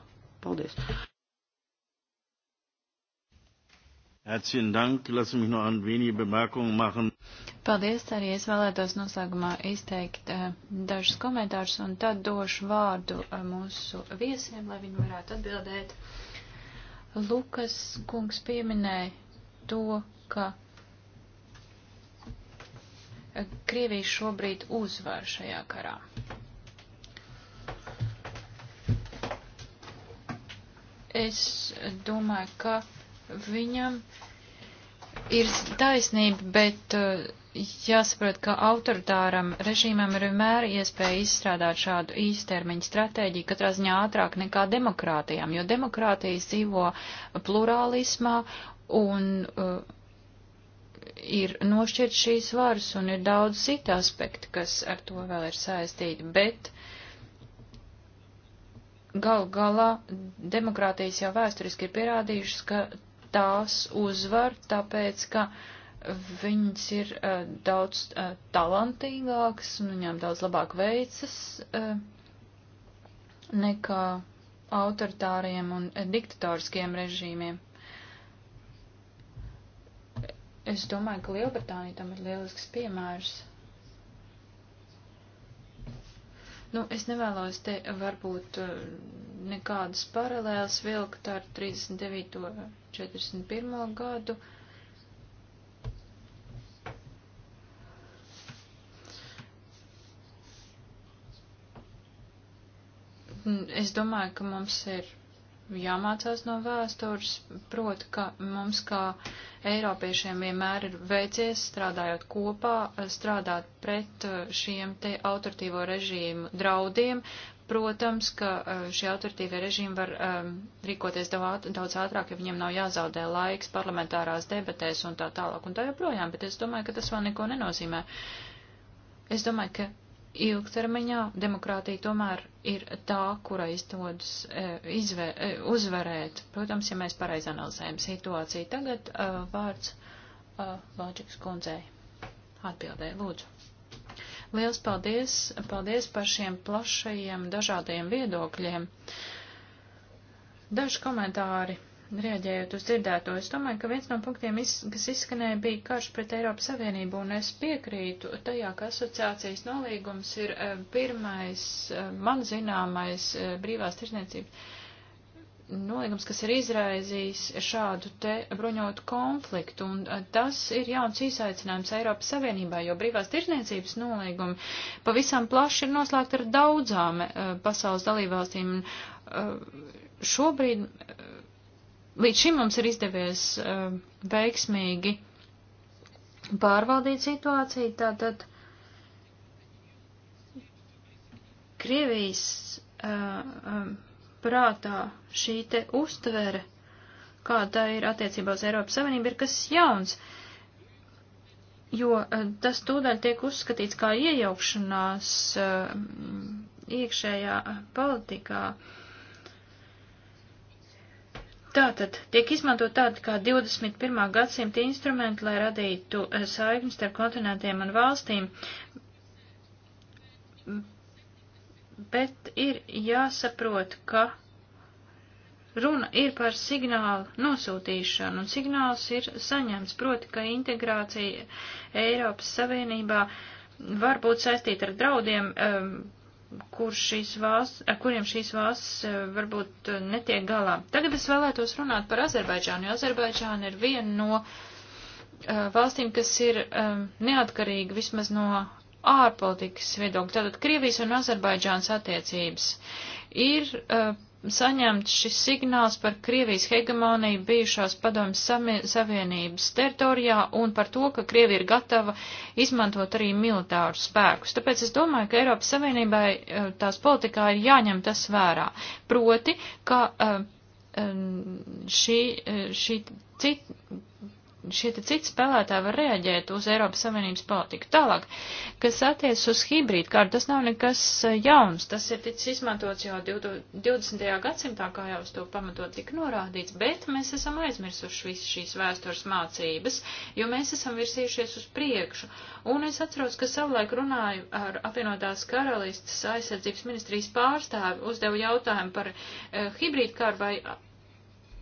Paldies! Herzlichen Dank. Lassen mich noch an wenige Bemerkungen machen. Paldies, arī es vēlētos noslēgumā izteikt uh, dažus komentārus un tad došu vārdu uh, mūsu viesiem, lai viņi varētu atbildēt. Lukas kungs pieminēja to, ka Krievija šobrīd uzvar šajā karā. Es domāju, ka viņam ir taisnība, bet uh, jāsaprot, ka autoritāram režīmam ir vienmēr iespēja izstrādāt šādu īstermiņu stratēģiju, katrā ziņā ātrāk nekā demokrātijām, jo demokrātijas dzīvo plurālismā un uh, ir nošķirt šīs varas, un ir daudz citu aspektu, kas ar to vēl ir saistīti, bet gal galā demokrātijas jau vēsturiski ir pierādījušas, ka tās uzvar, tāpēc, ka viņas ir uh, daudz uh, talantīgākas un viņām daudz labāk veicas uh, nekā autoritāriem un diktatoriskiem režīmiem. Es domāju, ka Lielbritānija tam ir lielisks piemērs. Nu, es nevēlos te varbūt eh, nekādas paralēlas vilkt ar 39. 41. gadu. Mm, es domāju, ka mums ir jāmācās no vēstures, proti, ka mums kā Eiropiešiem vienmēr ir veicies strādājot kopā, strādāt pret uh, šiem te autoritīvo režīmu draudiem. Protams, ka uh, šie autoritīvie režīmi var um, rīkoties daudz ātrāk, ja viņiem nav jāzaudē laiks parlamentārās debatēs un tā tālāk un tā joprojām, bet es domāju, ka tas vēl neko nenozīmē. Es domāju, ka ilgtermiņā demokrātija tomēr ir tā, kura izdodas e, izvē, e, uzvarēt. Protams, ja mēs pareizi analizējam situāciju. Tagad uh, vārds uh, Valčiks kundzei atbildēja, lūdzu. Liels paldies, paldies par šiem plašajiem dažādiem viedokļiem. Daži komentāri reaģējot uz dzirdēto, es domāju, ka viens no punktiem, iz, kas izskanēja, bija karš pret Eiropas Savienību, un es piekrītu tajā, ka asociācijas nolīgums ir eh, pirmais, eh, man zināmais, eh, brīvās tirzniecības nolīgums, kas ir izraizījis šādu te bruņotu konfliktu, un tas ir jauns izaicinājums Eiropas Savienībā, jo brīvās tirzniecības nolīgumi pavisam plaši ir noslēgti ar daudzām pasaules dalībvalstīm šobrīd līdz šim mums ir izdevies uh, veiksmīgi pārvaldīt situāciju, tātad Krievijas uh, um, prātā šī te uztvere, kā tā ir attiecībā uz Eiropas Savienību, ir kas jauns, jo uh, tas tūdaļ tiek uzskatīts kā iejaukšanās uh, iekšējā politikā. Uh, Tātad tiek izmantot tādi kā 21. gadsimta instrumenti, lai radītu eh, saiknes starp kontinentiem un valstīm, bet ir jāsaprot, ka runa ir par signālu nosūtīšanu, un signāls ir saņemts, proti, ka integrācija Eiropas Savienībā var būt saistīta ar draudiem. Um, kur šīs valsts, ar kuriem šīs valsts eh, varbūt eh, netiek galā. Tagad es vēlētos runāt par Azerbaidžānu, jo Azerbaidžāna ir viena no uh, valstīm, kas ir um, neatkarīga vismaz no ārpolitikas viedokļa. Tātad Krievijas un Azerbaidžānas attiecības ir uh, saņemts šis signāls par Krievijas hegemoniju bijušās padomjas savienības teritorijā un par to, ka Krievija ir gatava izmantot arī militāru spēkus. Tāpēc es domāju, ka Eiropas Savienībai eh, tās politikā ir jāņem tas vērā. Proti, ka eh, šī, eh, šī cita šie citi spēlētāji var reaģēt uz Eiropas Savienības politiku. Tālāk, kas attiecas uz hibrīdu kārtu, tas nav nekas e, jauns, tas ir ticis izmantots jau 20. gadsimtā, kā jau uz to pamatot tika norādīts, bet mēs esam aizmirsuši visas šīs vēstures mācības, jo mēs esam virsījušies uz priekšu. Un es atceros, ka savulaik runāju ar apvienotās karalistas aizsardzības ministrijas pārstāvi, uzdevu jautājumu par uh, e, hibrīdu kārtu vai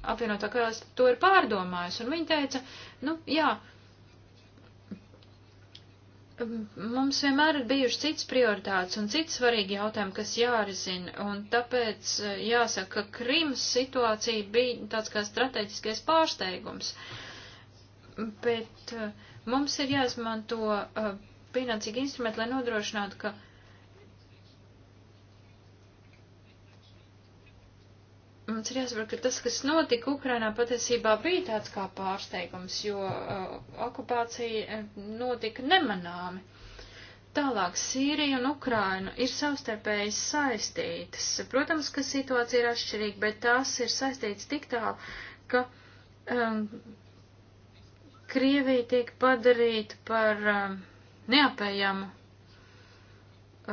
apvienotā karalista to ir pārdomājusi, un viņa teica, nu, jā, mums vienmēr ir bijuši cits prioritāts un cits svarīgi jautājumi, kas jārisina, un tāpēc eh, jāsaka, ka Krimas situācija bija tāds kā strateģiskais pārsteigums, bet eh, mums ir jāizmanto eh, pienācīgi instrumenti, lai nodrošinātu, ka Mums ir jāsaprot, ka tas, kas notika Ukrainā, patiesībā bija tāds kā pārsteigums, jo uh, okupācija eh, notika nemanāmi. Tālāk Sīrija un Ukraina ir savstarpēji saistītas. Protams, ka situācija ir atšķirīga, bet tās ir saistītas tik tālu, ka um, Krievija tiek padarīta par um, neapējamu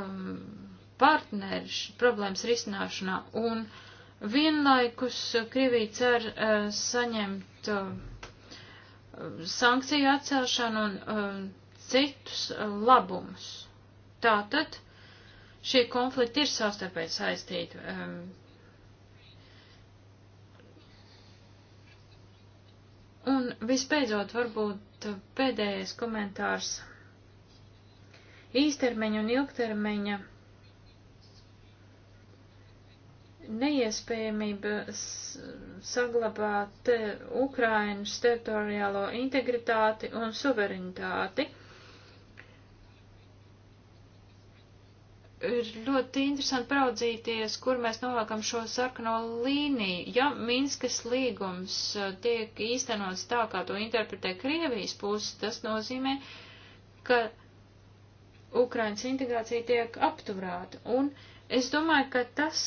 um, partneri problēmas risināšanā un uh, Vienlaikus Krievija cer uh, saņemt uh, sankciju atcelšanu un uh, citus uh, labumus. Tātad šie konflikti ir savstarpēji saistīti. Um, Un visbeidzot, varbūt pēdējais komentārs. Īstermeņa un ilgtermeņa neiespējamība saglabāt eh, Ukrainas teritoriālo integritāti un suverenitāti. Ir ļoti interesanti praudzīties, kur mēs novākam šo sarkano līniju. Ja Minskas līgums eh, tiek īstenots tā, kā to interpretē Krievijas puses, tas nozīmē, ka Ukrainas integrācija tiek apturēta. Un uh, Es domāju, ka tas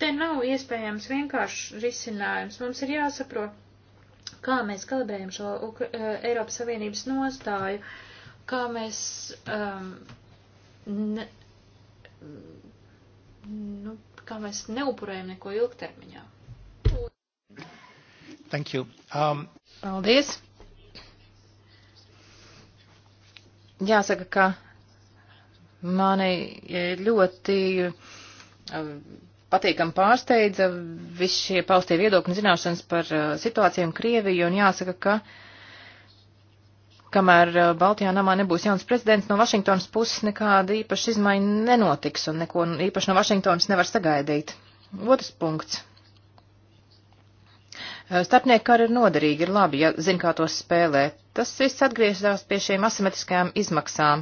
te nav iespējams vienkāršs risinājums. Mums ir jāsaprot, kā mēs kalibrējam šo Ukra uh, Eiropas Savienības nostāju, kā mēs um, ne, nu, kā mēs neupurējam neko ilgtermiņā. Thank you. Um... Paldies. Jāsaka, ka mani eh, ļoti Ehm, patīkam pārsteidza visi šie paustie viedokļi un zināšanas par eh, situācijām Krieviju, un jāsaka, ka kamēr eh, Baltijā namā nebūs jauns prezidents, no Vašingtonas puses nekāda īpaša izmaiņa nenotiks, un neko īpaši no Vašingtonas nevar sagaidīt. Otrs punkts. Ehm, starpnieki kari ir noderīgi, ir labi, ja zin, kā tos spēlē. Tas viss atgriežas pie šiem asimetriskajām izmaksām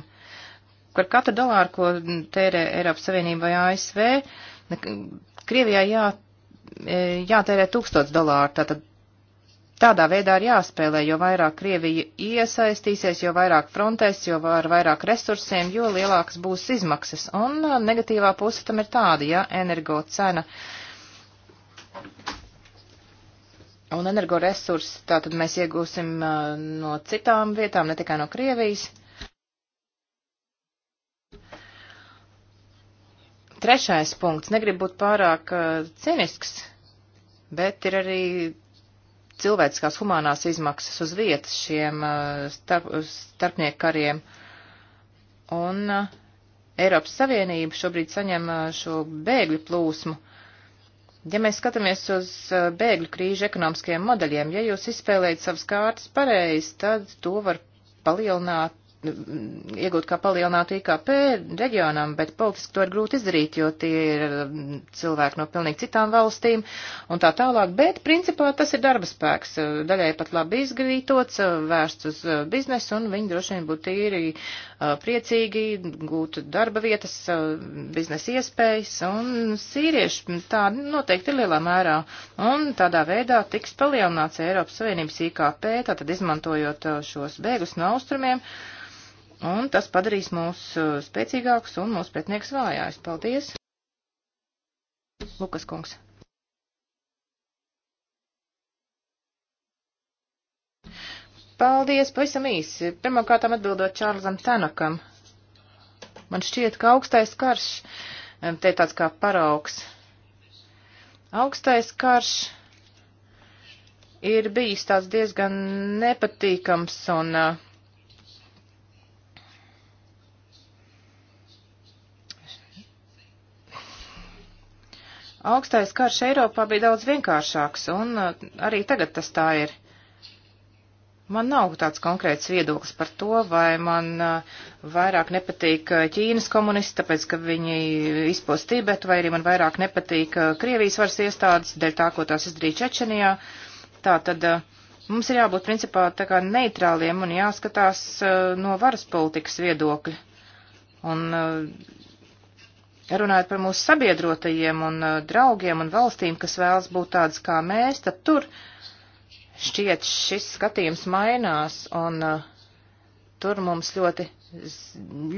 par katru dolāru, ko tērē Eiropas Savienība vai ASV, Krievijā jā, e, jātērē tūkstots dolāru. Tātad tādā veidā ir jāspēlē, jo vairāk Krievija iesaistīsies, jo vairāk frontēs, jo ar vairāk resursiem, jo lielākas būs izmaksas. Un e, negatīvā puse tam ir tāda, ja energo cena un energoresursi, tātad mēs iegūsim e, no citām vietām, ne tikai no Krievijas. Trešais punkts. Negribu būt pārāk uh, cinisks, bet ir arī cilvēciskās humānās izmaksas uz vietas šiem uh, starp, starpnieku kariem. Un uh, Eiropas Savienība šobrīd saņem uh, šo bēgļu plūsmu. Ja mēs skatāmies uz uh, bēgļu krīžu ekonomiskajiem modeļiem, ja jūs izspēlējat savas kārtas pareizi, tad to var palielināt iegūt kā palielinātu IKP reģionam, bet politiski to ir grūti izdarīt, jo tie ir um, cilvēki no pilnīgi citām valstīm un tā tālāk. Bet, principā, tas ir darba spēks, daļai pat labi izglītots, vērsts uz uh, biznesu, un viņi droši vien būtu tīri uh, priecīgi, gūtu darba vietas, uh, biznesa iespējas, un sīrieši tādi noteikti ir lielā mērā. Un tādā veidā tiks palielināts Eiropas Savienības IKP, tātad izmantojot šos bēgus no austrumiem. Uh, Un tas padarīs mūs uh, spēcīgākus un mūsu pretnieks vājājus. Paldies! Lukas kungs. Paldies, pavisam īsi. Pirmkārt, atbildot Čārlzam Tenakam. Man šķiet, ka augstais karš, um, te tāds kā paraugs. Augstais karš ir bijis tāds diezgan nepatīkams un uh, Augstais karš Eiropā bija daudz vienkāršāks, un uh, arī tagad tas tā ir. Man nav tāds konkrēts viedoklis par to, vai man uh, vairāk nepatīk uh, Ķīnas komunisti, tāpēc, ka viņi izpost Tibetu, vai arī man vairāk nepatīk Krievijas varas iestādes, dēļ tā, ko tās izdarīja Čečenijā. Tā tad mums ir jābūt principā tā kā neitrāliem un jāskatās no varas politikas viedokļa. Un runājot par mūsu sabiedrotajiem un uh, draugiem un valstīm, kas vēlas būt tādas kā mēs, tad tur šķiet šis skatījums mainās un uh, tur mums ļoti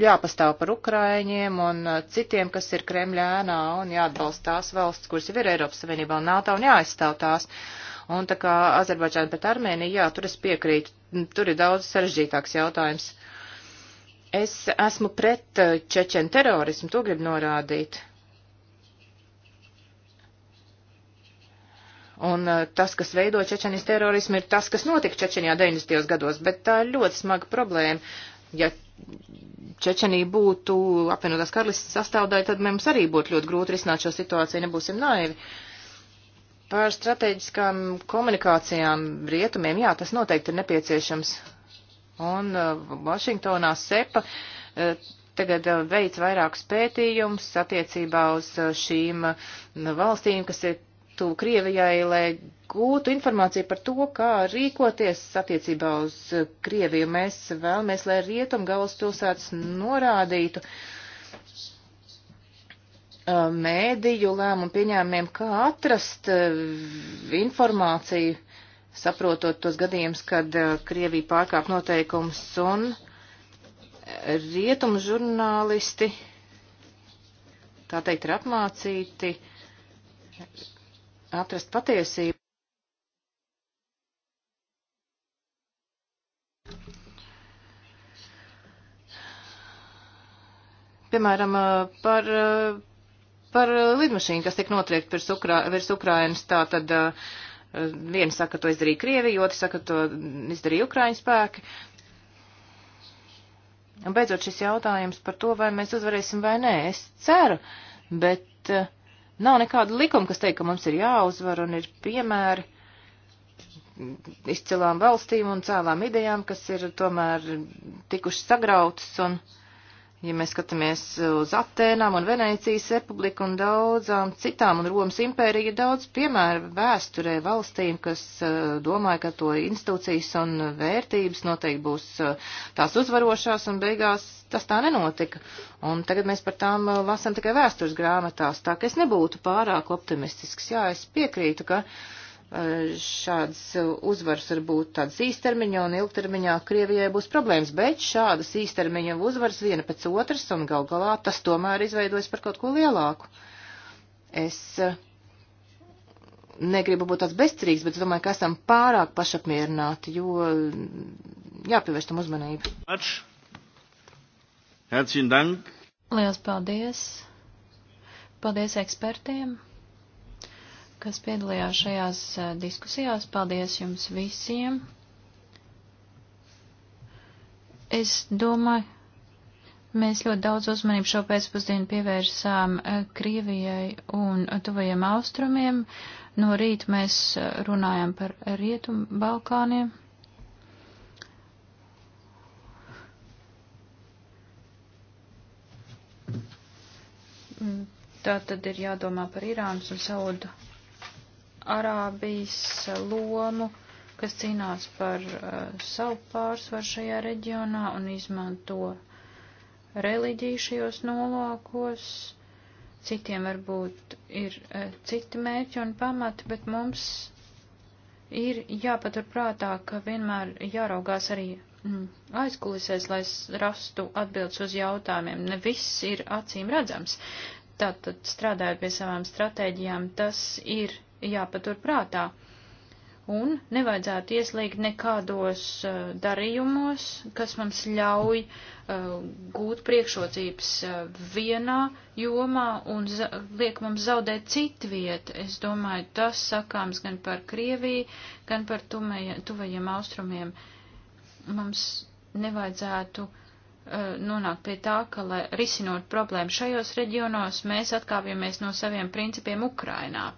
jāpastāv par Ukraiņiem un uh, citiem, kas ir Kremļa ēnā un jāatbalsta tās valsts, kuras jau ir Eiropas Savienībā un NATO un jāaizstāv tās. Un tā kā Azerbaidžāna pret Armēniju, jā, tur es piekrītu, tur ir daudz sarežģītāks jautājums. Es esmu pret eh, čečenu terorismu, to gribu norādīt. Un eh, tas, kas veido Čečenijas terorismu, ir tas, kas notika Čečenijā 90. gados, bet tā ir ļoti smaga problēma. Ja Čečenija būtu apvienotās karalistas sastāvdaļa, tad mums arī būtu ļoti grūti risināt šo situāciju, nebūsim naivi. Par strateģiskām komunikācijām rietumiem, jā, tas noteikti ir nepieciešams. Un uh, Vašingtonā SEPA uh, tagad uh, veic vairākus pētījumus attiecībā uz šīm valstīm, kas ir tuvu Krievijai, lai gūtu informāciju par to, kā rīkoties attiecībā uz Krieviju. Mēs vēlamies, lai rietum galvaspilsētas norādītu mēdīju lēmumu pieņēmumiem, kā atrast informāciju saprotot tos gadījumus, kad eh, Krievija pārkāp noteikums un eh, rietumu žurnālisti, tā teikt, ir apmācīti eh, atrast patiesību. Piemēram, par, par lidmašīnu, kas tiek notriekt virs, Ukrā, virs Ukrainas, tā tad uh, Eh, viena saka, to izdarīja Krievija, otra saka, to izdarīja Ukraiņu spēki. Un beidzot šis jautājums par to, vai mēs uzvarēsim vai nē. Es ceru, bet eh, nav nekāda likuma, kas teikt, ka mums ir jāuzvar un ir piemēri izcilām valstīm un cēlām idejām, kas ir tomēr tikuši sagrautas un. Uh, Ja mēs skatāmies uz Atēnām un Venēcijas republiku un daudzām citām un Romas impērija ir daudz piemēru vēsturē valstīm, kas eh, domāja, ka to institūcijas un vērtības noteikti būs eh, tās uzvarošās un beigās tas tā nenotika. Un tagad mēs par tām eh, lasam tikai vēstures grāmatās, tā ka es nebūtu pārāk optimistisks. Jā, es piekrītu, ka. Uh, šādas uzvaras var būt tādas īstermiņa un ilgtermiņā Krievijai būs problēmas, bet šādas īstermiņa uzvaras viena pēc otras un gal galā tas tomēr izveidojas par kaut ko lielāku. Es negribu būt tāds bezcerīgs, bet es domāju, ka esam pārāk pašapmierināti, jo jāpievērš tam uzmanību. Ač. Herzlichen Dank. Liels paldies. Paldies ekspertiem kas piedalījās šajās diskusijās. Paldies jums visiem! Es domāju, mēs ļoti daudz uzmanību šo pēcpusdienu pievērsām Krievijai un tuvajiem austrumiem. No rīta mēs runājam par Rietumu Balkāniem. Tā tad ir jādomā par Irānas un Saudu Arābijas lomu, kas cīnās par uh, savu pārsvaru šajā reģionā un izmanto reliģiju šajos nolākos. Citiem varbūt ir uh, citi mērķi un pamati, bet mums ir jāpaturprātā, ka vienmēr jāraugās arī mm, aizkulisēs, lai rastu atbildes uz jautājumiem. Ne viss ir acīm redzams. Tātad strādājot pie savām stratēģijām, tas ir jāpatur prātā. Un nevajadzētu ieslīgt nekādos uh, darījumos, kas mums ļauj uh, gūt priekšrocības uh, vienā jomā un liek mums zaudēt citu vietu. Es domāju, tas sakāms gan par Krieviju, gan par tumeja, tuvajiem austrumiem. Mums nevajadzētu uh, nonākt pie tā, ka, lai risinot problēmu šajos reģionos, mēs atkāpjamies no saviem principiem Ukrainā.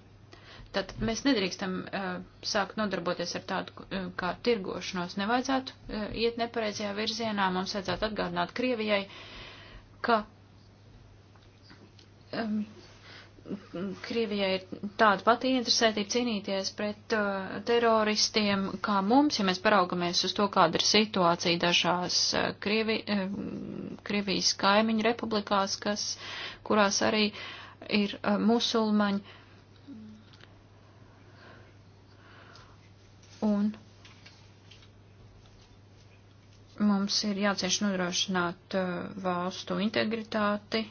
Tad mēs nedrīkstam uh, sākt nodarboties ar tādu uh, kā tirgošanos. Nevajadzētu uh, iet nepareizajā virzienā. Mums vajadzētu atgādināt Krievijai, ka um, Krievijai ir tāda pati interesētība cīnīties pret uh, teroristiem kā mums, ja mēs paraugamies uz to, kāda ir situācija dažās uh, Krievi, uh, Krievijas kaimiņu republikās, kas, kurās arī ir uh, musulmaņi. Uh, Un mums ir jācieš nodrošināt uh, valstu integritāti.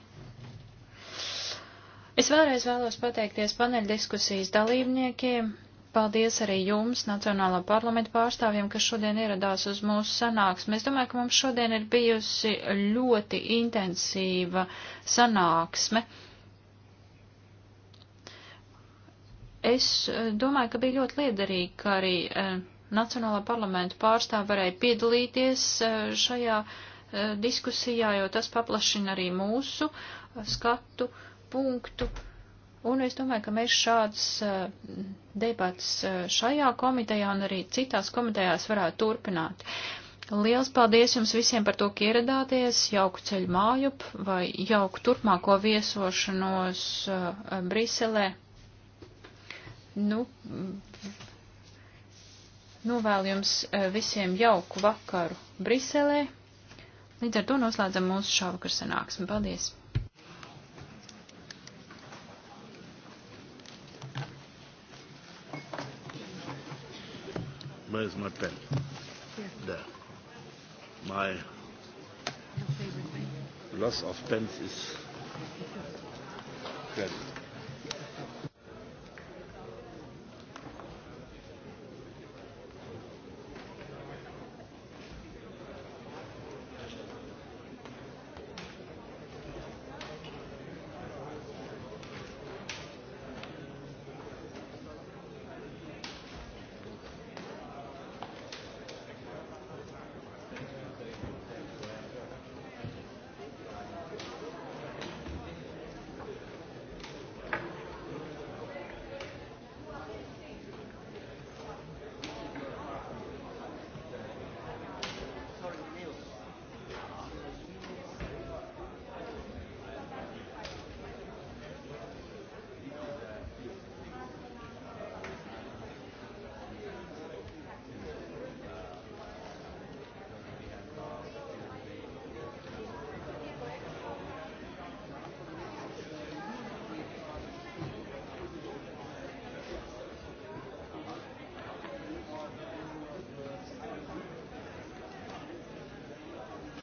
Es vēlreiz vēlos pateikties paneļdiskusijas dalībniekiem. Paldies arī jums, Nacionālā parlamenta pārstāvjiem, kas šodien ieradās uz mūsu sanāksmi. Es domāju, ka mums šodien ir bijusi ļoti intensīva sanāksme. Es eh, domāju, ka bija ļoti liederīgi, ka arī eh, Nacionālā parlamenta pārstāv varēja piedalīties eh, šajā diskusijā, jo tas paplašina arī mūsu skatu punktu. Un es domāju, ka mēs šādas debats šajā komitejā un arī citās komitejās varētu turpināt. Liels paldies jums visiem par to, ka ieradāties, jauku ceļu mājup vai jauku turpmāko viesošanos Briselē. Nu, novēlu nu, jums eh, visiem jauku vakaru Briselē. Līdz ar to noslēdzam mūsu šovakar sanāksmi. Paldies! Where's my pen? Here. There. My loss of pens is. Credit.